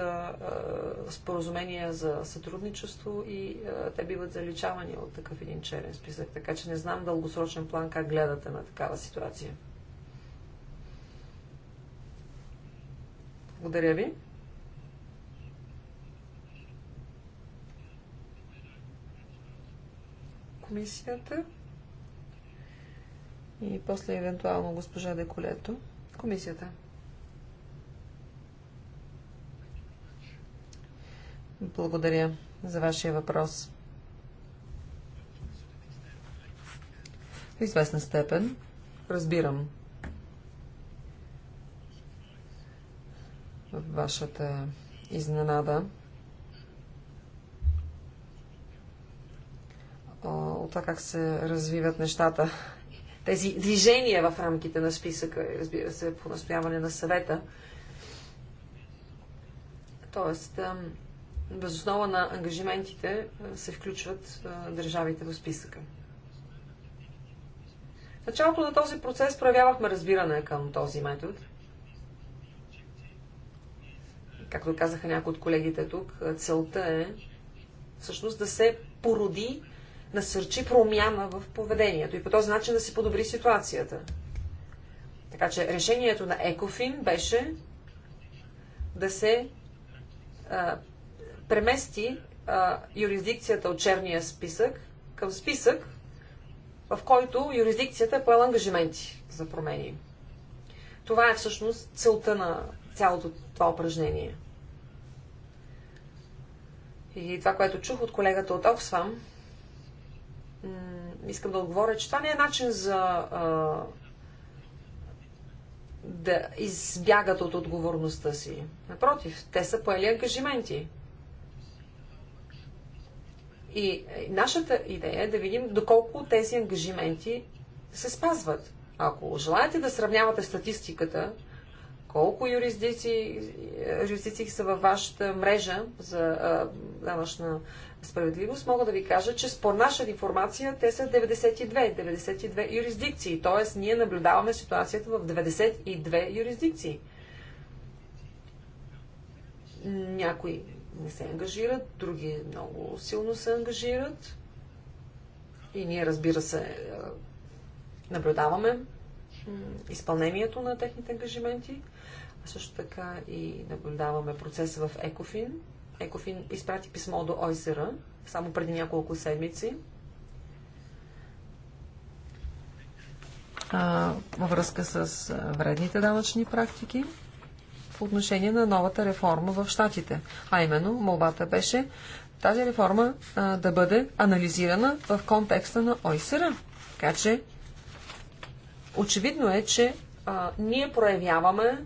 споразумения за сътрудничество и те биват заличавани от такъв един черен списък. Така че не знам дългосрочен план как гледате на такава ситуация. Благодаря ви. Комисията и после евентуално госпожа Деколето. Комисията. Благодаря за вашия въпрос. В известна степен разбирам вашата изненада от това как се развиват нещата. Тези движения в рамките на списъка, разбира се, по настояване на съвета. Тоест, основа на ангажиментите е, се включват е, държавите в списъка. В началото на този процес проявявахме разбиране към този метод. Както казаха някои от колегите тук, е, целта е всъщност да се породи, насърчи промяна в поведението и по този начин да се подобри ситуацията. Така че решението на Екофин беше да се а, премести а, юрисдикцията от черния списък към списък, в който юрисдикцията е поела ангажименти за промени. Това е всъщност целта на цялото това упражнение. И това, което чух от колегата от Оксфам, искам да отговоря, че това не е начин за а, да избягат от отговорността си. Напротив, те са поели ангажименти. И е, нашата идея е да видим доколко тези ангажименти се спазват. Ако желаете да сравнявате статистиката, колко юрисдикции, е, са във вашата мрежа за е, данъчна справедливост, мога да ви кажа, че според наша информация те са 92, 92 юрисдикции. Тоест, ние наблюдаваме ситуацията в 92 юрисдикции. Някои не се ангажират, други много силно се ангажират. И ние, разбира се, наблюдаваме изпълнението на техните ангажименти, а също така и наблюдаваме процеса в Екофин. Екофин изпрати писмо до ОСР само преди няколко седмици във връзка с вредните данъчни практики по отношение на новата реформа в Штатите. А именно, молбата беше тази реформа а, да бъде анализирана в контекста на ОИСР. Така че, очевидно е, че а, ние проявяваме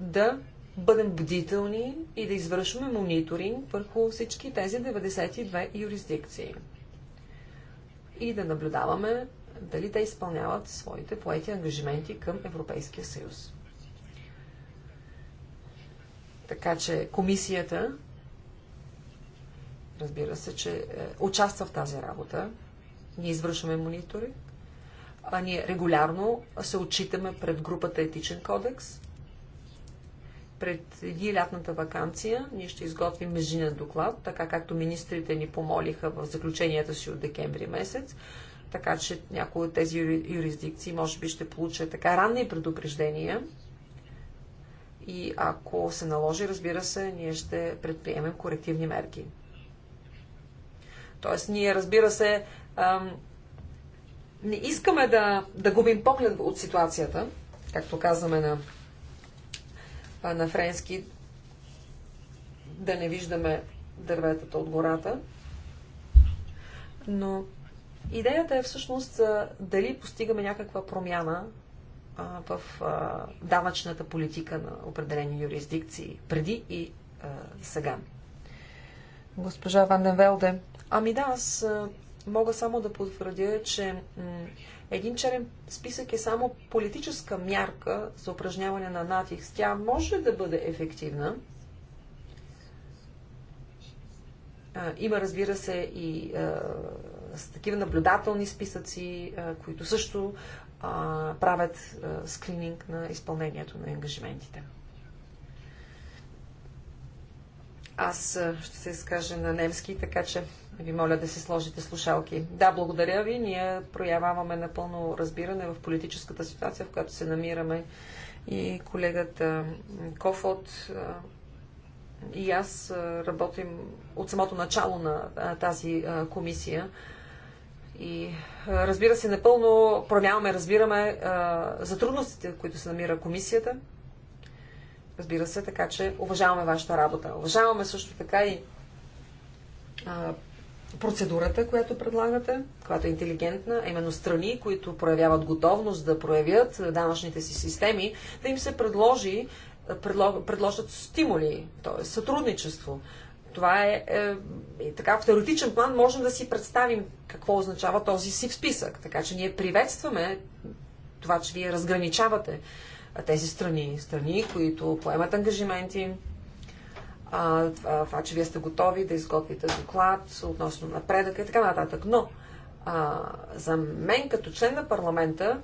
да бъдем бдителни и да извършваме мониторинг върху всички тези 92 юрисдикции. И да наблюдаваме дали те изпълняват своите поети ангажименти към Европейския съюз. Така че комисията, разбира се, че е, участва в тази работа. Ние извършваме монитори, А ние регулярно се отчитаме пред групата Етичен кодекс. Пред един лятната вакансия ние ще изготвим междинен доклад, така както министрите ни помолиха в заключенията си от декември месец така че някои от тези юрисдикции може би ще получат така ранни предупреждения и ако се наложи, разбира се, ние ще предприемем корективни мерки. Тоест, ние, разбира се, не искаме да, да губим поглед от ситуацията, както казваме на, на френски, да не виждаме дърветата от гората. Но идеята е всъщност дали постигаме някаква промяна в данъчната политика на определени юрисдикции преди и сега. Госпожа Ванденвелде, ами да, аз мога само да потвърдя, че един черен списък е само политическа мярка за упражняване на натиск. Тя може да бъде ефективна. Има, разбира се, и такива наблюдателни списъци, които също а, правят а, скрининг на изпълнението на ангажиментите. Аз ще се изкажа на немски, така че ви моля да се сложите слушалки. Да, благодаря ви. Ние проявяваме напълно разбиране в политическата ситуация, в която се намираме. И колегата Кофот и аз работим от самото начало на тази комисия и разбира се, напълно проявяваме, разбираме а, за трудностите, които се намира комисията. Разбира се, така че уважаваме вашата работа. Уважаваме също така и а, процедурата, която предлагате, която е интелигентна, именно страни, които проявяват готовност да проявят данъчните си системи, да им се предложи, предло, предложат стимули, т.е. сътрудничество, това е, е, е така, в теоретичен план можем да си представим какво означава този си списък. Така че ние приветстваме това, че вие разграничавате тези страни. Страни, които поемат ангажименти, а, това, че вие сте готови да изготвите доклад относно напредъка и така нататък. Но а, за мен като член на парламента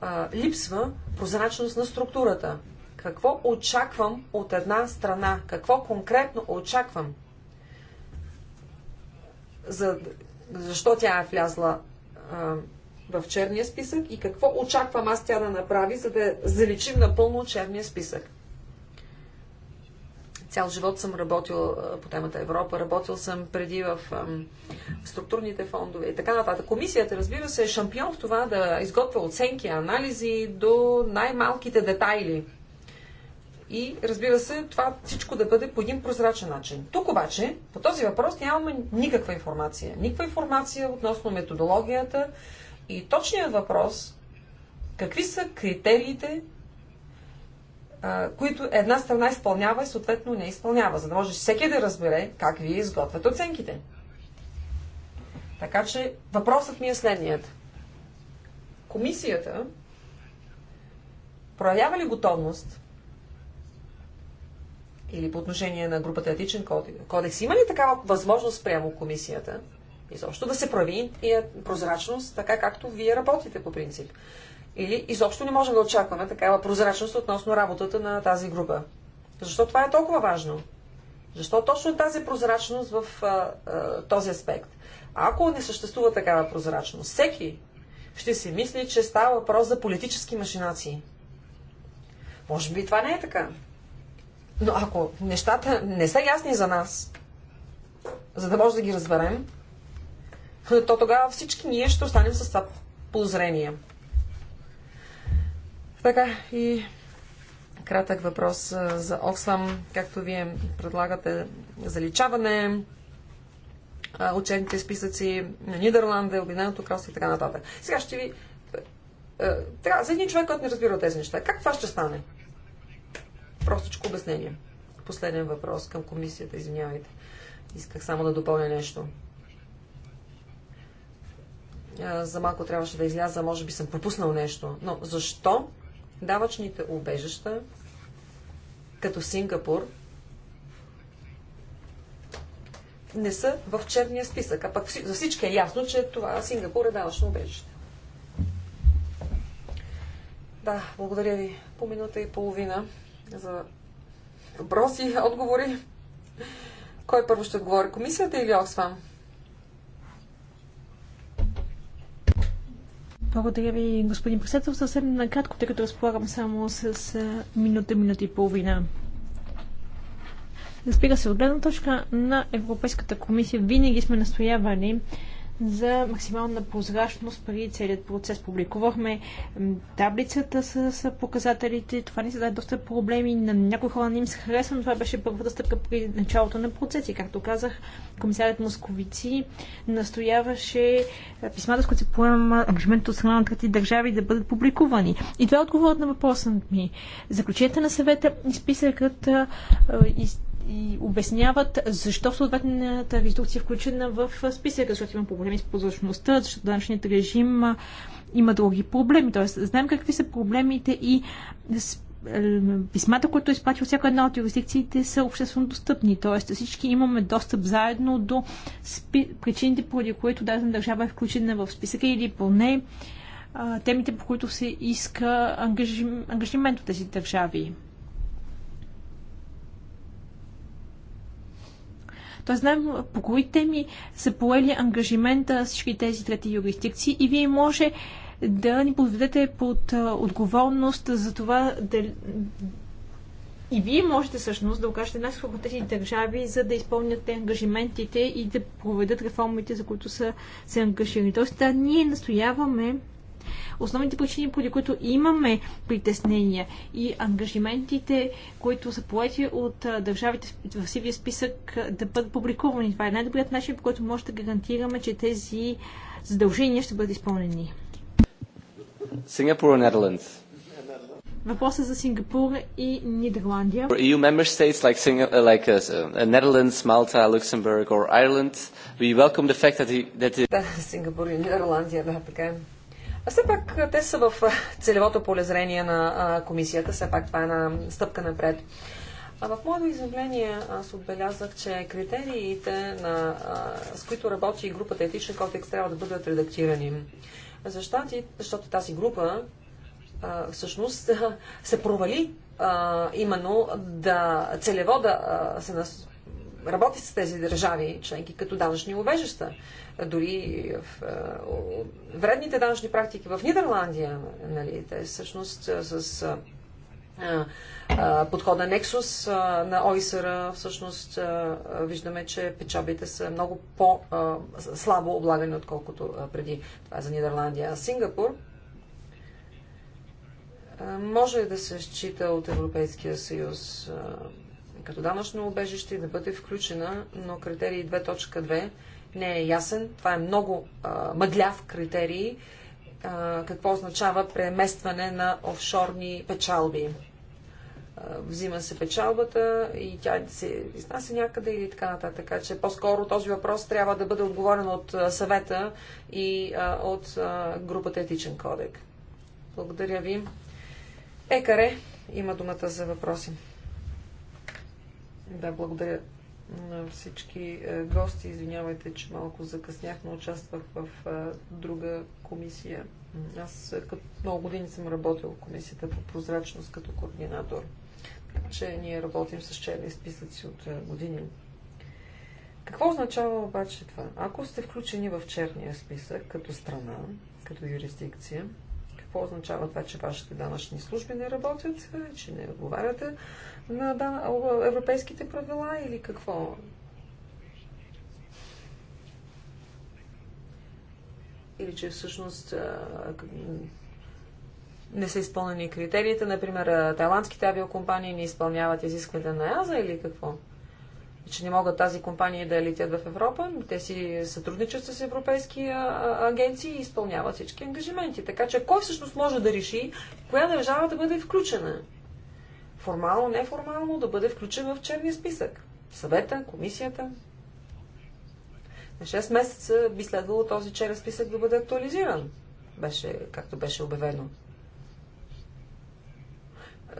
а, липсва прозрачност на структурата. Какво очаквам от една страна? Какво конкретно очаквам? За, защо тя е влязла а, в черния списък и какво очаквам аз тя да направи, за да заличим напълно черния списък? Цял живот съм работил по темата Европа, работил съм преди в структурните фондове и така нататък. Комисията, разбира се, е шампион в това да изготвя оценки, анализи до най-малките детайли и разбира се, това всичко да бъде по един прозрачен начин. Тук обаче, по този въпрос нямаме никаква информация. Никаква информация относно методологията и точният въпрос какви са критериите, които една страна изпълнява и съответно не изпълнява, за да може всеки да разбере как вие изготвят оценките. Така че въпросът ми е следният. Комисията проявява ли готовност или по отношение на групата етичен кодекс, има ли такава възможност прямо комисията? Изобщо да се прави и прозрачност, така както вие работите по принцип. Или изобщо не можем да очакваме такава прозрачност относно работата на тази група. Защо това е толкова важно? Защо точно тази прозрачност в а, а, този аспект? Ако не съществува такава прозрачност, всеки ще си мисли, че става въпрос за политически машинации. Може би това не е така. Но ако нещата не са ясни за нас, за да може да ги разберем, то тогава всички ние ще останем с това подозрение. Така и кратък въпрос за Оксвам, както вие предлагате заличаване, учебните списъци на Нидерланде, Обединеното кралство и така нататък. Сега ще ви... Трябва, за един човек, който не разбира тези неща, как това ще стане? простичко обяснение. Последен въпрос към комисията, извинявайте. Исках само да допълня нещо. За малко трябваше да изляза, може би съм пропуснал нещо. Но защо давачните убежища, като Сингапур, не са в черния списък. А пък за всички е ясно, че това Сингапур е давачно убежище. Да, благодаря ви. По минута и половина за въпроси, отговори. Кой първо ще отговори? Комисията или Оксфам? Благодаря ви, господин председател. Съвсем накратко, тъй като разполагам само с минута, минута и половина. Разбира се, от гледна точка на Европейската комисия винаги сме настоявали за максимална прозрачност при целият процес. Публикувахме таблицата с показателите. Това ни зададе доста проблеми. На някои хора не им се харесва, но това беше първата стъпка при началото на процеси. Както казах, комисарят Московици настояваше е, писмата, с които се поема ангажимент от страна на трети държави да бъдат публикувани. И това е отговорът на въпроса ми. Заключенията на съвета и списъкът е, и обясняват защо съответната резолюция е включена в списъка, защото има проблеми с прозрачността, защото данъчният режим има други проблеми. Тоест, знаем какви са проблемите и е, писмата, които е изпратил всяка една от юрисдикциите, са обществено достъпни. Тоест всички имаме достъп заедно до спи... причините, поради които дадена държава е включена в списъка или поне темите, по които се иска ангажим... ангажимент от тези държави. Той знаем по кои теми са поели ангажимента всички тези трети юрисдикции и вие може да ни подведете под отговорност за това да и вие можете всъщност да окажете нас в тези държави, за да изпълнят ангажиментите и да проведат реформите, за които са се ангажирани. Тоест, да, ние настояваме Основните причини, поради които имаме притеснения и ангажиментите, които са поети от държавите в сивия списък да бъдат публикувани. Това е най-добрият начин, по който може да гарантираме, че тези задължения ще бъдат изпълнени. Сингапур Нидерландс. Въпросът за Сингапур и Нидерландия. EU member states like, uh, like uh, uh, Netherlands, Malta, Luxembourg or Ireland, we welcome the fact that, the, that the... Сингапур и Нидерландия, да, така е все пак те са в целевото полезрение на комисията, все пак това е една стъпка напред. А в моето изявление аз отбелязах, че критериите, на, с които работи групата Етичен кодекс, трябва да бъдат редактирани. Защо? Защото тази група всъщност се провали именно да целево да се нас... работи с тези държави членки като данъчни обежища дори в, вредните данъчни практики в Нидерландия, нали, те всъщност с подхода Nexus на ОИСР, всъщност виждаме, че печабите са много по-слабо облагани, отколкото преди. Това е за Нидерландия. Сингапур може да се счита от Европейския съюз като данъчно убежище и да бъде включена, но критерии 2.2 не е ясен. Това е много а, мъгляв критерий, а, какво означава преместване на офшорни печалби. А, взима се печалбата и тя се изнася някъде или така нататък. Така че по-скоро този въпрос трябва да бъде отговорен от съвета и а, от а, групата Етичен кодек. Благодаря ви. Екаре има думата за въпроси. Да, благодаря на всички е, гости. Извинявайте, че малко закъснях, но участвах в е, друга комисия. Аз е, като много години съм работил в комисията по прозрачност като координатор. Така че ние работим с черни списъци от години. Какво означава обаче това? Ако сте включени в черния списък като страна, като юрисдикция, какво означава това, че вашите данъчни служби не работят, че не отговаряте на да, европейските правила или какво? Или че всъщност не са изпълнени критериите, например, тайландските авиокомпании не изпълняват изискванията на Аза или какво? че не могат тази компания да летят в Европа, те си сътрудничат с европейски агенции и изпълняват всички ангажименти. Така че кой всъщност може да реши коя държава да бъде включена? формално, неформално да бъде включен в черния списък. Съвета, комисията. На 6 месеца би следвало този черен списък да бъде актуализиран, беше, както беше обявено.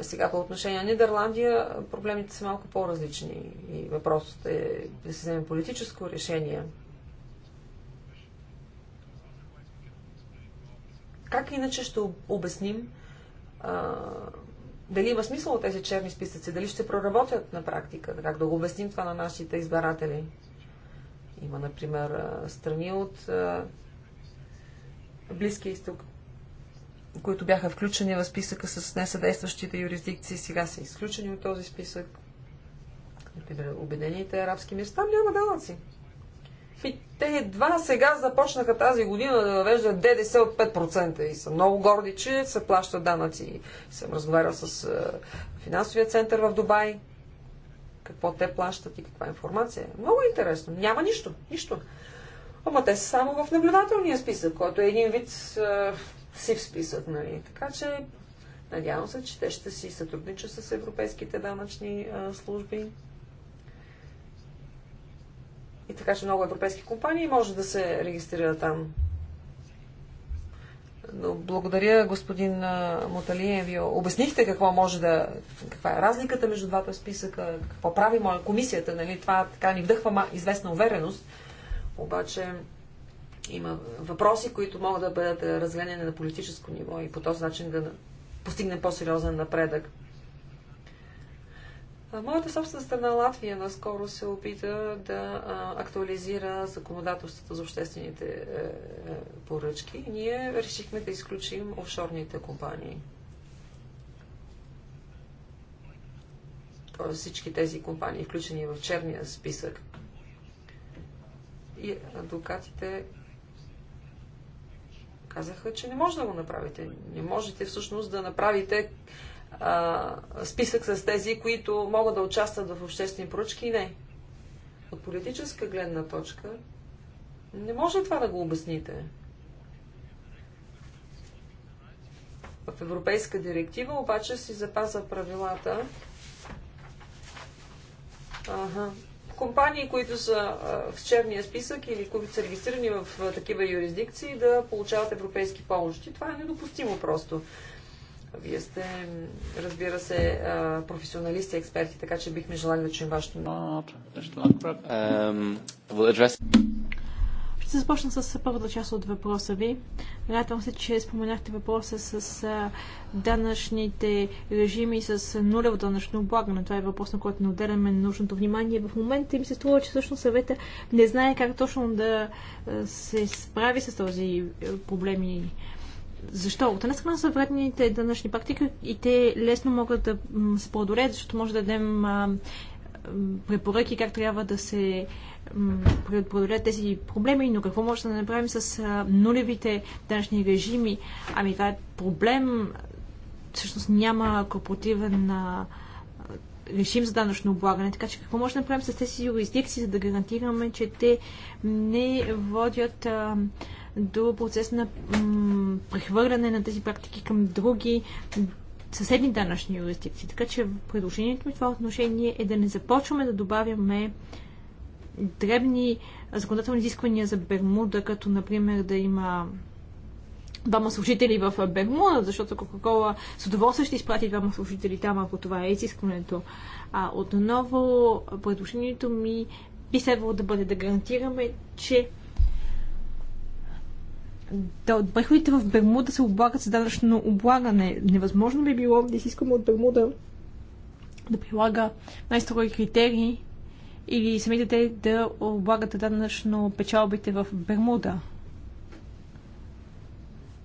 Сега по отношение на Нидерландия проблемите са малко по-различни и въпросът е да се вземе политическо решение. Как иначе ще обясним а, дали има смисъл от тези черни списъци, дали ще проработят на практика, как да го обясним това на нашите избиратели. Има, например, страни от Близкия изток, които бяха включени в списъка с несъдействащите юрисдикции, сега са изключени от този списък. Например, Обединените арабски места няма данъци. Ами, те едва сега започнаха тази година да въвеждат ДДС от 5% и са много горди, че се плащат данъци. Съм разговарял с е, финансовия център в Дубай, какво те плащат и каква информация. Много интересно. Няма нищо. Нищо. Ама те са само в наблюдателния списък, който е един вид е, сив списък, нали? Така че надявам се, че те ще си сътрудничат с европейските данъчни е, служби и така, че много европейски компании може да се регистрират там. благодаря, господин Моталиен. Вие обяснихте какво може да. каква е разликата между двата списъка, какво прави моя комисията. Нали? Това така ни вдъхва известна увереност. Обаче има въпроси, които могат да бъдат разгледани на политическо ниво и по този начин да постигнем по-сериозен напредък. Моята собствена страна Латвия наскоро се опита да актуализира законодателството за обществените е, е, поръчки. Ние решихме да изключим офшорните компании. Тоест всички тези компании, включени в черния списък. И адвокатите казаха, че не може да го направите. Не можете всъщност да направите а, списък с тези, които могат да участват в обществени поръчки и не. От политическа гледна точка не може това да го обясните. В Европейска директива обаче си запазва правилата. Ага. Компании, които са в черния списък или които са регистрирани в такива юрисдикции, да получават европейски помощи. Това е недопустимо просто. Вие сте, разбира се, професионалисти, експерти, така че бихме желали да чуем вашето. Ще започна с първата част от въпроса ви. Радвам се, че споменахте въпроса с данъчните режими с нулево данъчно облагане. Това е въпрос, на който не отделяме нужното внимание. В момента ми се струва, че всъщност съвета не знае как точно да се справи с този проблем и защо? От една страна са вредните данъчни практики и те лесно могат да се преодолеят, защото може да дадем препоръки как трябва да се преодолеят тези проблеми, но какво може да направим с нулевите данъчни режими? Ами това е проблем. Всъщност няма корпоративен решим за данъчно облагане. Така че какво може да направим с тези юрисдикции, за да гарантираме, че те не водят до процес на прехвърляне на тези практики към други съседни данъчни юрисдикции. Така че предложението ми в това отношение е да не започваме да добавяме дребни законодателни изисквания за Бермуда, като например да има двама служители в Бермуда, защото Кока-Кола с удоволствие ще изпрати двама служители там, ако това е изискването. А отново предложението ми би следвало да бъде да гарантираме, че да, приходите в Бермуда се облагат с данъчно облагане. Невъзможно би било да изискаме от Бермуда да прилага най-строги критерии или самите те да облагат данъчно печалбите в Бермуда.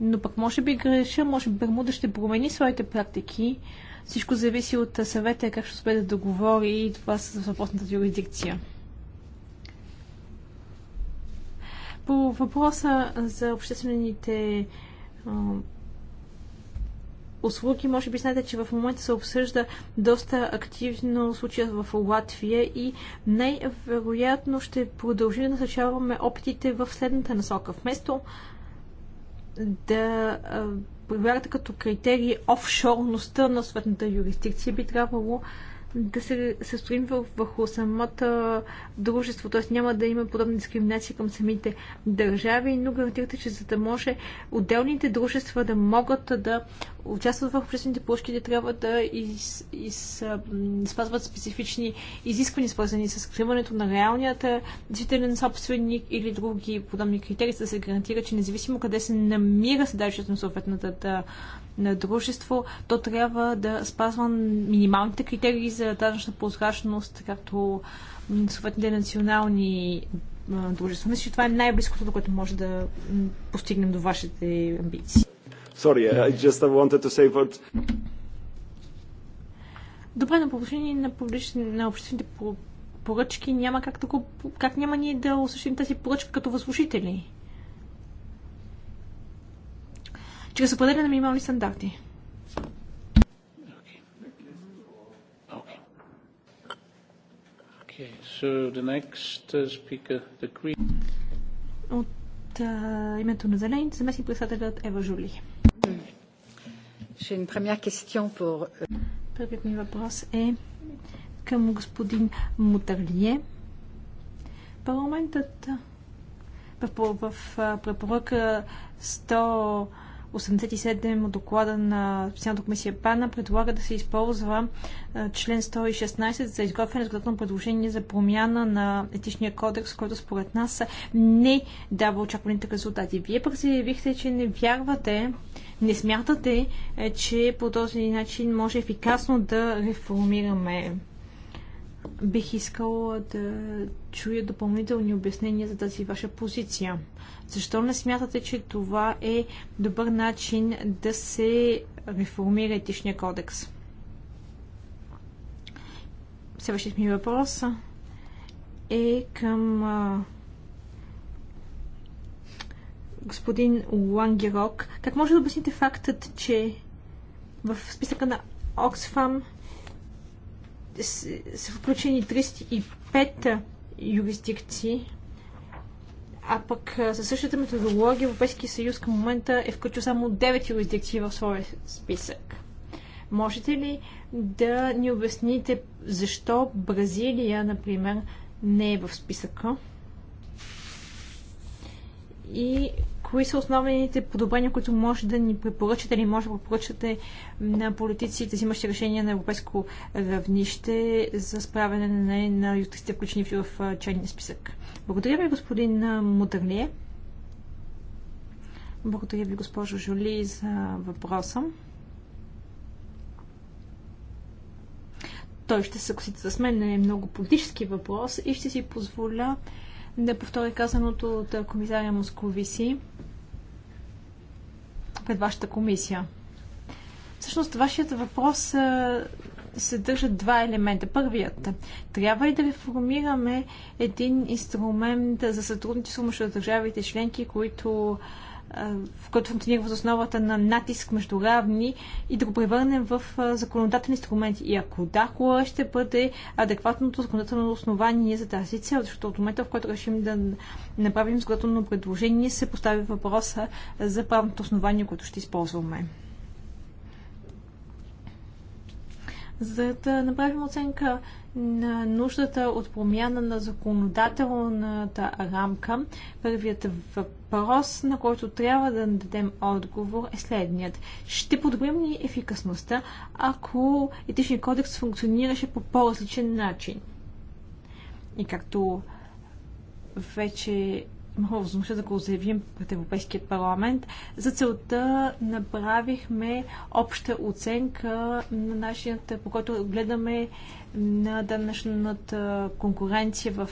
Но пък може би греша, може би Бермуда ще промени своите практики. Всичко зависи от съвета как ще успее да договори и това с въпросната юрисдикция. По въпроса за обществените услуги. Може би знаете, че в момента се обсъжда доста активно случая в Латвия и най-вероятно ще продължи да насъчаваме опитите в следната насока. Вместо да прилагате като критерии офшорността на съответната юрисдикция, би трябвало да се състоим върху самото дружество, т.е. няма да има подобна дискриминация към самите държави, но гарантирате, че за да може отделните дружества да могат да участват в обществените площи, да трябва да из, из, спазват специфични изисквания, свързани с скриването на реалният действителен собственик или други подобни критерии, за да се гарантира, че независимо къде се намира седалището на съответната на дружество, то трябва да спазва минималните критерии за данъчна прозрачност, както съответните национални дружества. Мисля, че това е най-близкото, до което може да постигнем до вашите амбиции. Sorry, I just wanted to say what... Добре, на повишение на, на обществените поръчки няма как, да как няма ние да осъществим тази поръчка като възложители. чрез определяне на минимални стандарти. so the next uh, speaker, the Queen. От а, името на Зелените, заместник председателят Ева Жули. Euh, Първият ми въпрос е към господин Мутарлие. Парламентът в, в, в препоръка 87 от доклада на специалната комисия ПАНА предлага да се използва член 116 за изготвяне на предложение за промяна на етичния кодекс, който според нас не дава очакваните резултати. Вие пък заявихте, че не вярвате, не смятате, е, че по този начин може ефикасно да реформираме. Бих искала да чуя допълнителни обяснения за тази ваша позиция. Защо не смятате, че това е добър начин да се реформира етичния кодекс? Следващият ми въпрос е към а, господин Лангерок. Как може да обясните фактът, че в списъка на Оксфам са включени 35 юрисдикции. А пък със същата методология Европейския съюз към момента е включил само 9 юрисдикции в своя списък. Можете ли да ни обясните защо Бразилия, например, не е в списъка? И кои са основните подобрения, които може да ни препоръчате или може да препоръчате на политиците, взимащи решения на европейско равнище за справяне на, на юристите, включени в черния списък? Благодаря ви, господин Мудърлие. Благодаря ви, госпожо Жули, за въпроса. Той ще се съгласите с мен, е много политически въпрос и ще си позволя да повторя казаното от комисаря Московиси пред вашата комисия. Всъщност, вашият въпрос съдържа два елемента. Първият. Трябва ли да реформираме един инструмент за сътрудничество между държавите членки, които в който функционира в основата на натиск между равни и да го превърнем в законодателни инструмент. И ако да, кое ще бъде адекватното законодателно основание за тази цел, защото от момента, в който решим да направим законодателно предложение, се постави въпроса за правното основание, което ще използваме. За да направим оценка на нуждата от промяна на законодателната рамка, първият въпрос, на който трябва да дадем отговор е следният. Ще подобрим ли ефикасността, ако етичният кодекс функционираше по по-различен начин? И както вече имахме възможността да го заявим пред Европейският парламент. За целта направихме обща оценка на начината, по който гледаме на данъчната конкуренция в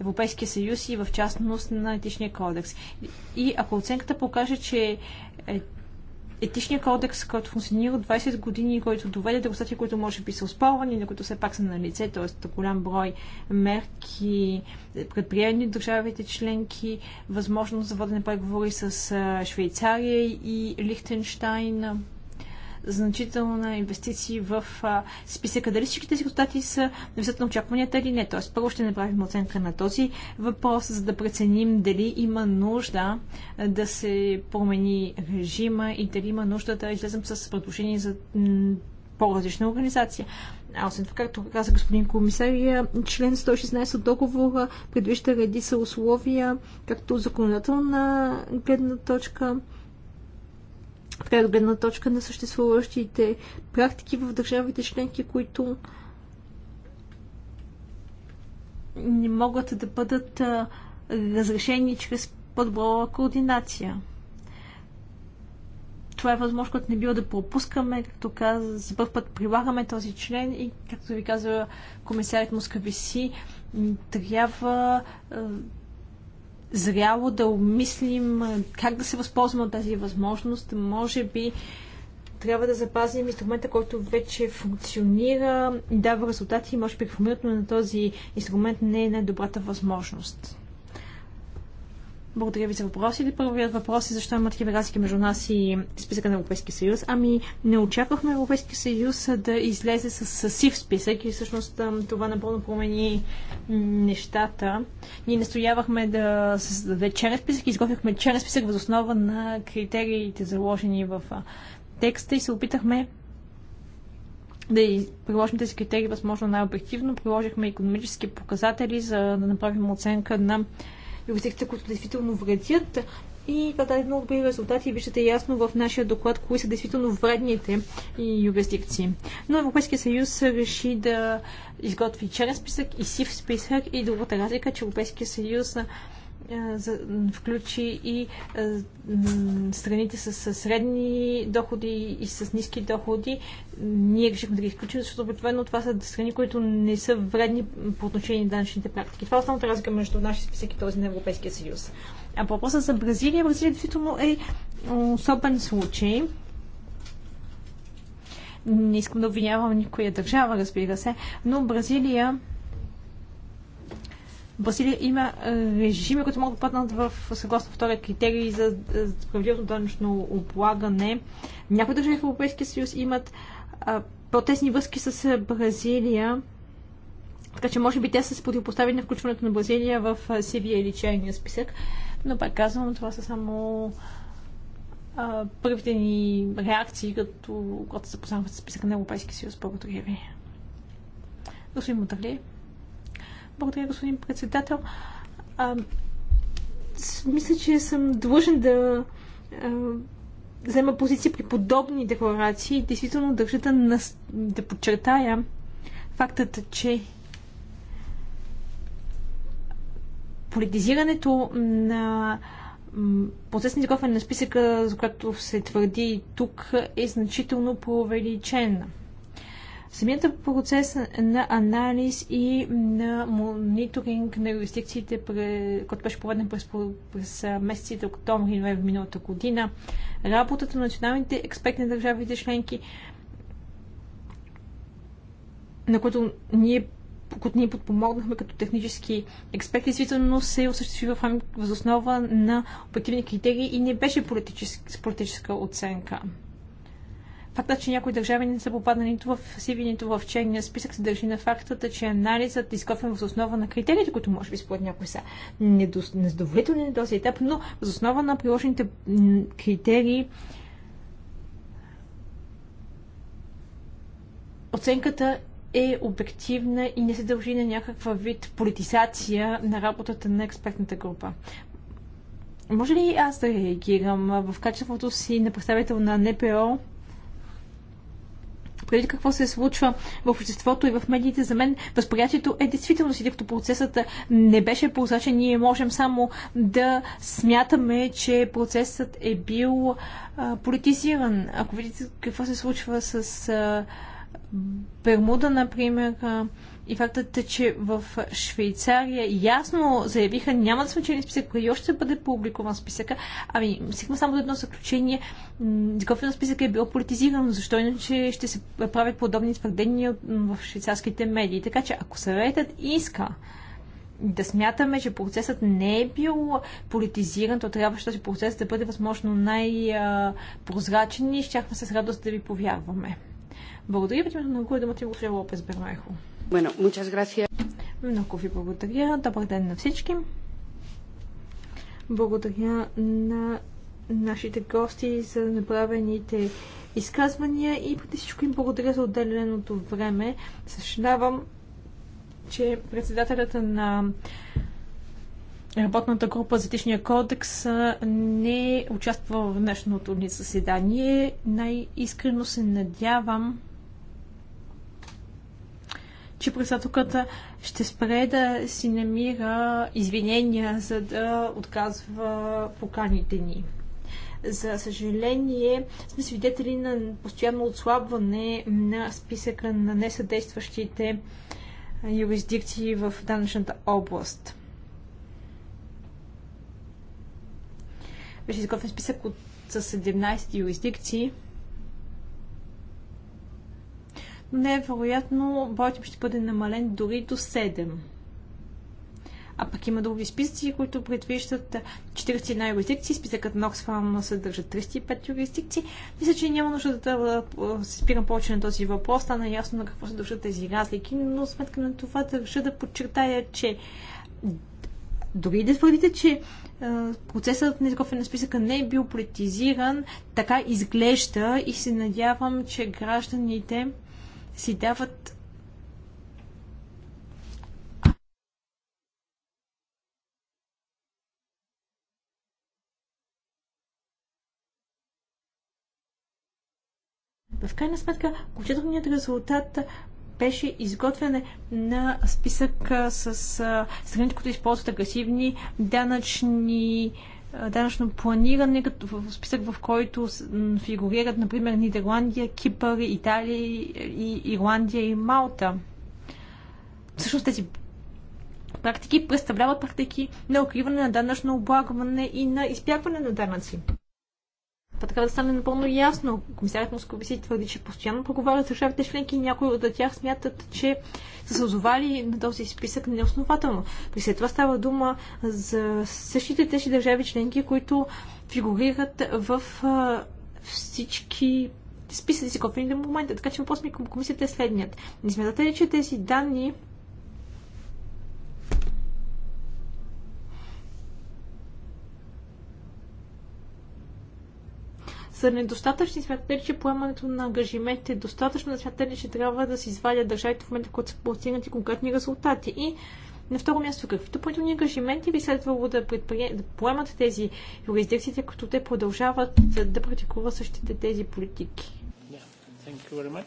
Европейския съюз и в частност на етичния кодекс. И ако оценката покаже, че е етичния кодекс, който функционира 20 години, който доведе до статии, които може би са оспорвани, на които все пак са на лице, т.е. голям брой мерки, предприемни от държавите членки, възможност за водене преговори с Швейцария и Лихтенштайн значителна инвестиции в списъка. Дали всички тези резултати са на висота на очакванията или не? Тоест, първо ще направим оценка на този въпрос, за да преценим дали има нужда да се промени режима и дали има нужда да излезем с предложение за по-различна организация. А освен това, както каза господин комисария, е, член 116 от договора предвижда редица условия, както законодателна гледна точка, така гледна точка на съществуващите практики в държавите членки, които не могат да бъдат разрешени чрез подбора координация. Това е възможно, което не бива да пропускаме, както каза, за първ път прилагаме този член и, както ви казва комисарят Москависи, трябва зряло да обмислим как да се възползваме от тази възможност. Може би трябва да запазим инструмента, който вече функционира, и дава резултати може би реформирането на този инструмент не е най-добрата възможност. Благодаря ви за въпроси да Първият въпрос е защо има такива разлики между нас и списъка на Европейския съюз. Ами не очаквахме Европейския съюз да излезе с, с сив списък и всъщност това напълно промени нещата. Ние настоявахме да създаде черен списък и изготвихме черен списък въз основа на критериите заложени в текста и се опитахме да приложим тези критерии възможно най-обективно. Приложихме економически показатели, за да направим оценка на юрисдикция, които действително вредят. И това е много добри резултати. Виждате ясно в нашия доклад, кои са действително вредните юрисдикции. Но Европейския съюз реши да изготви черен списък и сив списък. И другата разлика, е, че Европейския съюз е, включи и е, страните с средни доходи и с ниски доходи. Ние решихме да ги изключим, защото обикновено това са страни, които не са вредни по отношение на данъчните практики. Това е основната разлика между нашия списък и този на Европейския съюз. А по въпроса за Бразилия, Бразилия действително е особен случай. Не искам да обвинявам никоя държава, разбира се, но Бразилия Василия, има режими, които могат да паднат в съгласно втория критерий за справедливото данъчно облагане. Някои държави в Европейския съюз имат протестни връзки с Бразилия, така че може би те са се противопоставили на включването на Бразилия в сивия или черния списък. Но пак казвам, това са само а, първите ни реакции, като когато се запознахме с списъка на Европейския съюз. Благодаря ви. Господин Мутали. Благодаря, господин председател. А, мисля, че съм длъжен да а, взема позиция при подобни декларации. Действително държа да, нас... да подчертая фактът, че политизирането на процес на на списъка, за който се твърди тук, е значително повеличен. Самият процес на анализ и на мониторинг на юрисдикциите, който беше проведен през, през месеците октомври и ноември миналата година, работата на националните експерти на държавите членки, на които ние които ние подпомогнахме като технически експерти, действително се осъществи в основа на обективни критерии и не беше политическа оценка. Факта, че някои държави не са попаднали нито в сиви, нито в черния списък, се държи на факта, че анализът е изготвен въз основа на критериите, които може би според някои са незадоволителни на този етап, но въз основа на приложените критерии оценката е обективна и не се дължи на някаква вид политизация на работата на експертната група. Може ли аз да реагирам в качеството си на представител на НПО преди какво се случва в обществото и в медиите, за мен възприятието е действително си, като процесът не беше прозрачен. Ние можем само да смятаме, че процесът е бил а, политизиран. Ако видите какво се случва с а, Бермуда, например, а, и фактът е, че в Швейцария ясно заявиха, няма да сме чели списък, и още ще бъде публикуван списъка. Ами, стигна само до едно заключение. Изготвен списък е бил политизиран, защо иначе ще се правят подобни твърдения в швейцарските медии. Така че, ако съветът иска да смятаме, че процесът не е бил политизиран, то трябваше този процес да бъде възможно най-прозрачен и щяхме с радост да ви повярваме. Благодаря ви, на кой думата и господин Лопес Бермехо. Bueno, muchas gracias. Много ви благодаря. Добър ден на всички. Благодаря на нашите гости за направените изказвания и преди всичко им благодаря за отделеното време. Съжалявам, че председателят на работната група за етичния кодекс не участва в днешното ни заседание. Най-искрено се надявам че председателката ще спре да си намира извинения, за да отказва поканите ни. За съжаление, сме свидетели на постоянно отслабване на списъка на несъдействащите юрисдикции в данъчната област. Беше изготвен списък от, с 17 юрисдикции, невероятно броят им ще бъде намален дори до 7. А пък има други списъци, които предвиждат 41 юрисдикции. Списъкът на Оксфам съдържа 35 юрисдикции. Мисля, че няма нужда да се спирам повече на този въпрос. Стана ясно на какво се дължат тези разлики, но сметка на това държа да подчертая, че дори да твърдите, че процесът на изготвяне на списъка не е бил политизиран, така изглежда и се надявам, че гражданите си дават В крайна сметка, окончателният резултат беше изготвяне на списък с страните, които използват агресивни данъчни данъчно планиране, като в списък в който фигурират, например, Нидерландия, Кипър, Италия, и Ирландия и Малта. Всъщност тези практики представляват практики на укриване на данъчно облагване и на изпякване на данъци. Това трябва да стане напълно ясно. Комисарят Московиси твърди, че постоянно проговарят с държавите членки и някои от тях смятат, че са се озовали на този списък неоснователно. При след това става дума за същите тези държави членки, които фигурират в а, всички списъци, копени до момента. Така че въпрос ми към комисията е следният. Не смятате ли, че тези данни са недостатъчни? Смятате ли, че поемането на ангажимент е достатъчно? Да смятате ли, че трябва да се извадят държавите в момента, когато са постигнати конкретни резултати? И на второ място, какви допълнителни ангажименти би следвало да, предприе... да поемат тези юрисдикции, като те продължават да практикуват същите тези политики? Yeah.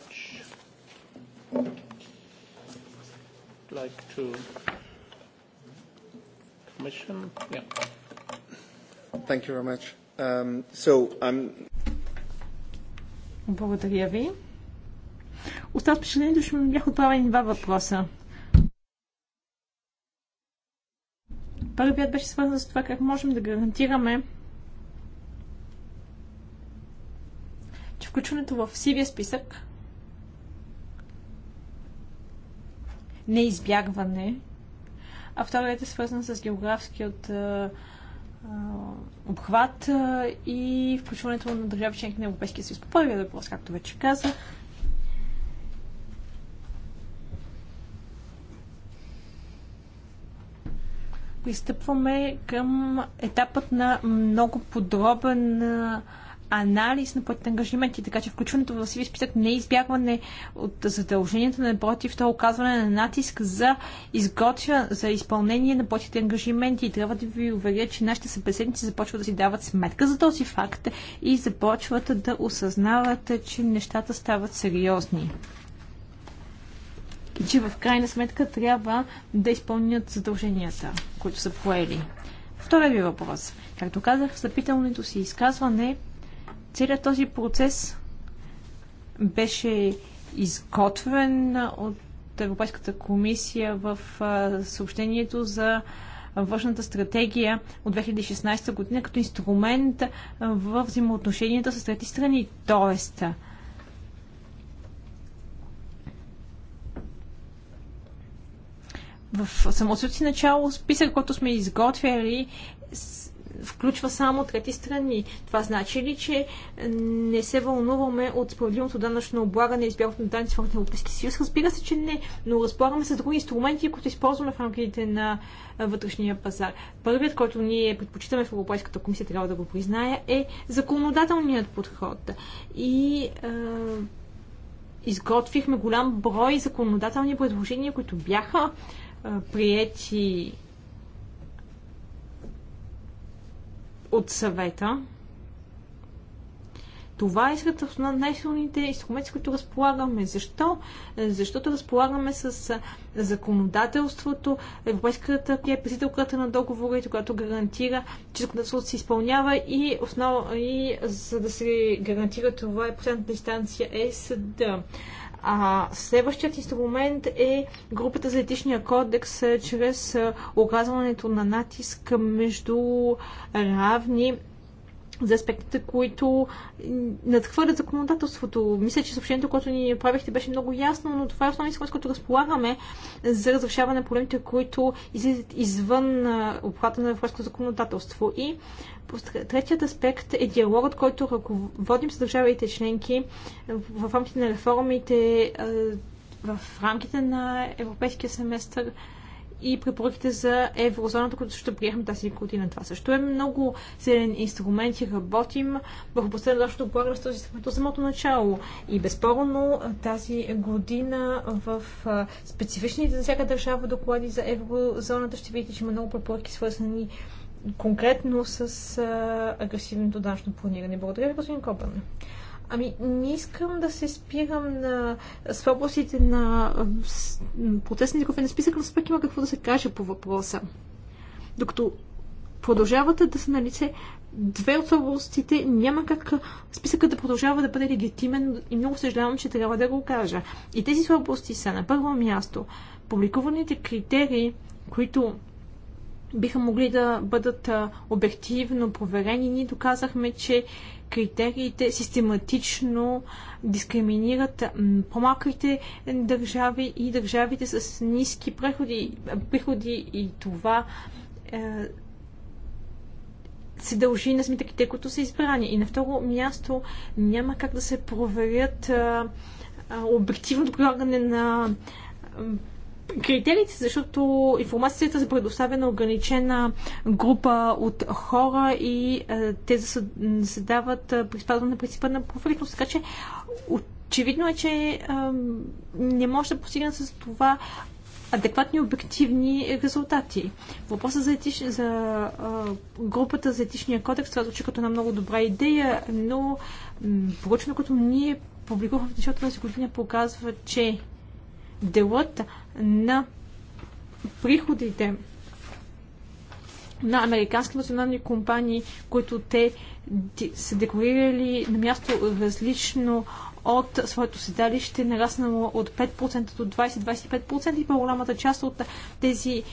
Like to... Commission? Yeah. Thank you very much. Um, so, um, Благодаря ви. Остава впечатлението, че ми бяха отправени два въпроса. Първият беше свързан с това как можем да гарантираме, че включването в сивия списък не е избягване, а вторият е свързан с географският обхват и включването на държави членки на Европейския съюз. По първия въпрос, както вече каза, пристъпваме към етапът на много подробен анализ на поетите ангажименти, така че включването в сиви списък не е избягване от задълженията, напротив, то е оказване на натиск за изготвя, за изпълнение на поетите ангажименти. И трябва да ви уверя, че нашите събеседници започват да си дават сметка за този факт и започват да осъзнават, че нещата стават сериозни. И че в крайна сметка трябва да изпълнят задълженията, които са поели. Втория ви въпрос. Както казах в си изказване, Целият този процес беше изготвен от Европейската комисия в съобщението за външната стратегия от 2016 година като инструмент в взаимоотношенията с трети страни. Тоест, в самото си начало списък, който сме изготвяли, включва само трети страни. Това значи ли, че не се вълнуваме от справедливото данъчно облагане и избягването на данъци в Европейския съюз? Разбира се, че не, но разполагаме с други инструменти, които използваме в рамките на вътрешния пазар. Първият, който ние предпочитаме в Европейската комисия, трябва да го призная, е законодателният подход. И е, изготвихме голям брой законодателни предложения, които бяха е, приети от съвета. Това е сред най-силните инструменти, с които разполагаме. Защо? Защото разполагаме с законодателството, Европейската е преписителката на договорите, която гарантира, че законодателството се изпълнява и, основ... и за да се гарантира това е последната инстанция е съда. А следващият инструмент е групата за етичния кодекс чрез оказването на натиск между равни за аспектите, които надхвърлят законодателството. Мисля, че съобщението, което ни правихте, беше много ясно, но това е основният инструмент, който разполагаме за разрешаване на проблемите, които излизат извън обхвата на европейското законодателство. И Третият аспект е диалогът, който ръководим с държавите членки в рамките на реформите, в рамките на европейския семестър и препоръките за еврозоната, които ще приехме тази година. Това също е много силен инструмент и работим в областта на нашето облагане с този инструмент от самото начало. И безспорно тази година в специфичните за всяка държава доклади за еврозоната ще видите, че има много препоръки свързани с конкретно с а, агресивното данъчно планиране. Благодаря ви, господин Кобан. Ами, не искам да се спирам на слабостите на протестните кофе на списък, но пък има какво да се каже по въпроса. Докато продължават да са на лице две от слабостите, няма как списъкът да продължава да бъде легитимен и много съжалявам, че трябва да го кажа. И тези слабости са на първо място публикуваните критерии, които биха могли да бъдат обективно проверени. Ние доказахме, че критериите систематично дискриминират по-малките държави и държавите с ниски приходи, приходи и това е, се дължи на сметките, които са избрани. И на второ място няма как да се проверят е, е, обективното прилагане на критериите, защото информацията се предоставя на ограничена група от хора и а, е, те се дават е, при спазване на принципа на профилност. Така че очевидно е, че а, е, не може да постигне с това адекватни обективни резултати. Въпросът за, етич... за а, групата за етичния кодекс това звучи като една много добра идея, но поручено, като ние публикувахме в началото на година, показва, че делът на приходите на американски национални компании, които те са декорирали на място различно от своето седалище, нараснало от 5% до 20-25% и по-голямата част от тези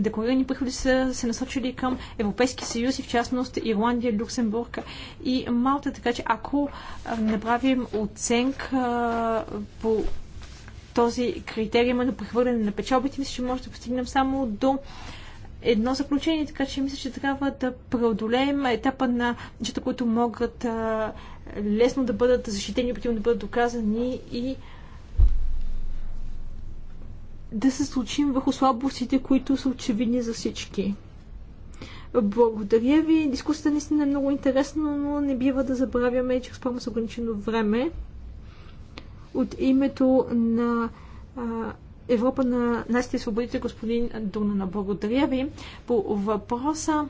декларирани приходи са се насочили към Европейски съюз и в частност Ирландия, Люксембург и Малта. Така че ако направим оценка по този има на прехвърляне на печалбите, мисля, че може да постигнем само до едно заключение, така че мисля, че трябва да преодолеем етапа на нещата, които могат а, лесно да бъдат защитени, обективно да бъдат доказани и да се случим върху слабостите, които са очевидни за всички. Благодаря ви. Дискусията наистина е много интересна, но не бива да забравяме, че разполагаме с ограничено време от името на Европа на нашите свободите, господин Дунана. Благодаря ви по въпроса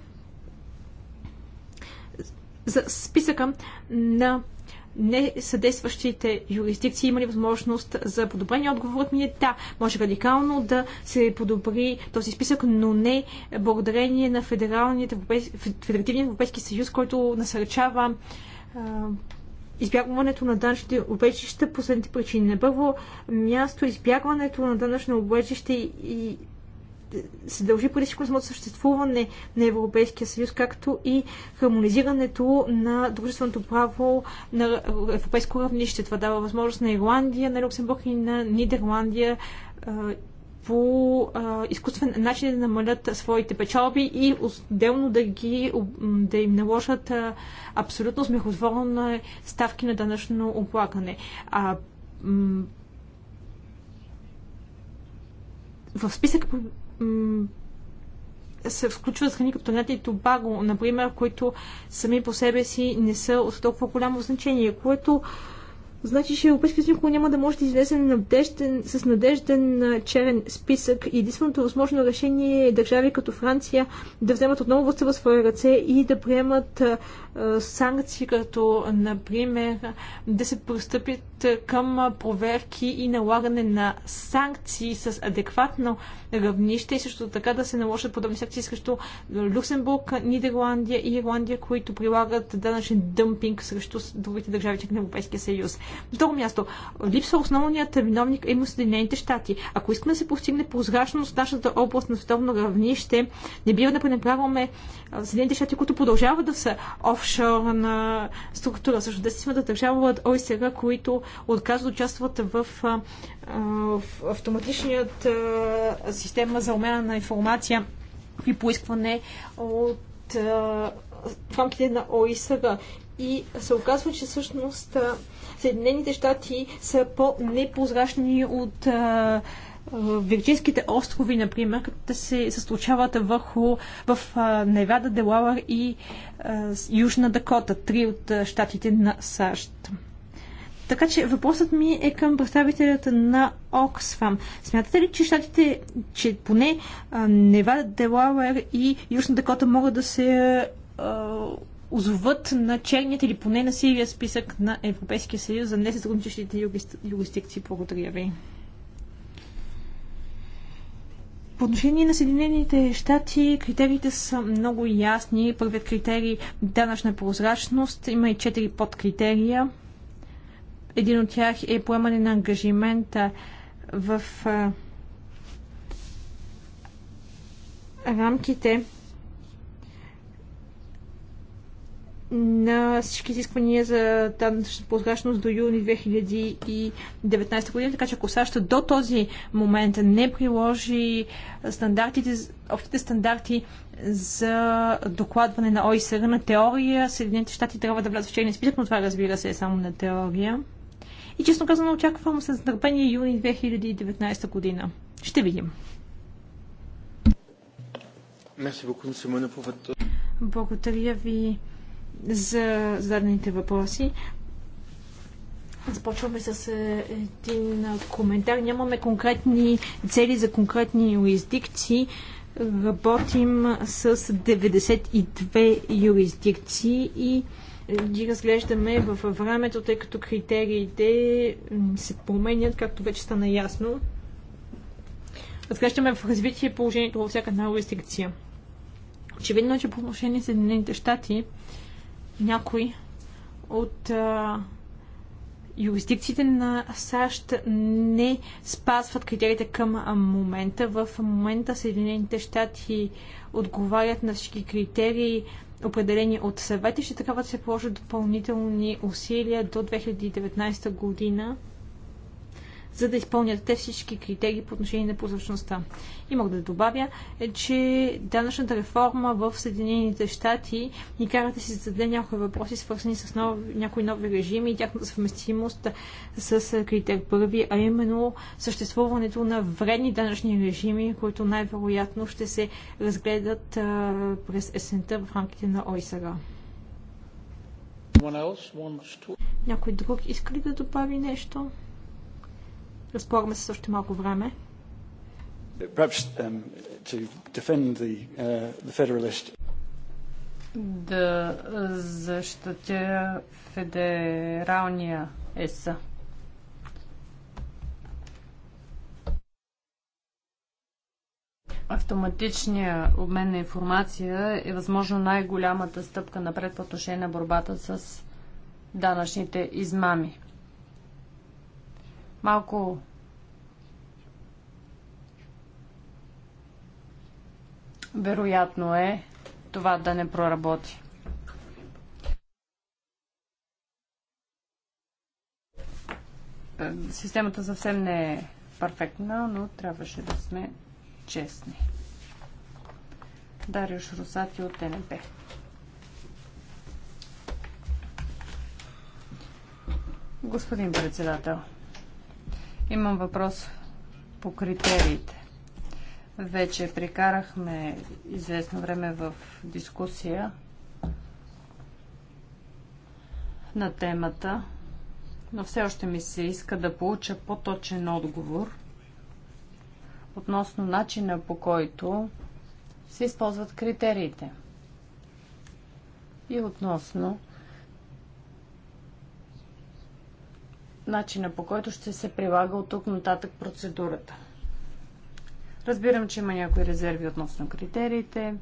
за списъка на не съдействащите юрисдикции имали възможност за подобрение. Отговорът ми е да, може радикално да се подобри този списък, но не благодарение на Федералният Европейски, Федеративният Европейски съюз, който насърчава избягването на данъчните обечища последните причини. На първо място избягването на данъчно обечище и се дължи преди всичко самото съществуване на Европейския съюз, както и хармонизирането на дружественото право на европейско равнище. Това дава възможност на Ирландия, на Люксембург и на Нидерландия по а, изкуствен начин да намалят своите печалби и отделно да, ги, да им наложат а, абсолютно смехотворни ставки на данъчно оплакане. А, в списък се включват страни като Тонета и Тобаго, например, които сами по себе си не са от толкова голямо значение, което значи, че Европейския съюз никога няма да може да излезе надежден, с надежден черен списък. единственото възможно решение е държави като Франция да вземат отново властта в своя ръце и да приемат е, санкции, като например да се пристъпят към проверки и налагане на санкции с адекватно равнище и също така да се наложат подобни санкции срещу Люксембург, Нидерландия и Ирландия, които прилагат данъчен дъмпинг срещу другите държави на Европейския съюз. Второ място. Липсва основният виновник е Съединените щати. Ако искаме да се постигне прозрачност в нашата област на световно равнище, не бива да пренеправяме Съединените щати, които продължават да са общ офшорна структура. Също да си сме да държава от ОСР, които отказват да участват в, в автоматичният система за обмяна на информация и поискване от в рамките на ОСР. И се оказва, че всъщност Съединените щати са по непозрачни от Вирджинските острови, например, като те се състочават върху в Невада, Делавър и а, Южна Дакота, три от щатите на САЩ. Така че въпросът ми е към представителята на Оксфам. Смятате ли, че щатите, че поне а, Невада, Делавър и Южна Дакота могат да се озоват на черният или поне на сивия списък на Европейския съюз за несътрудничащите юрисдикции? Благодаря ви. По отношение на Съединените щати, критериите са много ясни. Първият критерий – данъчна прозрачност. Има и четири подкритерия. Един от тях е поемане на ангажимента в рамките на всички изисквания за данната прозрачност до юни 2019 година, така че ако САЩ до този момент не приложи стандартите, общите стандарти за докладване на ОИСР на теория, Съединените щати трябва да влязат в черния списък, но това разбира се е само на теория. И честно казано очаквам с нетърпение юни 2019 година. Ще видим. Благодаря ви за зададените въпроси. Започваме с е, един коментар. Нямаме конкретни цели за конкретни юрисдикции. Работим с 92 юрисдикции и е, ги разглеждаме във времето, тъй като критериите се променят, както вече стана ясно. Разглеждаме в развитие положението във всяка една юрисдикция. Очевидно е, че по отношение Съединените щати, някои от а, юрисдикциите на САЩ не спазват критериите към момента. В момента Съединените щати отговарят на всички критерии, определени от съвети. Ще трябва да се положат допълнителни усилия до 2019 година за да изпълнят те всички критерии по отношение на прозрачността. И мога да добавя, е, че данъчната реформа в Съединените щати ни кара да си зададе някои въпроси, свързани с нов, някои нови режими и тяхната съвместимост с е, критер първи, а именно съществуването на вредни данъчни режими, които най-вероятно ще се разгледат а, е, през есента в рамките на ОИСРА. Някой друг иска ли да добави нещо? Разполагаме с още малко време. Um, uh, да uh, защитя федералния ЕСА. Автоматичният обмен на информация е възможно най-голямата стъпка напред по отношение на борбата с данъчните измами малко вероятно е това да не проработи. Е, системата съвсем не е перфектна, но трябваше да сме честни. Дариош Русати от ТНП. Господин председател, Имам въпрос по критериите. Вече прикарахме известно време в дискусия на темата, но все още ми се иска да получа по-точен отговор относно начина по който се използват критериите и относно начина по който ще се прилага от тук нататък процедурата. Разбирам, че има някои резерви относно критериите.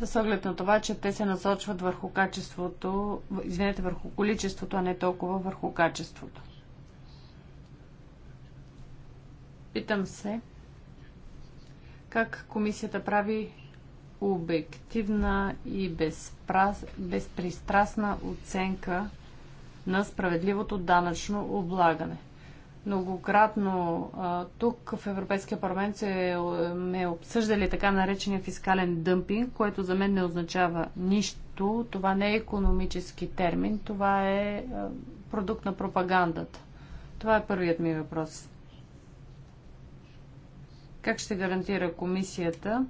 С оглед на това, че те се насочват върху качеството, извинете, върху количеството, а не толкова върху качеството. Питам се, как комисията прави обективна и безпристрастна оценка на справедливото данъчно облагане. Многократно тук в Европейския парламент се е, ме обсъждали така наречения фискален дъмпинг, което за мен не означава нищо. Това не е економически термин, това е продукт на пропагандата. Това е първият ми въпрос. Как ще гарантира комисията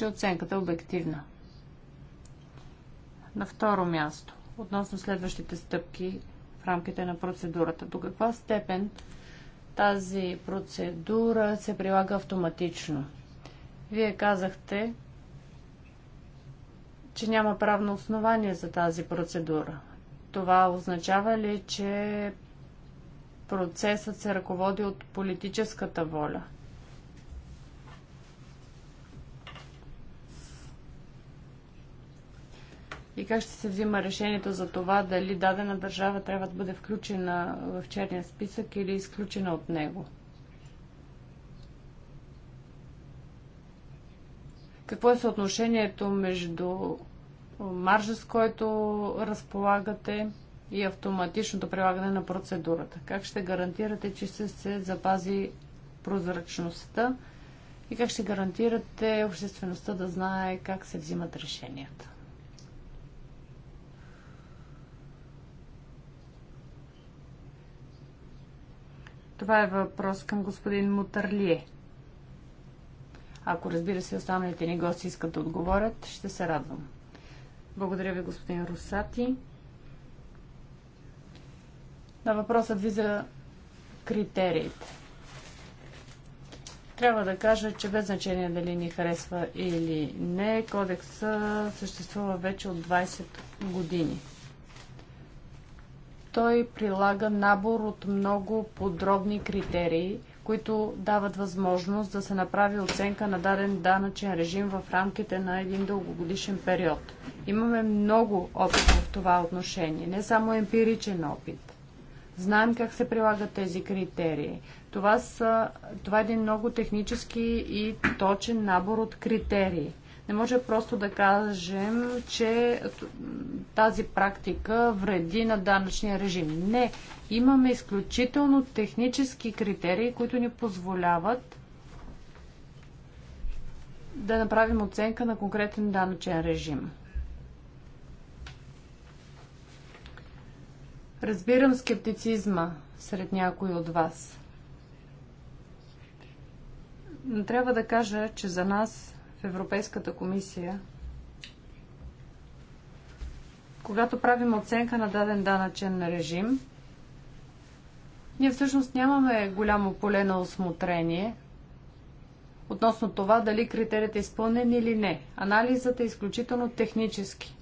че оценката е обективна. На второ място, относно следващите стъпки в рамките на процедурата. До каква степен тази процедура се прилага автоматично? Вие казахте, че няма правно основание за тази процедура. Това означава ли, че процесът се ръководи от политическата воля? и как ще се взима решението за това дали дадена държава трябва да бъде включена в черния списък или изключена от него? Какво е съотношението между маржа, с който разполагате и автоматичното прилагане на процедурата? Как ще гарантирате, че ще се запази прозрачността и как ще гарантирате обществеността да знае как се взимат решенията? Това е въпрос към господин Мутърлие. Ако разбира се останалите ни гости искат да отговорят, ще се радвам. Благодаря ви, господин Русати. На въпросът ви за критериите. Трябва да кажа, че без значение дали ни харесва или не, кодекса съществува вече от 20 години. Той прилага набор от много подробни критерии, които дават възможност да се направи оценка на даден данъчен режим в рамките на един дългогодишен период. Имаме много опит в това отношение, не само емпиричен опит. Знаем как се прилагат тези критерии. Това, са, това е един много технически и точен набор от критерии. Не може просто да кажем, че тази практика вреди на данъчния режим. Не, имаме изключително технически критерии, които ни позволяват да направим оценка на конкретен данъчен режим. Разбирам скептицизма сред някои от вас. Но трябва да кажа, че за нас в Европейската комисия, когато правим оценка на даден данъчен режим, ние всъщност нямаме голямо поле на осмотрение относно това дали критерият е изпълнен или не. Анализът е изключително технически.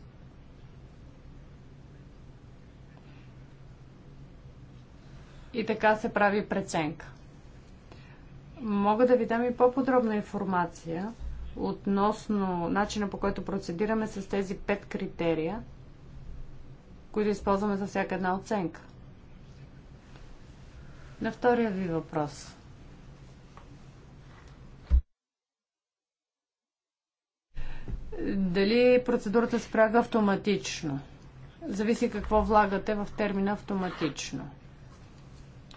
И така се прави преценка. Мога да ви дам и по-подробна информация относно начина по който процедираме с тези пет критерия, които използваме за всяка една оценка. На втория ви въпрос. Дали процедурата спряга автоматично? Зависи какво влагате в термина автоматично.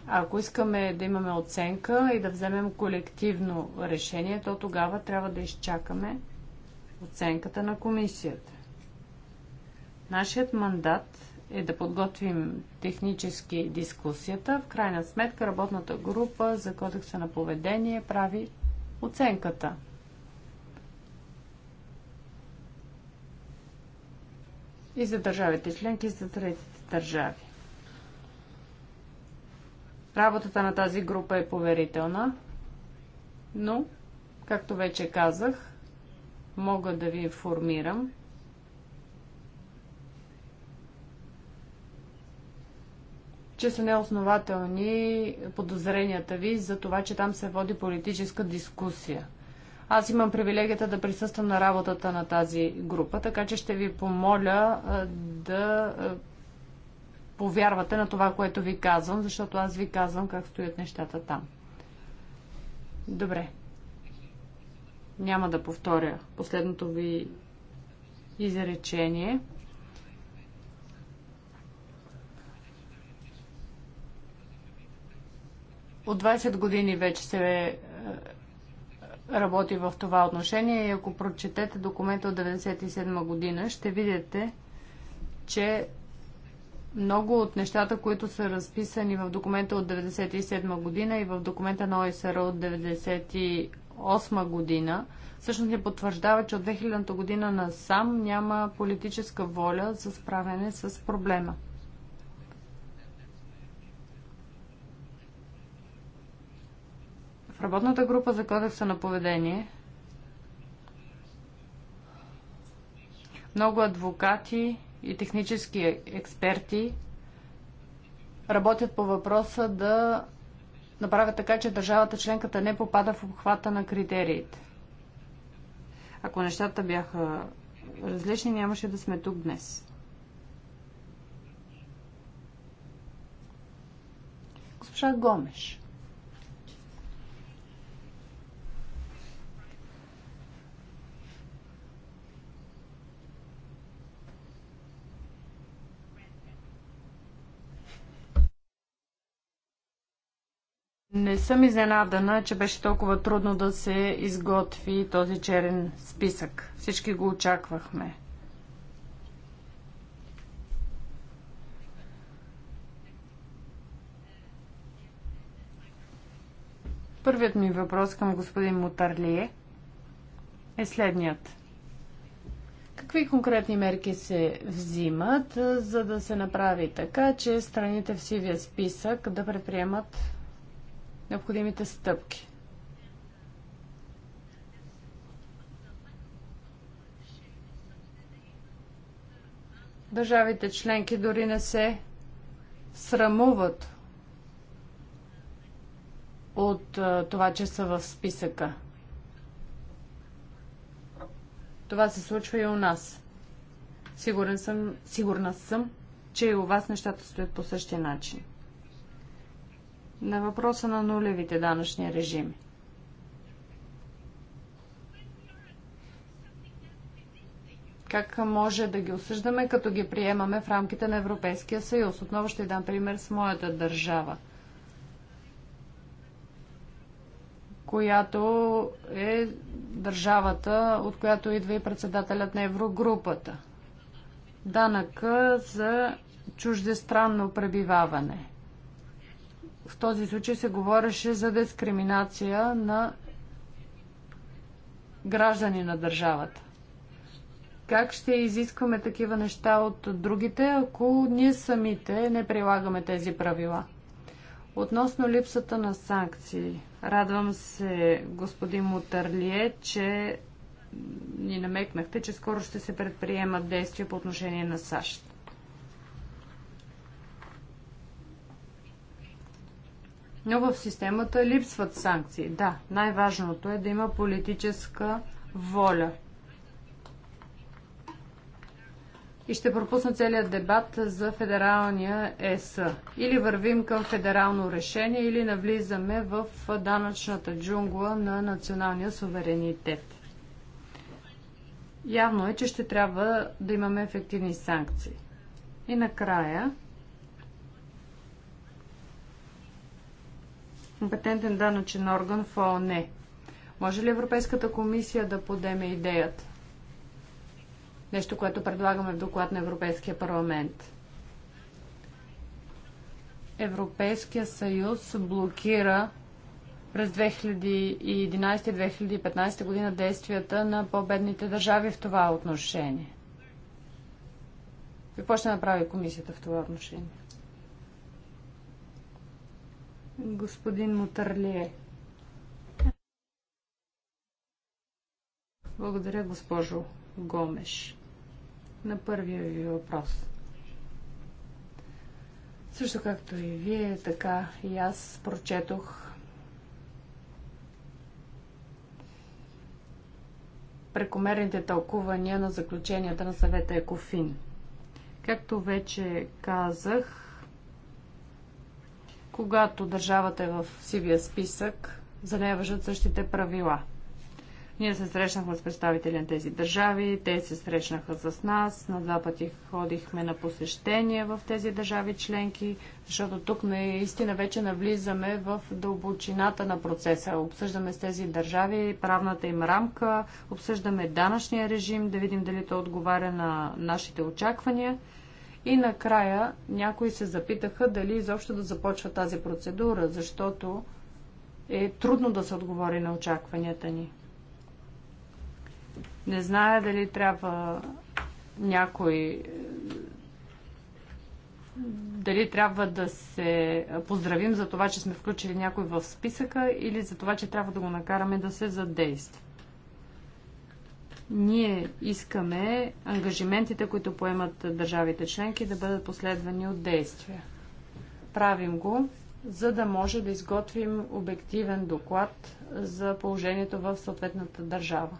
Ако искаме да имаме оценка и да вземем колективно решение, то тогава трябва да изчакаме оценката на комисията. Нашият мандат е да подготвим технически дискусията. В крайна сметка работната група за кодекса на поведение прави оценката. И за държавите членки, и за третите държави. Работата на тази група е поверителна, но, както вече казах, мога да ви информирам, че са неоснователни подозренията ви за това, че там се води политическа дискусия. Аз имам привилегията да присъствам на работата на тази група, така че ще ви помоля да повярвате на това, което ви казвам, защото аз ви казвам как стоят нещата там. Добре. Няма да повторя последното ви изречение. От 20 години вече се е, работи в това отношение и ако прочетете документа от 1997 година, ще видите, че много от нещата, които са разписани в документа от 1997 година и в документа на ОСР от 1998 година, всъщност ни потвърждава, че от 2000 година насам няма политическа воля за справяне с проблема. В работната група за кодекса на поведение много адвокати и технически експерти работят по въпроса да направят така, че държавата членката не попада в обхвата на критериите. Ако нещата бяха различни, нямаше да сме тук днес. Госпожа Гомеш. Не съм изненадана, че беше толкова трудно да се изготви този черен списък. Всички го очаквахме. Първият ми въпрос към господин Мотарлие е следният. Какви конкретни мерки се взимат, за да се направи така, че страните в сивия списък да предприемат необходимите стъпки. Държавите членки дори не се срамуват от това, че са в списъка. Това се случва и у нас. Сигурен съм, сигурна съм, че и у вас нещата стоят по същия начин. На въпроса на нулевите данъчни режими. Как може да ги осъждаме, като ги приемаме в рамките на Европейския съюз? Отново ще дам пример с моята държава. която е държавата, от която идва и председателят на Еврогрупата. Данъка за чуждестранно пребиваване в този случай се говореше за дискриминация на граждани на държавата. Как ще изискваме такива неща от другите, ако ние самите не прилагаме тези правила? Относно липсата на санкции, радвам се, господин Мутарлие, че ни намекнахте, че скоро ще се предприемат действия по отношение на САЩ. но в системата липсват санкции. Да, най-важното е да има политическа воля. И ще пропусна целият дебат за федералния ЕС. Или вървим към федерално решение, или навлизаме в данъчната джунгла на националния суверенитет. Явно е, че ще трябва да имаме ефективни санкции. И накрая, компетентен данъчен орган в ООН. Може ли Европейската комисия да подеме идеята? Нещо, което предлагаме в доклад на Европейския парламент. Европейския съюз блокира през 2011-2015 година действията на победните държави в това отношение. Какво ще направи комисията в това отношение? господин Мутарлие. Благодаря, госпожо Гомеш. На първия ви въпрос. Също както и вие, така и аз прочетох прекомерните тълкувания на заключенията на съвета Екофин. Както вече казах, когато държавата е в сивия списък, за нея въжат същите правила. Ние се срещнахме с представители на тези държави, те се срещнаха с нас, на два пъти ходихме на посещение в тези държави членки, защото тук наистина вече навлизаме в дълбочината на процеса. Обсъждаме с тези държави правната им рамка, обсъждаме данъчния режим, да видим дали то отговаря на нашите очаквания – и накрая някои се запитаха дали изобщо да започва тази процедура, защото е трудно да се отговори на очакванията ни. Не зная дали трябва някой е, дали трябва да се поздравим за това, че сме включили някой в списъка или за това, че трябва да го накараме да се задейства. Ние искаме ангажиментите, които поемат държавите членки, да бъдат последвани от действия. Правим го, за да може да изготвим обективен доклад за положението в съответната държава.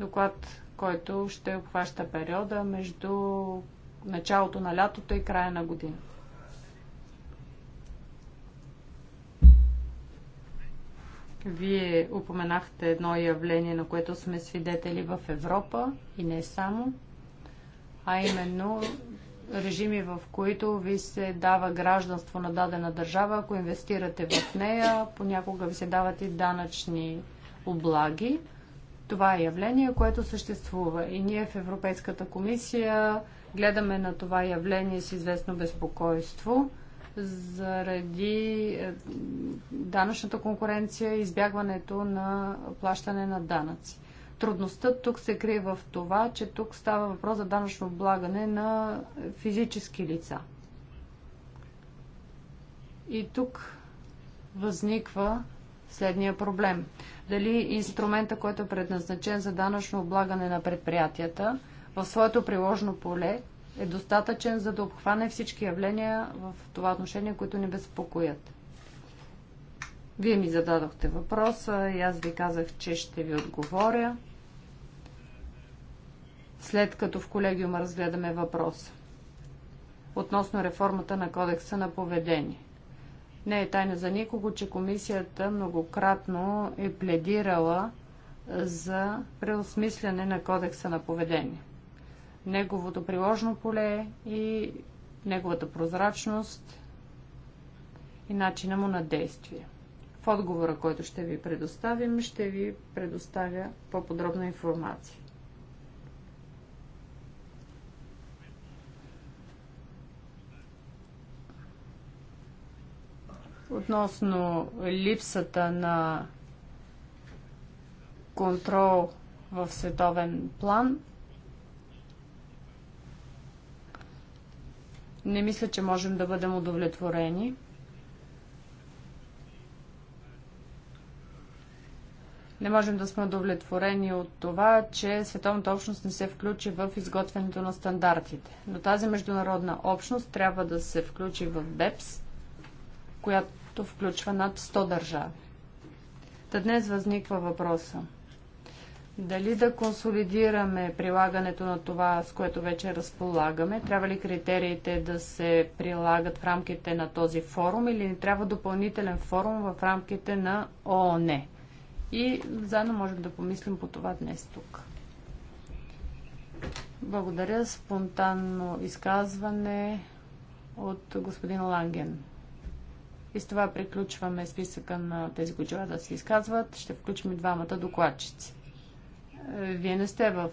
Доклад, който ще обхваща периода между началото на лятото и края на годината. Вие упоменахте едно явление, на което сме свидетели в Европа и не само, а именно режими, в които ви се дава гражданство на дадена държава, ако инвестирате в нея, понякога ви се дават и данъчни облаги. Това е явление, което съществува. И ние в Европейската комисия гледаме на това явление с известно безпокойство заради е, данъчната конкуренция и избягването на плащане на данъци. Трудността тук се крие в това, че тук става въпрос за данъчно облагане на физически лица. И тук възниква следния проблем. Дали инструмента, който е предназначен за данъчно облагане на предприятията, в своето приложно поле е достатъчен, за да обхване всички явления в това отношение, които ни безпокоят. Вие ми зададохте въпроса и аз ви казах, че ще ви отговоря, след като в колегиума разгледаме въпроса относно реформата на кодекса на поведение. Не е тайна за никого, че комисията многократно е пледирала за преосмисляне на кодекса на поведение неговото приложно поле и неговата прозрачност и начина му на действие. В отговора, който ще ви предоставим, ще ви предоставя по-подробна информация. Относно липсата на контрол в световен план, Не мисля, че можем да бъдем удовлетворени. Не можем да сме удовлетворени от това, че световната общност не се включи в изготвянето на стандартите. Но тази международна общност трябва да се включи в БЕПС, която включва над 100 държави. Та днес възниква въпроса. Дали да консолидираме прилагането на това, с което вече разполагаме? Трябва ли критериите да се прилагат в рамките на този форум или не трябва допълнителен форум в рамките на ООН? И заедно можем да помислим по това днес тук. Благодаря. Спонтанно изказване от господин Ланген. И с това приключваме списъка на тези, които да се изказват. Ще включим и двамата докладчици. Вие не сте в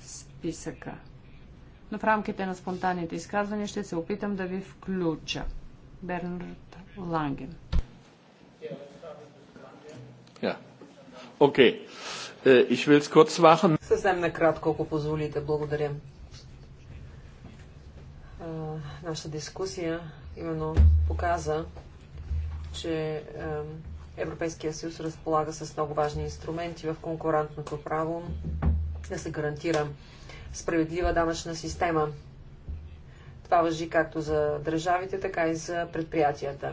списъка. Но в рамките на спонтанните изказвания ще се опитам да ви включа. Бернард Ланген. Yeah. Äh, ich will es kurz machen. Съвсем накратко, ако позволите. Благодаря. Э, нашата дискусия именно показа, че Европейския съюз разполага с много важни инструменти в конкурентното право да се гарантира справедлива данъчна система. Това въжи както за държавите, така и за предприятията.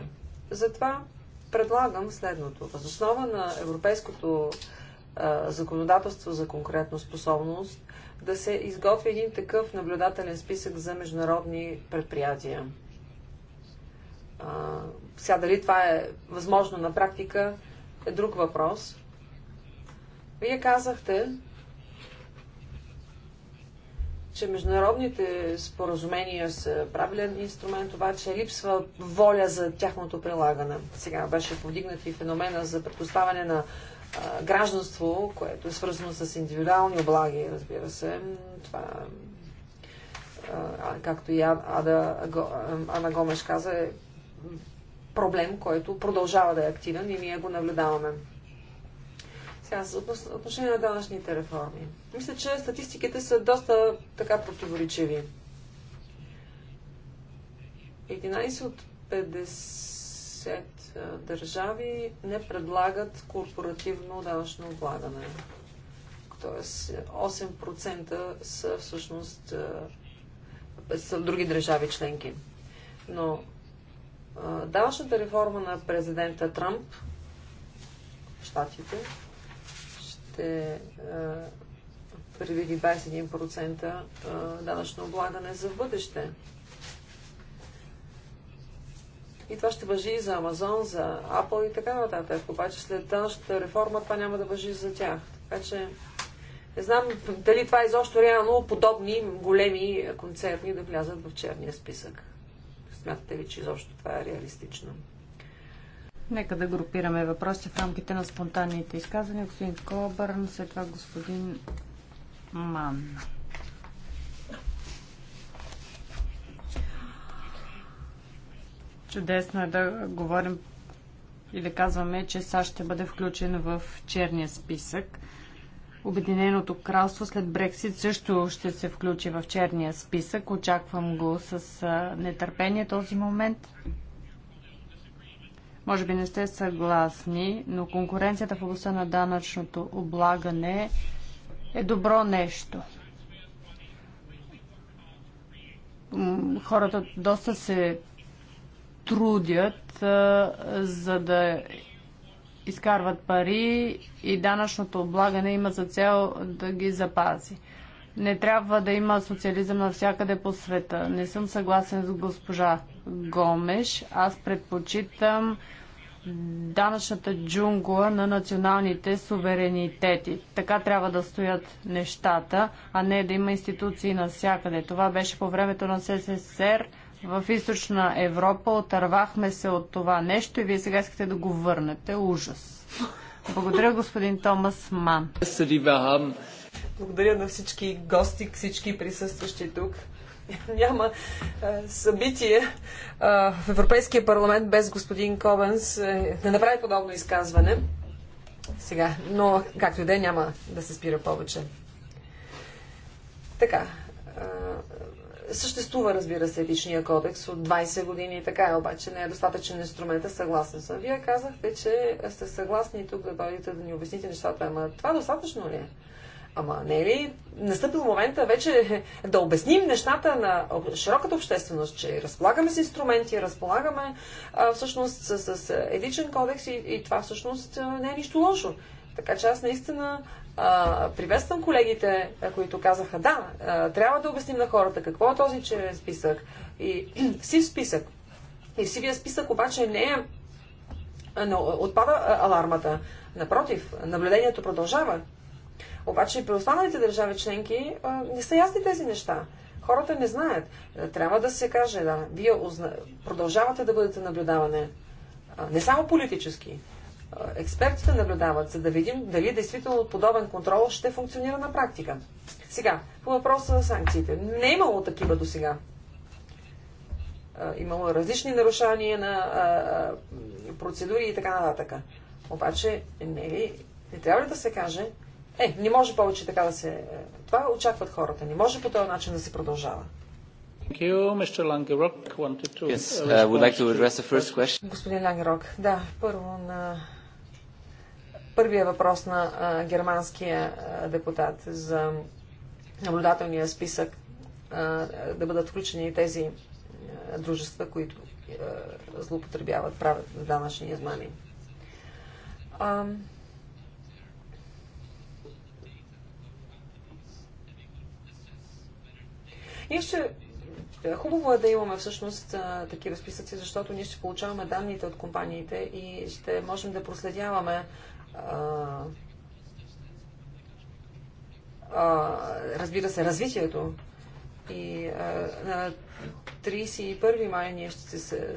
Затова предлагам следното. Възоснова на европейското а, законодателство за конкретно способност да се изготви един такъв наблюдателен списък за международни предприятия. А, сега дали това е възможно на практика е друг въпрос. Вие казахте, че международните споразумения са правилен инструмент, обаче липсва воля за тяхното прилагане. Сега беше повдигнат и феномена за предоставяне на а, гражданство, което е свързано с индивидуални облаги, разбира се. Това, а, както и Ада, Ана Гомеш каза, е проблем, който продължава да е активен и ние го наблюдаваме. Сега, с отношение на данъчните реформи. Мисля, че статистиките са доста така противоречиви. 11 от 50 държави не предлагат корпоративно данъчно облагане. Тоест 8% са всъщност са в други държави членки. Но Далшата реформа на президента Трамп в Штатите ще предвиди 21% данъчно облагане за бъдеще. И това ще въжи и за Амазон, за Apple и така нататък. Обаче след данъчната реформа това няма да въжи за тях. Така че не знам дали това изобщо реално подобни големи концерни да влязат в черния списък. Смятате ли, че изобщо това е реалистично? Нека да групираме въпроси в рамките на спонтанните изказвания. Господин Кобърн, след това господин Ман. Чудесно е да говорим и да казваме, че САЩ ще бъде включен в черния списък. Обединеното кралство след Брексит също ще се включи в черния списък. Очаквам го с нетърпение този момент. Може би не сте съгласни, но конкуренцията в областта на данъчното облагане е добро нещо. Хората доста се трудят, за да изкарват пари и данъчното облагане има за цел да ги запази. Не трябва да има социализъм навсякъде по света. Не съм съгласен с госпожа Гомеш. Аз предпочитам данъчната джунгла на националните суверенитети. Така трябва да стоят нещата, а не да има институции навсякъде. Това беше по времето на СССР в източна Европа. Отървахме се от това нещо и вие сега искате да го върнете. Ужас. Благодаря, господин Томас Ман. Благодаря на всички гости, всички присъстващи тук. Няма е, събитие е, в Европейския парламент без господин Кобенс е, да направи подобно изказване. Сега, но както и да е, няма да се спира повече. Така, Съществува, разбира се, етичния кодекс от 20 години и така, е, обаче не е достатъчен инструмент, съгласен съм. Вие казахте, че сте съгласни тук да дойдете да ни обясните нещата, ама това достатъчно ли е? Ама не е ли настъпил момента вече да обясним нещата на широката общественост, че разполагаме с инструменти, разполагаме а, всъщност с, с етичен кодекс и, и това всъщност не е нищо лошо. Така че аз наистина приветствам колегите, които казаха да, трябва да обясним на хората какво е този черен списък и сив списък. И в сивия списък обаче не е но отпада алармата. Напротив, наблюдението продължава. Обаче и при останалите държави членки не са ясни тези неща. Хората не знаят. Трябва да се каже, да, вие продължавате да бъдете наблюдаване. не само политически, експертите наблюдават, за да видим дали действително подобен контрол ще функционира на практика. Сега, по въпроса на санкциите. Не е имало такива до сега. Имало е различни нарушания на процедури и така нататък. Обаче, не, е ли, не трябва ли да се каже, е, не може повече така да се... Е, това очакват хората. Не може по този начин да се продължава. Господин Лангерок, да, първо на първия въпрос на а, германския а, депутат за наблюдателния списък а, да бъдат включени тези а, дружества, които а, злоупотребяват, правят данъчни измами. А, Ние ще... Е, хубаво е да имаме всъщност такива списъци, защото ние ще получаваме данните от компаниите и ще можем да проследяваме разбира се, развитието. И на 31 май ние ще се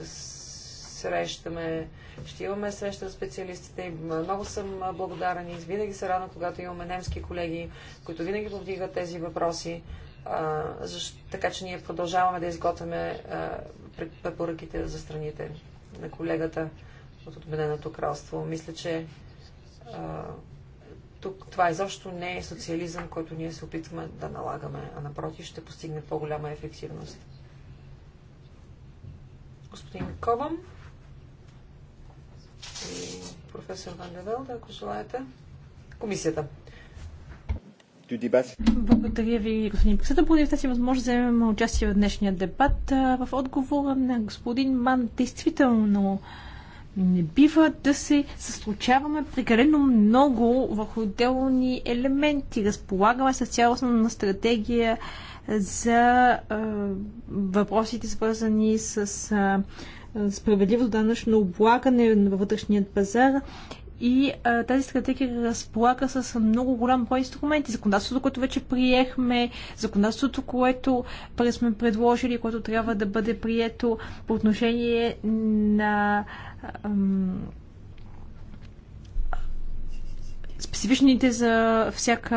срещаме, ще имаме среща с специалистите. Много съм благодарен и винаги се радвам, когато имаме немски колеги, които винаги повдигат тези въпроси. А, защо, така че ние продължаваме да изготвяме препоръките за страните на колегата от Обединеното кралство. Мисля, че тук това изобщо не е социализъм, който ние се опитваме да налагаме, а напротив ще постигне по-голяма ефективност. Господин Ковам и професор Вандевел, ако желаете. Комисията. Благодаря ви, господин председател. Благодаря за тази възможност да вземем участие в днешния дебат. В отговора на господин Ман, действително не бива да се състочаваме прекалено много върху отделни елементи. Разполагаме с цялостна стратегия за е, въпросите, свързани с е, справедливо данъчно облагане на вътрешният пазар и а, тази стратегия разполага с много голям брой инструменти. Законодателството, което вече приехме, законодателството, което сме предложили, което трябва да бъде прието по отношение на специфичните за всяка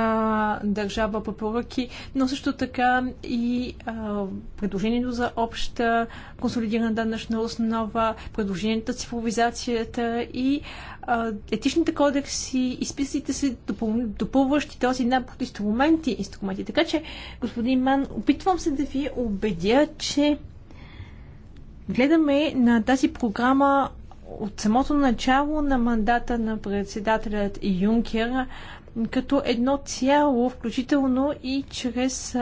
държава препоръки, но също така и а, предложението за обща консолидирана данъчна основа, предложението за цифровизацията и а, етичните кодекси и списъците се допълващи този набор инструменти, инструменти. Така че, господин Ман, опитвам се да ви убедя, че гледаме на тази програма от самото начало на мандата на председателят Юнкер като едно цяло, включително и чрез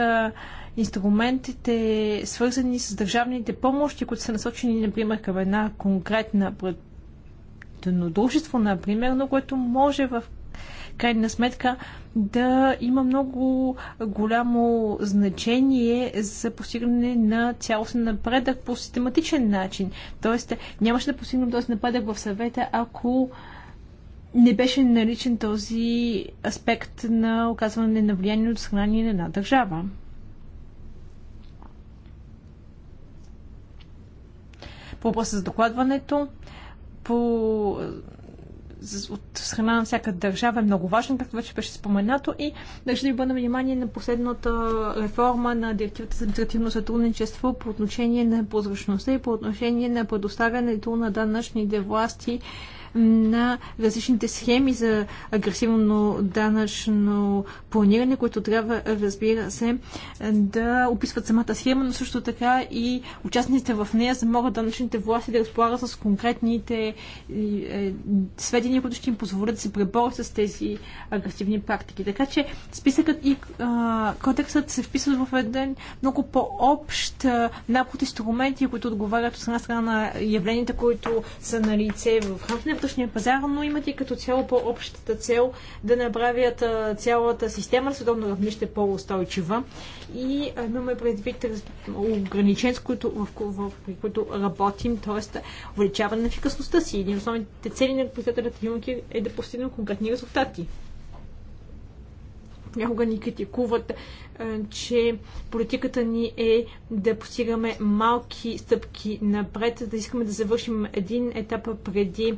инструментите, свързани с държавните помощи, които са насочени, например, към една конкретна дружество, например, но което може в крайна сметка да има много голямо значение за постигане на цялостен напредък по систематичен начин. Тоест, нямаше да постигнем този напредък в съвета, ако не беше наличен този аспект на оказване на влияние от съхранение на една държава. По въпроса за докладването, по от страна на всяка държава е много важен, както вече беше споменато и държа да ви бъда внимание на последната реформа на директивата за административно сътрудничество по отношение на прозрачността и по отношение на предоставянето на данъчните власти на различните схеми за агресивно данъчно планиране, които трябва, разбира се, да описват самата схема, но също така и участниците в нея, за могат данъчните власти да разполагат с конкретните е, сведения, които ще им позволят да се преборят с тези агресивни практики. Така че списъкът и а, кодексът се вписват в един много по-общ набор инструменти, които отговарят от една страна на явленията, които са на лице в рамките вътрешния пазар, но имат и като цяло по-общата цел да направят цялата система на световно равнище по-устойчива. И имаме предвид ограничен, с които, в, в, в които работим, т.е. увеличаване на ефикасността си. Един от основните цели на председателят Юнкер е да постигнем конкретни резултати Някога ни критикуват, че политиката ни е да постигаме малки стъпки напред, да искаме да завършим един етап преди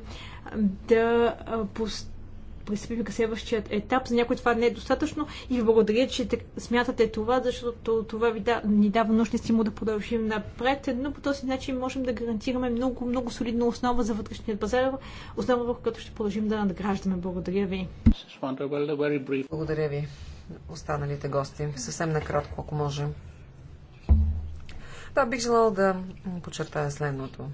да постигнем пристъпим към следващия етап. За някой това не е достатъчно и ви благодаря, че смятате това, защото това ви да, ни дава нужни стимул да продължим напред, но по този начин можем да гарантираме много, много солидна основа за вътрешния пазар, основа върху която ще продължим да надграждаме. Благодаря ви. Благодаря ви, останалите гости. Съвсем накратко, ако можем. Да, бих желала да подчертая следното.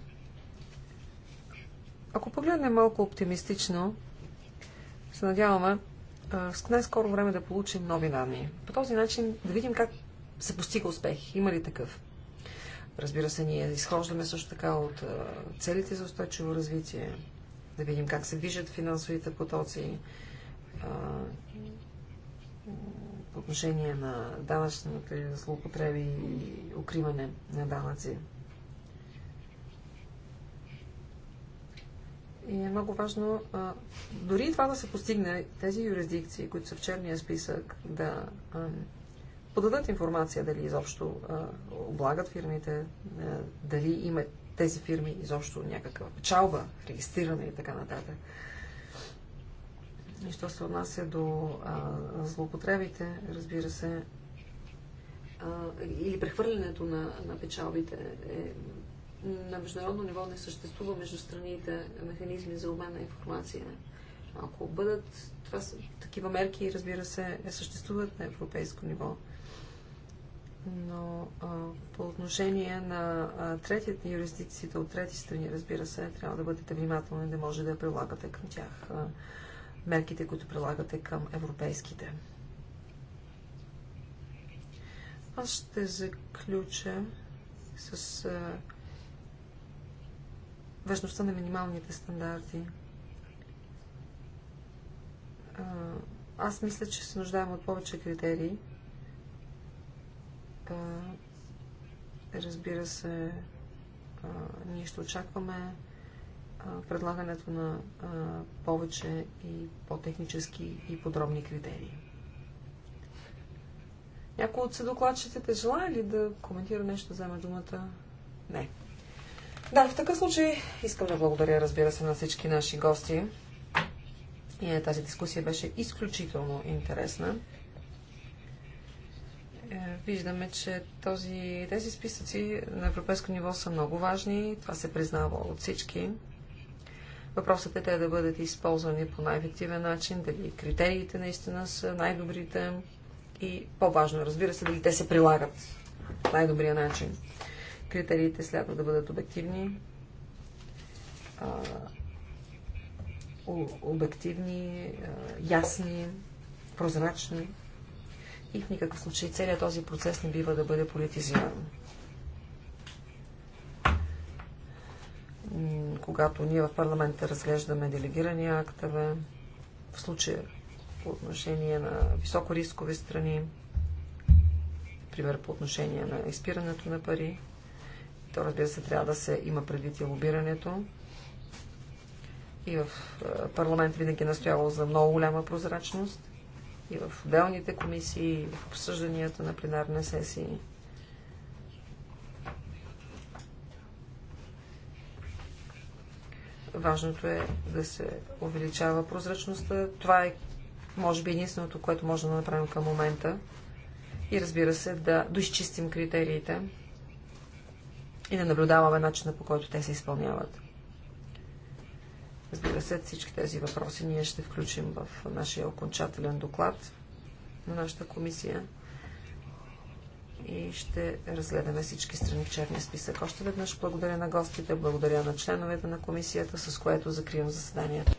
Ако погледнем малко оптимистично, се надяваме в най-скоро време да получим нови данни. По този начин да видим как се постига успех, има ли такъв. Разбира се, ние изхождаме също така от целите за устойчиво развитие, да видим как се движат финансовите потоци по отношение на данъчните злоупотреби и укриване на данъци. И е много важно а, дори това да се постигне, тези юрисдикции, които са в черния списък, да а, подадат информация дали изобщо а, облагат фирмите, а, дали имат тези фирми изобщо някаква печалба, регистрирана и така нататък. И що се отнася до а, злоупотребите, разбира се, а, или прехвърлянето на, на печалбите е на международно ниво не съществува между страните механизми за обмен на информация. Ако бъдат това, са, такива мерки, разбира се, не съществуват на европейско ниво. Но а, по отношение на а, третият юрисдикцията от трети страни, разбира се, трябва да бъдете внимателни да може да прилагате към тях а, мерките, които прилагате към европейските. Аз ще заключа с а, важността на минималните стандарти. Аз мисля, че се нуждаем от повече критерии. Разбира се, ние ще очакваме предлагането на повече и по-технически и подробни критерии. Някой от докладчетите желая ли да коментира нещо, вземе думата? Не. Да, в такъв случай искам да благодаря, разбира се, на всички наши гости. И е, тази дискусия беше изключително интересна. Е, виждаме, че този, тези списъци на европейско ниво са много важни. Това се признава от всички. Въпросът е те да бъдат използвани по най-ефективен начин, дали критериите наистина са най-добрите и по-важно, разбира се, дали те се прилагат най-добрия начин. Критериите следва да бъдат обективни, обективни, ясни, прозрачни и в никакъв случай целият този процес не бива да бъде политизиран. Когато ние в парламента разглеждаме делегирани актове, в случая по отношение на високорискови страни, пример, по отношение на изпирането на пари, то, разбира се, трябва да се има предвид и лобирането. И в е, парламент винаги е настоявало за много голяма прозрачност. И в отделните комисии, и в обсъжданията на пленарна сесии. Важното е да се увеличава прозрачността. Това е, може би, единственото, което можем да направим към момента. И разбира се, да доизчистим критериите и да наблюдаваме начина по който те се изпълняват. Разбира се, всички тези въпроси ние ще включим в нашия окончателен доклад на нашата комисия и ще разгледаме всички страни в черния списък. Още веднъж благодаря на гостите, благодаря на членовете на комисията, с което закривам заседанието.